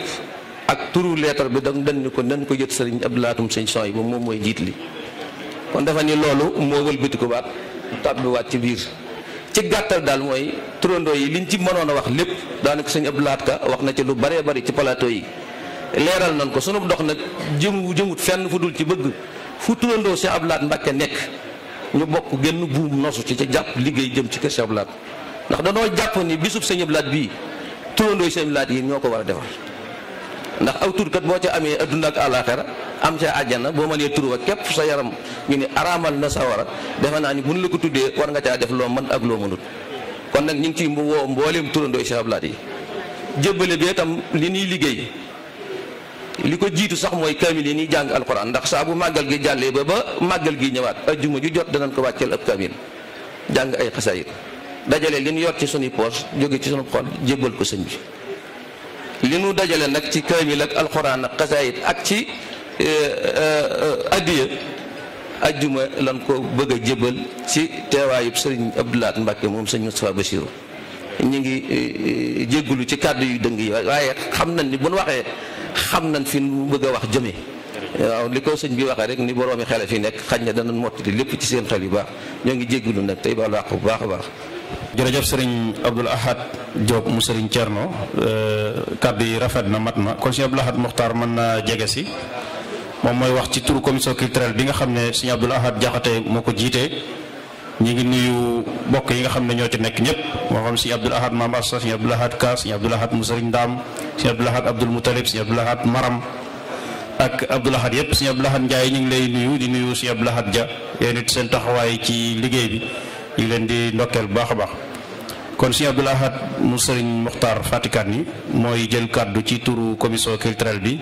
ak turu leetar bi da dan ni ko nan ko yët sëriñ Abdou Lahad sëriñ son yi ba moom mooy jiit li kon dafa ni loolu moo wëlbati ko baat tàbbiwaat ci biir ci gàttal daal mooy turandoo yi liñ ci mënoon a wax lépp daanaka sëriñ Abdou Lahad Ka wax na ci lu baree bari ci plateau yi leeral nañ ko sunu dox nag jëm jëmut fenn fu dul ci bëgg fu turandoo Cheikh Abdou Lahad nekk ñu bokk genn buum nosu ci ca jàpp liggéey jëm ci kër Cheikh Abdou ndax danoo jàpp ni bisub Sëñ Abdou Lahad bii turandoo Sëñ Abdou Lahad yi ñoo ko war a defal ndax aw turkat boo ca amee adduna ak àllaaxira am ca àjjana boo mënee tur wa képp sa yaram ñu ne araamal na a defe naa ni buñ la ko tuddee war nga caa def loo man ak loo mënut kon nag ñu ngi ciy woo mbooleem turandoo si Abdou yi jébbale bi itam li ñuy liggéey li ko jiitu sax mooy kaamil yi ñuy jàng alquran ndax saa bu màggal gi jàllee ba ba màggal gi ñëwaat ajjuma ju jot danañ ko wàcceel ab kaamil jàng ay xasaayit dajale li ñu yor ci suñu poos jóge ci suñu xol jébbal ko sëñ bi li nu dajale nag ci kaamil ak alquran ak xasaayit ak ci eh, eh, addiya ajjuma lan ko bëgg a jébbal ci teewaayub sëriñ Abdoulaat Mbàkke moom sëñ Moustapha Bassirou ñu ngi eh, jéggulu ci kàddu yu dëng yi waaye xam nañ ni bu nu waxee xam nañ fi mu bëgg a wax jëmee waaw li ko sëñ bi waxee rek ni boroomi xel fi nekk xaj na dana mottali lépp ci seen xel yu baax ñoo ngi jéggulu nag tey baalu àq bu baax a baax jërëjëf sëriñ Abdoul Ahad Diop mu sëriñ Thierno euh, kàddu yi rafet na mat na kon sëriñ Abdoul Ahad Mokhtar mën na jege si moom mooy wax ci turu commission culturelle bi nga xam ne sëriñ Abdoul Ahad Diakhaté moo ko jiitee ñi ngi nuyu mbokk yi nga xam ne ñoo ci nekk ñëpp moo xam si Abdul Ahad Mamba Sa si Abdul Ahad Ka si Abdul Ahad Musariñ Ndaam si Abdul Ahad Abdul Mutalib si Abdul Ahad Maram ak Abdul Ahad yëpp si Abdul Ahad Njaay ñu ngi lay nuyu di nuyu si Abdul Ahad Ja yéen it seen taxawaay ci liggéey bi ñu ngi leen di ndokkeel bu baax a baax kon si Abdul Ahad mu Sëriñ Muxtaar Fatikan yi mooy jël kàddu ci turu commission culturelle bi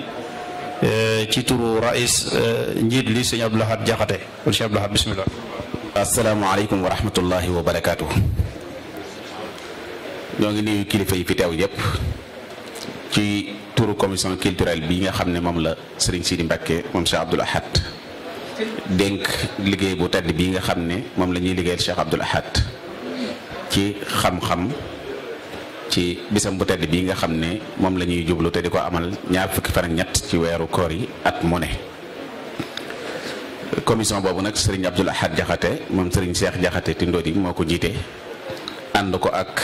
ci turu rais njiit li sëñ Abdul Ahad Jaxate kon si Abdul Ahad asalaamaaleykum wa rahmatullahi wa barakaatu. ñoo ngi nuyu kilifa yi fi teew yépp ci turu commission culturelle bi nga xam ne moom la Serigne Sidi Mbacké moom Cheikh Abdoul Ahad dénk liggéey bu tedd bi nga xam ne moom la ñuy liggéeyal Cheikh Abdoul Ahad ci xam-xam ci bisam bu tedd bi nga xam ne moom la ñuy jublu te di ko amal ñaar fukki fan ñett ci weeru koor yi at mu ne. commission boobu nag sëriñ Abdoul Ahad Jaxate moom sëriñ Cheikh Jaxate Tindodi moo ko jiite ànd ko ak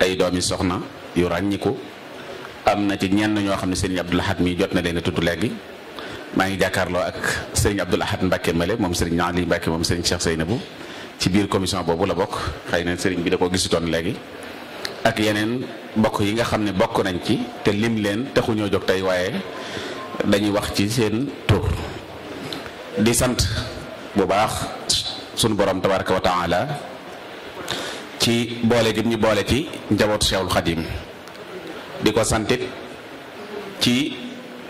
ay doomi soxna yu ràññiku am na ci ñenn ñoo xam ne sëriñ Abdoul Ahad mi jot na leen tudd léegi maa ngi jàkkaarloo ak sëriñ Abdoul Ahad Mbacke Mele moom sëriñ Ali Mbacke moom sëriñ Cheikh Seynabou ci biir commission boobu la bokk xëy na sëriñ bi da ko gisutoon léegi ak yeneen bokk yi nga xam ne bokk nañ ci te lim leen taxuñoo jóg tey waaye dañuy wax ci seen tur di sant bu baax sunu borom tabaraka wa taala ci boole gi ñu boole ci njabootu Cheikhul Khadim di ko santit ci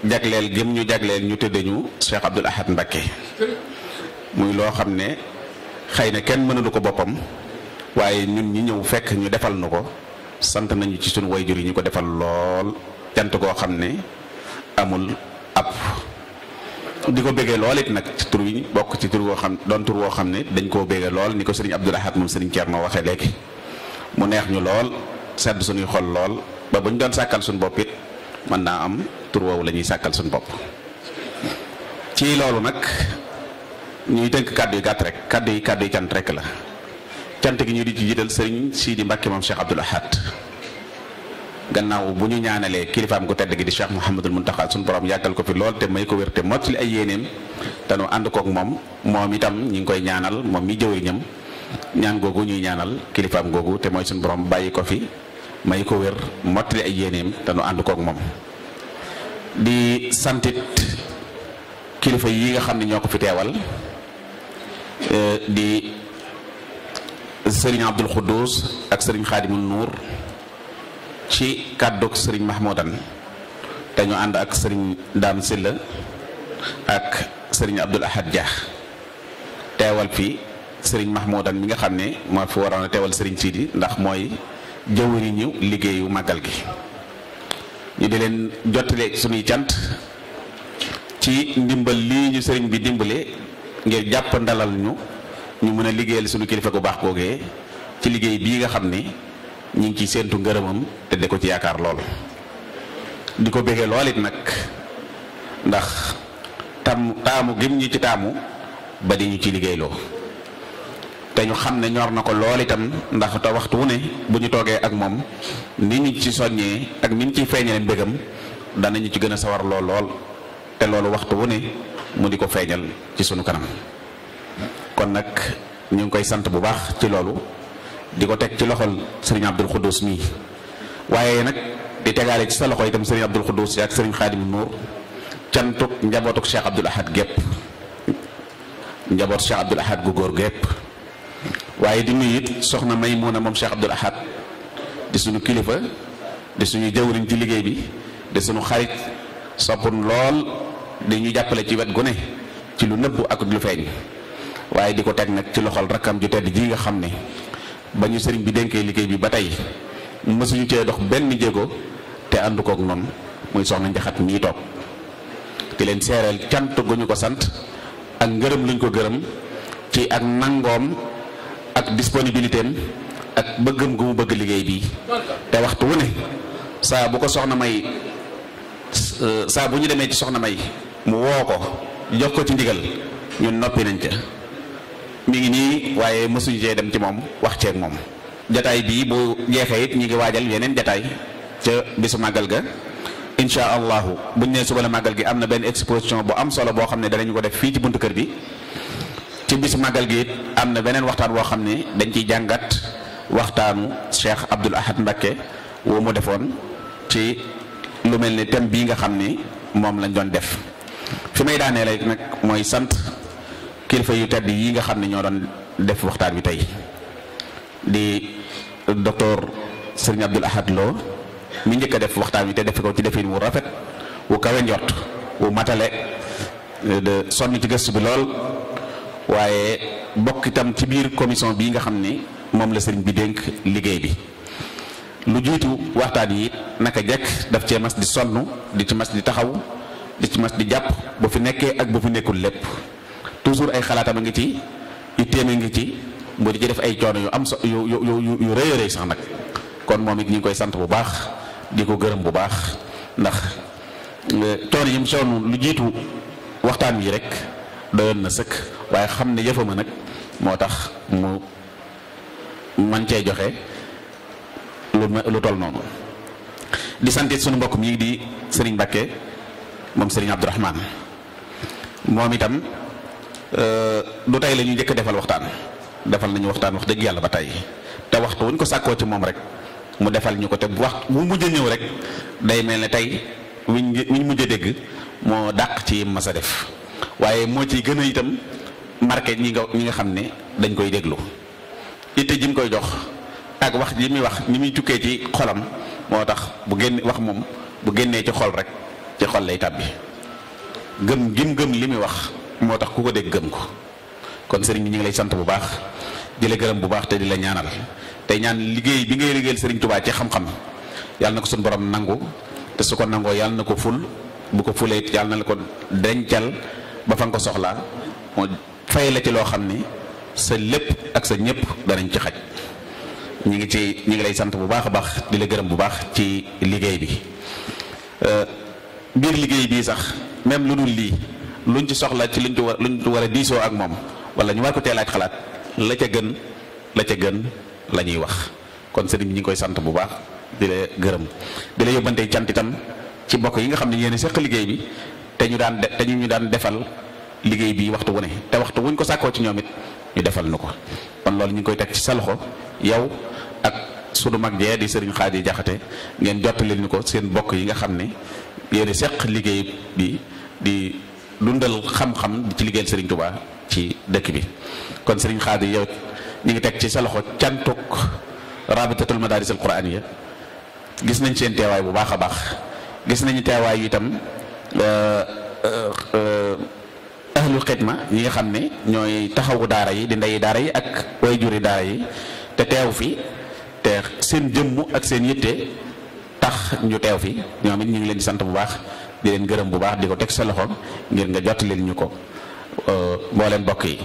jagleel gëm ñu jagleel ñu tëddee ñu Cheikh Abdoul Ahad Mbacké muy loo xam ne xëy na kenn mënalu ko boppam waaye ñun ñi ñëw fekk ñu defal nu ko sant nañu ci sunu wayjur yi ñu ko defal lool jant koo xam ne amul ab di ko béggee lool it nag ci tur wi bokk ci tur woo xam doon tur woo xam ne dañ koo béggee lool ni ko sëriñ Abdou Lahad moom sëriñ Thierno waxee léegi mu neex ñu lool sedd suñuy xol lool ba bu ñu doon sàkkal suñu bopp it mën naa am tur woowu la ñuy sàkkal suñu bopp ci loolu nag ñuy tënk kàddu yu gàtt rek kàddu yi kàddu cant rek la cant gi ñu di ci jiital sëriñ Sidi Mbacke moom Cheikh Abdou Lahad gannaaw bu ñu ñaanalee kilifaam gu tedd gi di Cheikh Mouhamadul Muntaxa suñu borom yàggal ko fi lool te may ko wér te mottali ay yéeneem dañoo ànd kook moom moom itam ñu ngi koy ñaanal moom mi jëwriñam ñaan googu ñuy ñaanal kilifaam googu te mooy suñu borom bàyyi ko fi may ko wér mottali ay yéeneem dañoo ànd kook moom di santit kilifa yi nga xam ne ñoo ko fi teewal eh, di sëriñ Abdul Xuddus ak sëriñ Xaadimul Nuur ci kàddug sëriñ Mahmoudan te ñu ànd ak sëriñ Dame Silla ak sëriñ Abdul Ahad Dia teewal fi sëriñ Mahmoudan mi nga xam ne moo fi waroon a teewal sëriñ fii di ndax mooy jëwriñu liggéeyu màggal gi ñu di leen jottale suñuy cant ci ndimbal lii ñu sëriñ bi dimbale ngir jàpp ndalal ñu ñu mën a liggéeyal suñu kilifa gu baax googee ci liggéey bii nga xam ni ñu ngi ciy séentu ngërëmam te de ko ci yaakaar lool di ko béggee lool it nag ndax tam taamu gim ñu ci taamu ba di ñu ci liggéeyloo te ñu xam ne ñor na ko lool itam ndax te waxtu wu ne bu ñu toogee ak moom ni ñu ci soññee ak ni ñu ciy feeñale mbégam danañu ci gën a sawar lool lool te loolu waxtu wu ne mu di ko feeñal ci sunu kanam kon nag ñu ngi koy sant bu baax ci loolu. di ko teg ci loxol sëriñ Abdul Xuddus mii waaye nag di tegaale ci sa loxo itam sëriñ Abdul Xuddus ak sëriñ Xaadim Nuur cantuk njabootuk Cheikh Abdul Ahad gépp njaboot Cheikh Abdul Ahad gu góor gépp waaye di nuyu it soxna Maymuna moom Cheikh Abdul Ahad di suñu kilifa di suñu jëwriñ ci liggéey bi di suñu xarit soppun lool di ñu jàppale ci wet gu ci lu nëbb ak lu feeñ waaye di ko teg nag ci loxol rakkam ju tedd ji nga xam ne ba ñu sëriñ bi dénkee liggéey bi ba tey mësuñu cee dox benn jéego te ànd kook noonu muy soxna njaxat mii toog di leen seereel cant gu ñu ko sant ak ngërëm luñ ko gërëm ci ak nangoom ak disponibilité am ak bëggam gu mu bëgg liggéey bi te waxtu wu ne saa bu ko soxna may saa bu ñu demee ci soxna may mu woo ko jox ko ci ndigal ñun noppi nañ ca mi ngi nii waaye mësuñu cee dem ci moom wax ceeg moom jataay bii bu jeexee it ñu ngi waajal yeneen jataay ca bisu màggal ga incha allahu buñ nee suba la màggal gi am na benn exposition bu am solo boo xam ne danañ ko def fii ci kër bi bisu màggal gi it am na beneen waxtaan boo xam ne dañ ciy jàngat waxtaanu Cheikh Abdoul Ahad Mbacké woo mu defoon ci lu mel ne thème bii nga xam ni moom lañ doon def fi may daanee rek nag mooy sant kilifa yu tedd yi nga xam ne ñoo doon def waxtaan wi tey di docteur Serigne Abdoul Ahad mu njëkk def waxtaan wi te defe ko ci defin wu rafet wu kawe njot wu matale de sonn ci gëstu bi lool waaye bokk itam ci biir commission bi nga xam ni moom la sëriñ bi dénk liggéey bi lu jiitu waxtaan yi naka jekk daf cee mas di sonn di ci mas di taxaw di ci mas di jàpp bu fi nekkee ak bu fi nekkul lépp toujours ay xalaatam a ngi ci itteem a ngi ci mu di ci def ay coono yu am so yu yu yu yu rëy sax nag kon moom it ñu koy sant bu baax di ko gërëm bu baax ndax euh, coono yi mu sonn lu jiitu waxtaan wi rek doyoon na sëkk waaye xam ne yëfama nag moo tax mu man cee joxe lu lu toll noonu. di sant sunu mbokk mi di Serigne Mbakke moom Serigne Abdourahmane moom itam. Euh, du tey la ñu njëkk defal waxtaan defal nañu waxtaan wax dëgg yàlla ba tey te waxtu wuñ ko sàkkoo ci moom rek mu defal ñu ko te wax bu mujj ñëw rek day mel ne tey wiñ wiñ mujj dégg moo dàq ci mas a def waaye moo ciy gën a itam marqué ñi nga ñi nga xam ne dañ koy déglu itte ji mu koy jox ak wax ji muy wax ni muy tukkee ci xolam moo tax bu génn wax moom bu génnee ci xol rek ci xol lay tàbbi gëm gim gëm li muy wax moo tax ku ko dégg gëm ko kon sëriñ bi ñu ngi lay sant bu baax di la gërëm bu baax te di la ñaanal tey ñaan liggéey bi ngay liggéeyal sëriñ Touba ci xam-xam yàlla na ko suñ borom nangu te su ko nangoo yàlla na ko ful bu ko fulee yàlla na la ko dencal ba fa ko soxlaa moo fay la ci loo xam ni sa lépp ak sa ñëpp danañ ci xaj ñu ngi ci ñu ngi lay sant bu baax a baax di la gërëm bu baax ci liggéey bi euh, biir liggéey bii sax même lu dul lii. luñ ci soxla ci luñ ci war luñ ci war a diisoo ak moom wala ñu war ko teelaaj xalaat la ca gën la ca gën la ñuy wax kon sëriñ ñi ngi koy sant bu baax di la gërëm di la yóbbante cant itam ci mbokk yi nga xam ne yéen seq liggéey bi te ñu daan te ñu ñu daan defal liggéey bi waxtu wu ne te waxtu wuñ ko sàkkoo ci ñoom it ñu defal nu ko kon loolu ñu ngi koy teg ci sa loxo yow ak sunu mag jee di sëriñ Xaadi Jaxate ngeen leen ñu ko seen mbokk yi nga xam ne yéen a seq liggéey bi di. dundal xam-xam ci liggéeyal Serigne Touba ci dëkk bi kon sëriñ Khady yow ñu ngi teg ci sa loxo cantuk rabitatul madaris al quraniya gis nañ seen teewaay bu baax a baax gis nañu teewaay itam euh, euh, euh, ahlul ma ñi nga xam ne ñooy taxawu daara yi di ndeyi daara yi ak wayjuri daara yi te teew fi te seen jëmm ak seen yitte tax ñu teew fi ñoom it ñu ngi leen di sant bu baax. di leen gërëm bu baax di ko teg sa loxo ngir nga jottalil ñu ko euh, mbooleem mbokk yi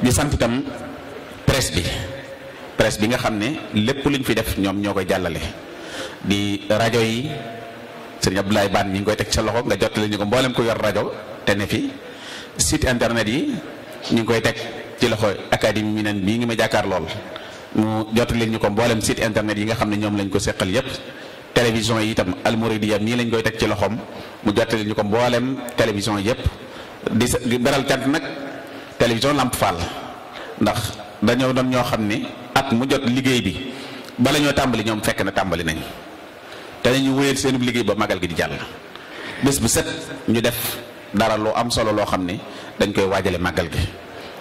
di sant itam presse bi presse bi nga xam ne lépp luñ fi def ñoom ñoo koy jàllale di rajo yi sëriñ Abdoulaye Bane ñi ngi koy teg sa loxo nga jottali ñu ko mboolem ko yor rajo te ne fi site internet yi ñu ngi koy teg ci loxo académie mi nan bii ngi ma jàkkaar lool mu leen ñu ko mboolem site internet yi nga xam ne ñoom lañ ko seqal yépp télévision yi itam almouridiyyah nii lañ koy teg ci loxoom mu jottali ñu ko mboolem télévision yépp di beral cant nag télévision Lamp Fall ndax dañoo doon ñoo xam ni at mu jot liggéey bi bala ñoo tàmbali ñoom fekk na tàmbali nañ te ñu wéyal seenub liggéey ba magal gi di jàll bés bu set ñu def dara lu am solo loo xam ni dañ koy waajale màggal gi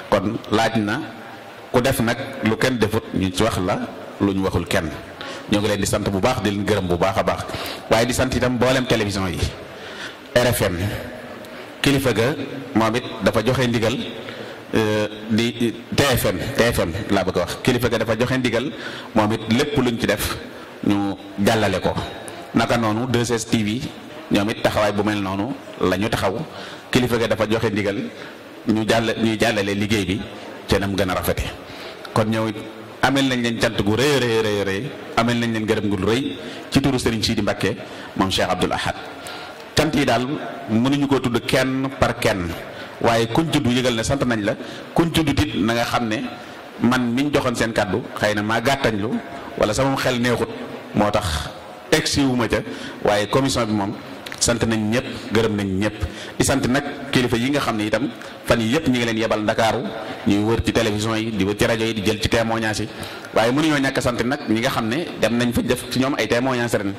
kon laaj na ku def nag lu kenn defut ñu wax la lu ñu waxul kenn ñoo ngi leen di sant bu baax di leen gërëm bu baax a baax waaye di sant itam mboolem télévision yi RFM kilifa ga moom it dafa joxe ndigal euh, di TFM TFM laa bëgg a wax kilifa ga dafa joxe ndigal moom it lépp luñ ci def ñu jàllale ko naka noonu 2STV ñoom it taxawaay bu mel noonu la ñu taxaw kilifa ga dafa joxe ndigal ñu jàll ñuy jàllale liggéey bi ca nam gën a rafete kon ñëw amel nañ leen jant gu rëy rëy rëy rëy amel nañ leen gërëm gu rëy ci turu sii di Mbacke moom Cheikh Abdoul Ahad cant yi daal mënuñu ko tudd kenn par kenn waaye kuñ tudd yëgal ne sant nañ la kuñ tudd tit na nga xam ne man miñ joxoon seen kàddu xëy na maa gàttañ lu wala sama xel neexut moo tax egsi wu ma ca waaye commission bi moom. sant nañ ñëpp gërëm nañ ñëpp di sant nag kilifa yi nga xam ne itam fan yi yëpp ñu ngi leen yebal ndakaaru ñuy wër ci télévision yi di wër ci rajo yi di jël ci témoignage yi waaye ñoo ñàkk sant nag ñi nga xam ne dem nañ fa def ci ñoom ay témoignage ren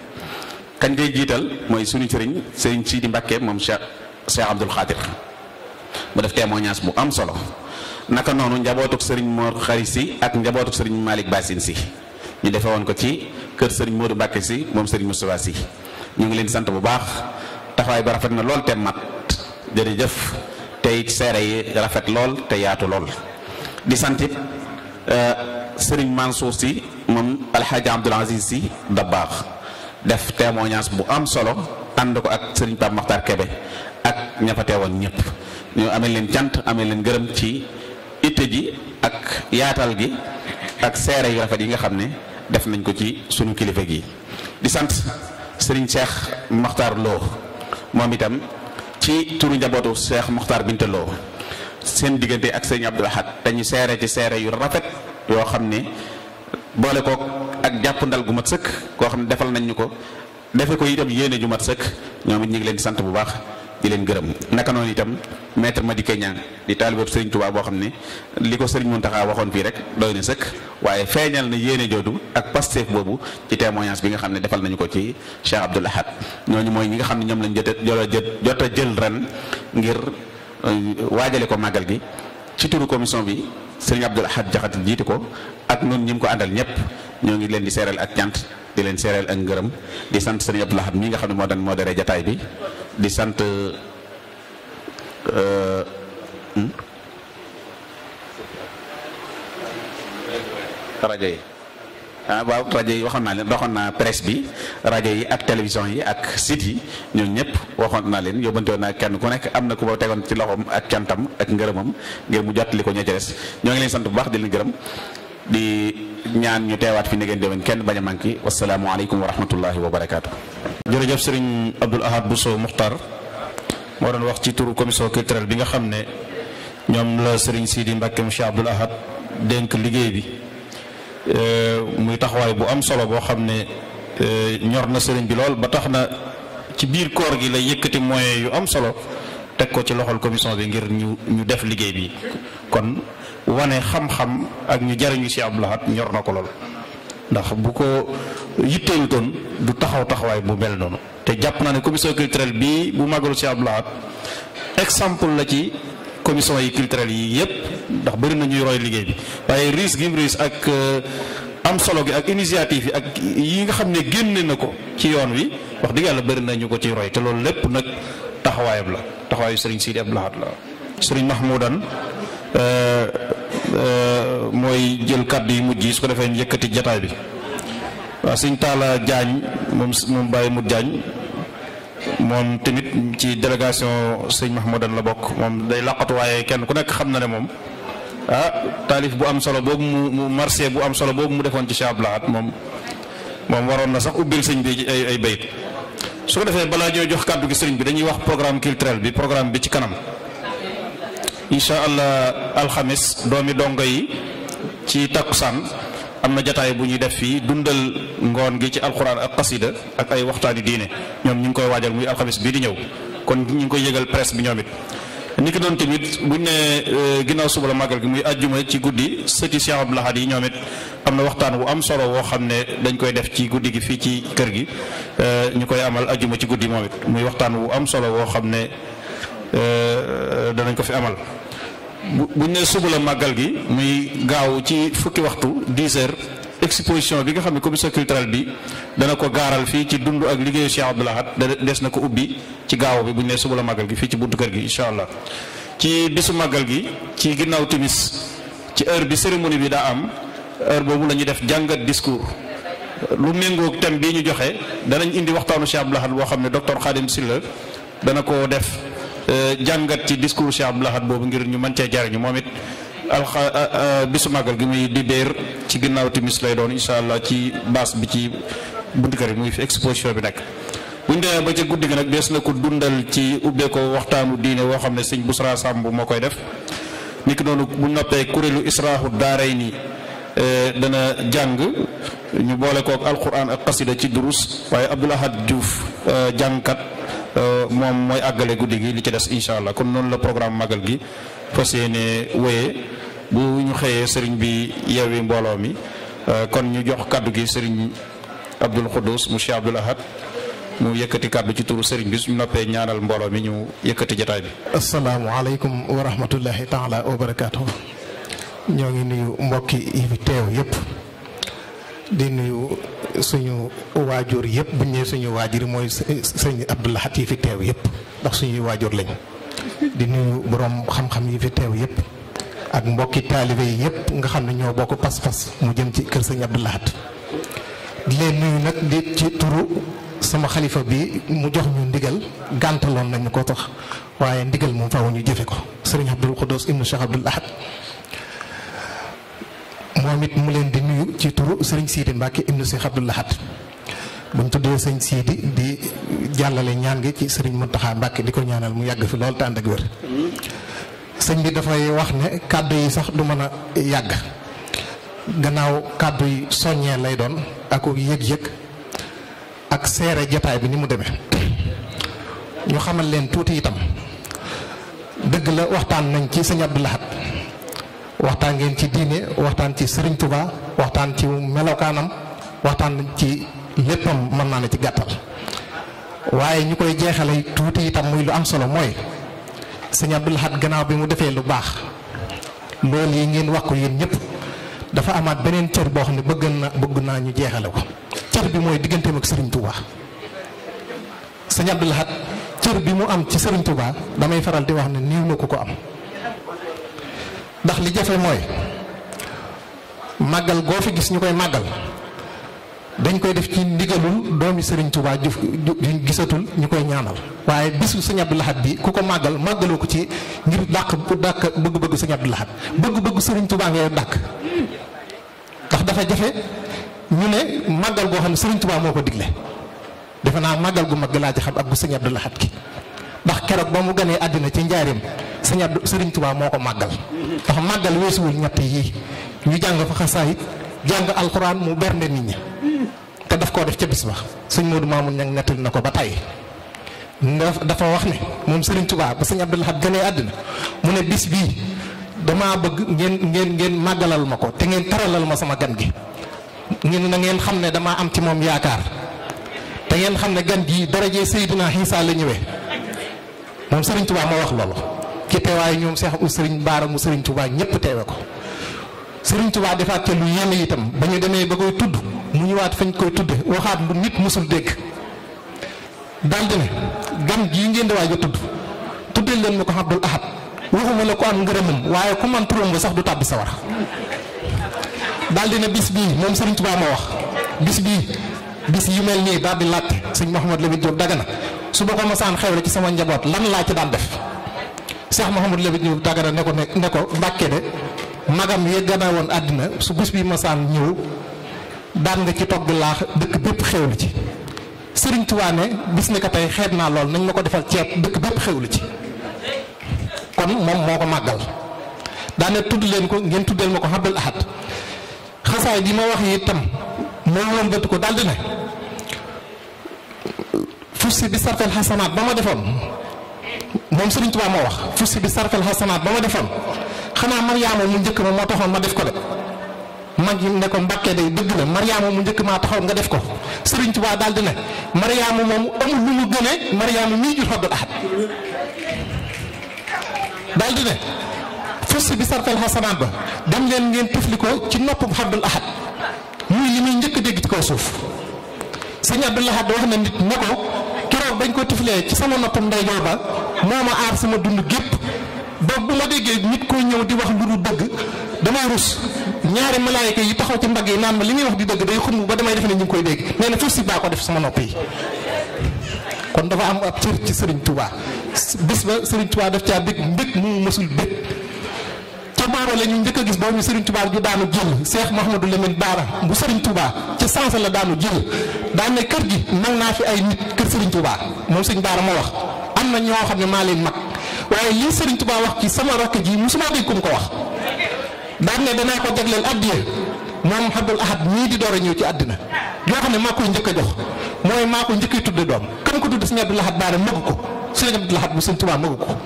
kañ kay jiital mooy suñu sëriñ sëriñ Sidi Mbacke moom Cheikh Cheikh Abdoul Khadir mu def témoignage bu am solo naka noonu njabootug sëriñ Mor Khary si ak njabootug sëriñ Malick Bassine si ñu defee woon ko ci kër sëriñ Modou Mbacke si moom sëriñ Moustapha si ñu ngi leen sant bu baax taxawaay ba rafet na lool te mat jërëjëf te it seere yi rafet lool te yaatu lool di sant sëriñ euh, Serigne Mansour si moom Alxaaji Abdul Aziz si da baax def témoignage bu am solo ànd ko ak sëriñ Pape Makhtar Kebe ak ña fa teewoon ñëpp amee leen cant amee leen gërëm ci itte ji ak yaatal gi ak seere yu rafet yi nga xam ne def nañ ko ci suñu kilifa gi di sant. sëriñ Cheikh Mokhtar Lo moom itam ci turu njabootu Cheikh Mokhtar Binta Lo seen diggante ak sëriñ Abdul Ahad te seere ci seere yu rafet yoo xam ni boole kook ak jàpp ndal gu mat sëkk koo xam ne defal nañ ñu ko defe ko itam yéene ju mat sëkk ñoom it ñu ngi leen di sant bu baax di leen gërëm naka noonu itam maître Madické Niang di taalibe Serigne Touba boo xam ne li ko sëriñ Serigne Mountakha waxoon fii rek doy na sëkk waaye feeñal na yéene jooju ak Pastef boobu ci témoignage bi nga xam ne defal nañu ko ci Cheikh Abdoul Ahad ñooñu mooy ñi nga xam ne ñoom lañ jot a jot a jël ren ngir euh, waajale ko màggal gi ci turu commission bi Serigne Abdoul Ahad Diakhaté jiite ko ak noonu ñi mu ko àndal ñëpp ñoo ngi leen di seeral ak cant di leen seeral ak ngërëm di sant Serigne Abdoul Ahad mi nga xam ne moo daan moo daree jataay bi. di sant euh, hmm? rajo yi ah, waaw rajo yi waxoon naa leen waxoon naa presse bi rajo yi ak télévision yi ak site yi ñoom ñëpp waxoon naa leen yóbbante naa kenn ku nekk am na ku ma tegoon ci loxoom ak cantam ak ngërëmam ngir mu jottali ko ña ca des ñoo ngi leen sant bu baax di leen gërëm di. ñaan ñu teewaat fi ne ngeen déwén kenn bañ a manqué wasalaamualeykum wa rahmatullahi wa barakaatu. jërëjëf sëriñ Abdoul Ahad Bousso Muxtar moo doon wax ci turu commission culturelle bi nga xam ne ñoom la sëriñ Sidi Mbacke monsieur Abdoul Ahad dénk liggéey bi euh, muy taxawaay bu am solo boo xam ne euh, ñor na sëriñ bi lool ba tax na ci biir koor gi lay yëkkati moyens yu am solo teg ko ci loxol commission bi ngir ñu ñu def liggéey bi kon. wane xam-xam ak ñu jariñu si Abdou Lahad ñor na ko lool ndax bu ko yitteel doon du taxaw taxawaay bu mel noonu te jàpp naa ne commission culturelle bii bu màggalu si Abdou Lahad exemple la ci commission yi culturelle yi yépp ndax bari na ñuy roy liggéey bi waaye riis gi riis ak euh, am solo gi ak initiative yi ak yi nga xam ne génne na ko ci yoon wi wax dëgg yàlla bëri na ñu ko ci roy te loolu lépp nag taxawaayam la taxawaayu sëriñ Sidi Abdou Lahad la sëriñ Mahmoudan Euh, euh, mooy jël kàddu yi mujj yi su ko defee ñu yëkkati jataay bi waaw sëñ Talla jaañ moom moom Baye Mout Diagne moom tamit ci délégation sëñ Mahmoudan la bokk moom day laqatu waaye kenn ku nekk xam na ne moom ah taalif bu am solo boobu mu mu marché bu am solo boobu mu defoon ci Cheikh Lahat moom moom waroon na sax ubbil sëñ bi ay ay bayit su ko defee balaa ñoo jox kàddu gi sëriñ bi dañuy wax programme culturel bi programme bi ci kanam. incha allah alxamis doomi dongo yi ci takkusaan am na jataay bu ñuy def fii dundal ngoon gi ci alxuraan ak xasida ak ay waxtaan yu diine ñoom ñu ngi koy waajal muy alxamis bii di ñëw kon ñu ngi koy yëgal presse bi ñoom it. ki doon tamit buñ ne euh, ginnaaw suba la màggal gi muy àjjuma ci guddi sëti Cheikh Abdoul yi ñoom it am na waxtaan wu am solo woo xam ne dañ koy def ci guddi gi fii ci kër gi euh, ñu koy amal àjjuma ci guddi moom muy waxtaan wu am solo woo xam ne. Euh, danañ ko fi amal buñ ne suba la màggal gi muy gaaw ci fukki waxtu 10 heures exposition bi nga xam ne commission culturelle bi dana ko gaaral fii ci dund ak liggéeyu Cheikh Abdoul Ahad des na ko ubbi ci gaaw bi buñ ne suba la màggal gi fii ci buntu kër gi incha allah ci bisu màggal gi ci ginnaaw timis ci heure bi cérémonie bi daa am heure boobu la ñuy def jàngat discours lu méngoog thème bii ñu joxe danañ indi waxtaanu Cheikh Abdoul Ahad boo xam ne docteur Khadim Sylla dana ko def Euh, jàngat ci discours Cheikh Abdou Lahad boobu ngir ñu mën cee jariñu moom it alxa euh, euh, bisu màggal gi muy dibéer ci ginnaaw timis lay doon incha allah ci baas bi ci buntu kër bi muy fi exposition bi nekk. bu ñu demee ba ci guddi gi nag des na ko dundal ci ubbee ko waxtaanu diine woo xam ne sëñ Busra Samb moo koy def ni ki noonu bu noppee kuréelu Israahu daaray nii dana jàng ñu boole kook alquran ak xasida ci durus waaye Abdou Lahad Diouf jàngkat. Euh, moom mooy àggale guddi gi li ci des incha allah kon noonu la programme magal gi fas yéene wéyee bu ñu xëyee sëriñ bi yeewi mbooloo mi euh, kon ñu jox kàddu gi sëriñ Abdul Xuddus mu Cheikh Abdul Ahad mu yëkkati kàddu ci turu sëriñ bi suñu noppee ñaanal mbooloo mi ñu yëkkati jataay bi. asalaamaaleykum wa rahmatullahi taala wa barakaatu. ñoo ngi nuyu mbokki teew yépp di nuyu suñu waajur yëpp bu ñëwee suñu waajur yi mooy sëñ Abdou Lahad yi fi teew yëpp ndax suñuy waajur lañ di nuyu borom xam-xam yi fi teew yëpp ak mbokki taalibe yi yëpp nga xam ne ñoo bokk pas-pas mu jëm ci kër sëñ Abdou Lahad di leen nuyu nag di ci turu sama xalifa bi mu jox ñu ndigal gàntaloon nañu ko tax waaye ndigal moom faaw ñu jëfe ko sëriñ Abdul Xudoos ibnu Cheikh Abdou Lahad moom it mu leen di nuyu ci turu sëriñ Sidi Mbacke ibnu Cheikh Abdou Lahad buñ tuddee sëñ Sidi di jàllale ñaan gi ci sëriñ Mountakha mbakke di ko ñaanal mu yàgg fi lool te ànd wér. sëñ bi dafay wax ne kàddu yi sax du mën a yàgg gannaaw kàddu yi soññee lay doon ak yëg-yëg ak seere jataay bi ni mu demee ñu xamal leen tuuti itam dëgg la waxtaan nañ ci sëñ Abdou Lahad waxtaan ngeen ci diine waxtaan ci Serigne Touba waxtaan ci melokaanam waxtaan ci léppam mën naa ne ci gàttal waaye ñu koy jeexale tuuti itam muy lu am solo mooy sëñ Abdou Lahad gannaaw bi mu defee lu baax loolu yi ngeen wax ko yéen ñëpp dafa amaat beneen cër boo xam ne bëgg na bëgg naa ñu jeexale ko cër bi mooy digganteem ak Serigne tubaa sëñ Abdou Lahad cër bi mu am ci Serigne tubaa damay faral di wax ne néew na ku ko am. ndax li jafe mooy màggal goo fi gis ñu koy màggal dañ koy def ci ndigalul doomi Serigne Touba ju gisatul ñu koy ñaanal waaye bisu Sëñ Abdou Lahad bi ku ko màggal màggaloo ko ci ngir dàq bu dàq bëgg-bëgg Sëñ Abdou Lahad bëgg-bëgg Serigne Touba ngay dàq ndax dafa jafe ñu ne màggal goo xam ne Serigne Touba moo ko digle defe naa màggal gu mag laa ci xam ak gu Sëñ Abdou Lahad ki ndax keroog ba mu ganee àddina ci njaarim sëñ Abdu sëriñ Tuubaa moo ko màggal ndax màggal weesuwul ñett yii ñu jàng fa xasaayit jàng alxuraan mu bernde nit ñi te daf koo def ca bis ba sëñ Moodu Maamun ñang nettali na ko ba tey dafa wax ne moom sëriñ Tuubaa ba sëñ Abdul Ahad àddina mu ne bis bii damaa bëgg ngeen ngeen ngeen màggalal ma ko te ngeen taralal ma sama gan gi ngeen na ngeen xam ne damaa am ci moom yaakaar te ngeen xam ne gan gi darajee Seydina Xiisa la ñëwee moom Serigne Touba moo wax loolu ci waaye ñoom Cheikh u sëriñ Baara mu Serigne tubaa ñëpp teewe ko Serigne tubaa defaat ca lu yéeme itam ba ñu demee ba koy tudd mu ñëwaat fañ koy tudde waxaat lu nit musul dégg daldi ne gan gii ngeen di waaj a tudd tuddee leen ma ko Abdul Ahad waxuma la ko am ngërëmam waaye ku man turam ba sax du tàbbi sawar daldi ne bis bii moom Serigne Touba moo wax bis bii. bis yu mel nii daal di laajte sëñ Mouhamadou Lamine Diop Dagana su ma ko xew xewle ci sama njaboot lan laa ci daan def Cheikh Mouhamadou Lamine Diop Dagana ne ko ne ko Mbàkke de magam ye gën a woon àddina su bis bi mosaan ñëw daan nga ci togg laax dëkk bépp xewlu ci. Sëriñ Tuubaa ne bis ni ko tey xeet naa lool nañ ma ko defal ceeb dëkk bépp xewlu ci kon moom moo ko màggal daane tudd leen ko ngeen tuddeel ma ko Abdul Ahad xasaay di ma wax yi itam moo ko daal di suuf si bi sarfel xasanaat ba ma defoon moom Sëriñ Tuubaa moo wax suuf si bi sarfel xasanaat ba ma defoon xanaa Maryaama mu njëkk ma moo taxoon ma def ko de mag yi ne ko mbakkee day dëgg la Maryaama mu njëkk maa taxoon nga def ko Sëriñ Tuubaa daal di ne Maryaama moom amul lu mu gënee Maryaama mii jur Abdul Ahad daal di ne suuf si bi sarfel xasanaat ba dem leen ngeen ko ci noppam Abdul Ahad muy li muy njëkk dégg ci kaw suuf sëñ Abdul Ahad wax na nit ne bañ ko tiflee ci sama noppam ndeyjoor ba moo ma aar sama dund gépp ba bu ma déggee nit koy ñëw di wax lu du dëgg damay rus ñaari malaayika yi taxaw ci mbagg yi naan ma li muy wax di dëgg day xumb ba damay def ne ñu ngi koy dégg nee na si baa ko def sama nopp yi kon dafa am ab cër ci Serigne Touba bis ba Serigne Touba daf caa bég mbég mu mësul bég Baara la ñu njëkk a gis doomu Serigne Touba ju daanu jël Cheikh Mouhamadou Lamine Baara bu Serigne Touba ci sens la daanu jël daan ne kër gi mel naa fi ay nit kër Serigne Touba moom Serigne Baara moo wax am na ñoo xam ne maa leen mag waaye lii Serigne Touba wax ci sama rakk ji musuma dégg ku mu ko wax daan ne danaa ko jagleel addiya moom Abdoul Ahad ñii di door a ñëw ci àddina yoo xam ne maa koy njëkk a jox mooy maa ko njëkk a tudde doom kan ko tudde Serigne Abdoul Ahad Baara magu ko Serigne Abdoul Ahad bu Serigne Touba magu ko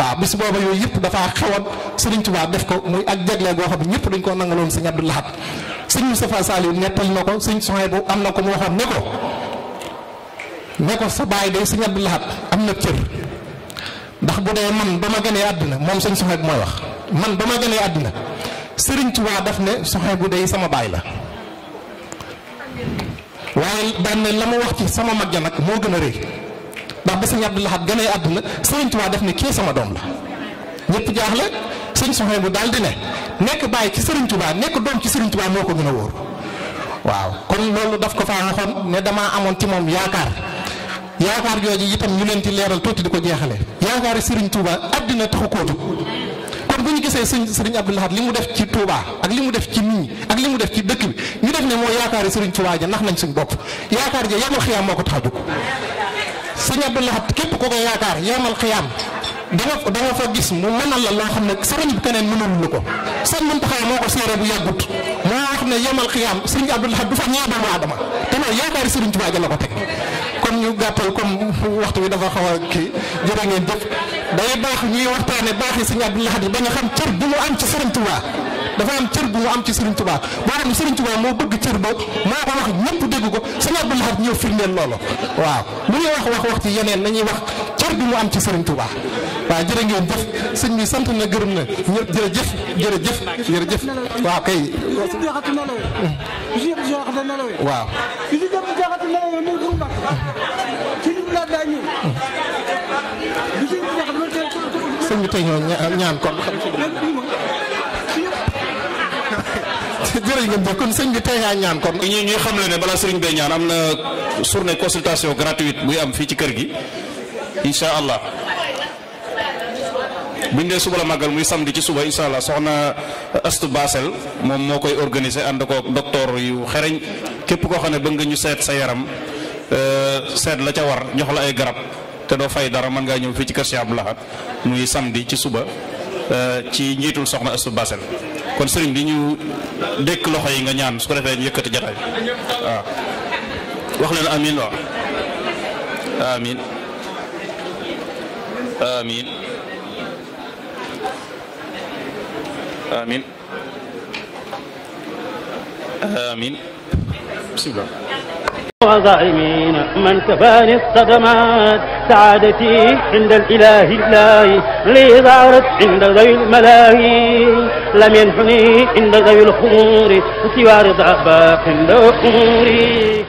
waaw bis booba yooyu yëpp dafaa xewoon Serigne Touba def ko muy ak jagle goo xam ne ñëpp dañ koo nangaloon Serigne Abdou Lahad Serigne Moustapha Saliou nettali na ko Serigne Souhaïbou am na ko mu waxoon ne ko ne ko sa baay de Serigne Abdou Lahad am na cër ndax bu dee man ba ma gënee àddina moom Serigne Souhaïbou mooy wax man ba ma gënee àddina Serigne Touba daf ne bu de sama baay la waaye daan la mu wax ci sama mag ja nag moo gën a rëy ndax ba sëñ Abdou Lahad gënee àdduna sëñ Tuubaa def ne kii sama doom la ñëpp jaaxle sëñ Soxna bu daal di ne nekk bàyyi ci sëriñ Tuubaa nekk doom ci sëriñ Tuubaa moo ko gën a wóor waaw kon loolu daf ko faa waxoon ne damaa amoon ci moom yaakaar yaakaar jooju itam ñu leen ci leeral tuuti di ko jeexale yaakaari sëriñ tubaa àddina taxu koo jóg kon bu ñu gisee sëñ sëriñ Abdou Lahad li mu def ci Tuubaa ak li mu def ci nit ñi ak li mu def ci dëkk bi ñu def ne moo yaakaari sëriñ Tuubaa ja nax nañ suñ bopp yaakaar ja yamul xiyaam moo ko tax a sëñ Abdou Lahad képp ku ko yaakaar yowmal xiyaam da nga da nga fa gis mu mënal la loo xam ne sëriñ bi keneen mënul lu ko sëñ Muntaxa moo ko seere bu yàggut moo wax ne yowmal xiyaam sëñ Abdou Lahad du fa ñaar doomu aadama te loolu yaakaari sëriñ Tuubaa ja la ko teg kon ñu gàttal comme waxtu wi dafa xaw a kii jërë ngeen jëf day baax ñuy waxtaane baax yi sëñ Abdou Lahad yi ba nga xam cër bi mu am ci sëriñ Tuubaa dafa am cër bu mu am ci Serigne Touba maanaam Serigne Touba moo bëgg cër ba moo ko wax dégg ko sëñ Abdou Lahad ñëw firndeel loolu waaw bu ñuy wax wax ci yeneen nañuy wax cër bi mu am ci Serigne Touba waaw jërë ngeen jëf sëñ bi sant na gërëm na ñëpp jëf jërëjëf jërëjëf waaw kay waaw sëñ bi tey ñoo ñaan jërëjëf kon sëñ bi tey yaa ñaan kon. i ñuy xam le ne balaa sëriñ bay ñaan am na journée consultation gratuite buy am fii ci kër gi incha allah. buñ dee suba la màggal muy samedi ci suba incha allah soxna Astu Basel moom moo koy organiser ànd ko docteur yu xereñ képp koo xam ne bëgg nga ñu seet sa yaram euh, seet la ca war jox la ay garab te doo fay dara mën ngaa ñëw fii ci kër si Abdou Lahad muy samedi ci suba. Euh, ci njiitul soxna Astou Bassel kon sëriñ bi ñu dëkk loxo yi nga ñaan su ko defee ñu yëkkati jataay waaw wax leen amin waaw amin amin amin amin وظالمين من كفاني الصدمات سعادتي عند الإله الله لي ظهرت عند ذوي الملاهي لم ينحني عند ذوي الخمور سوى رضا باق أموري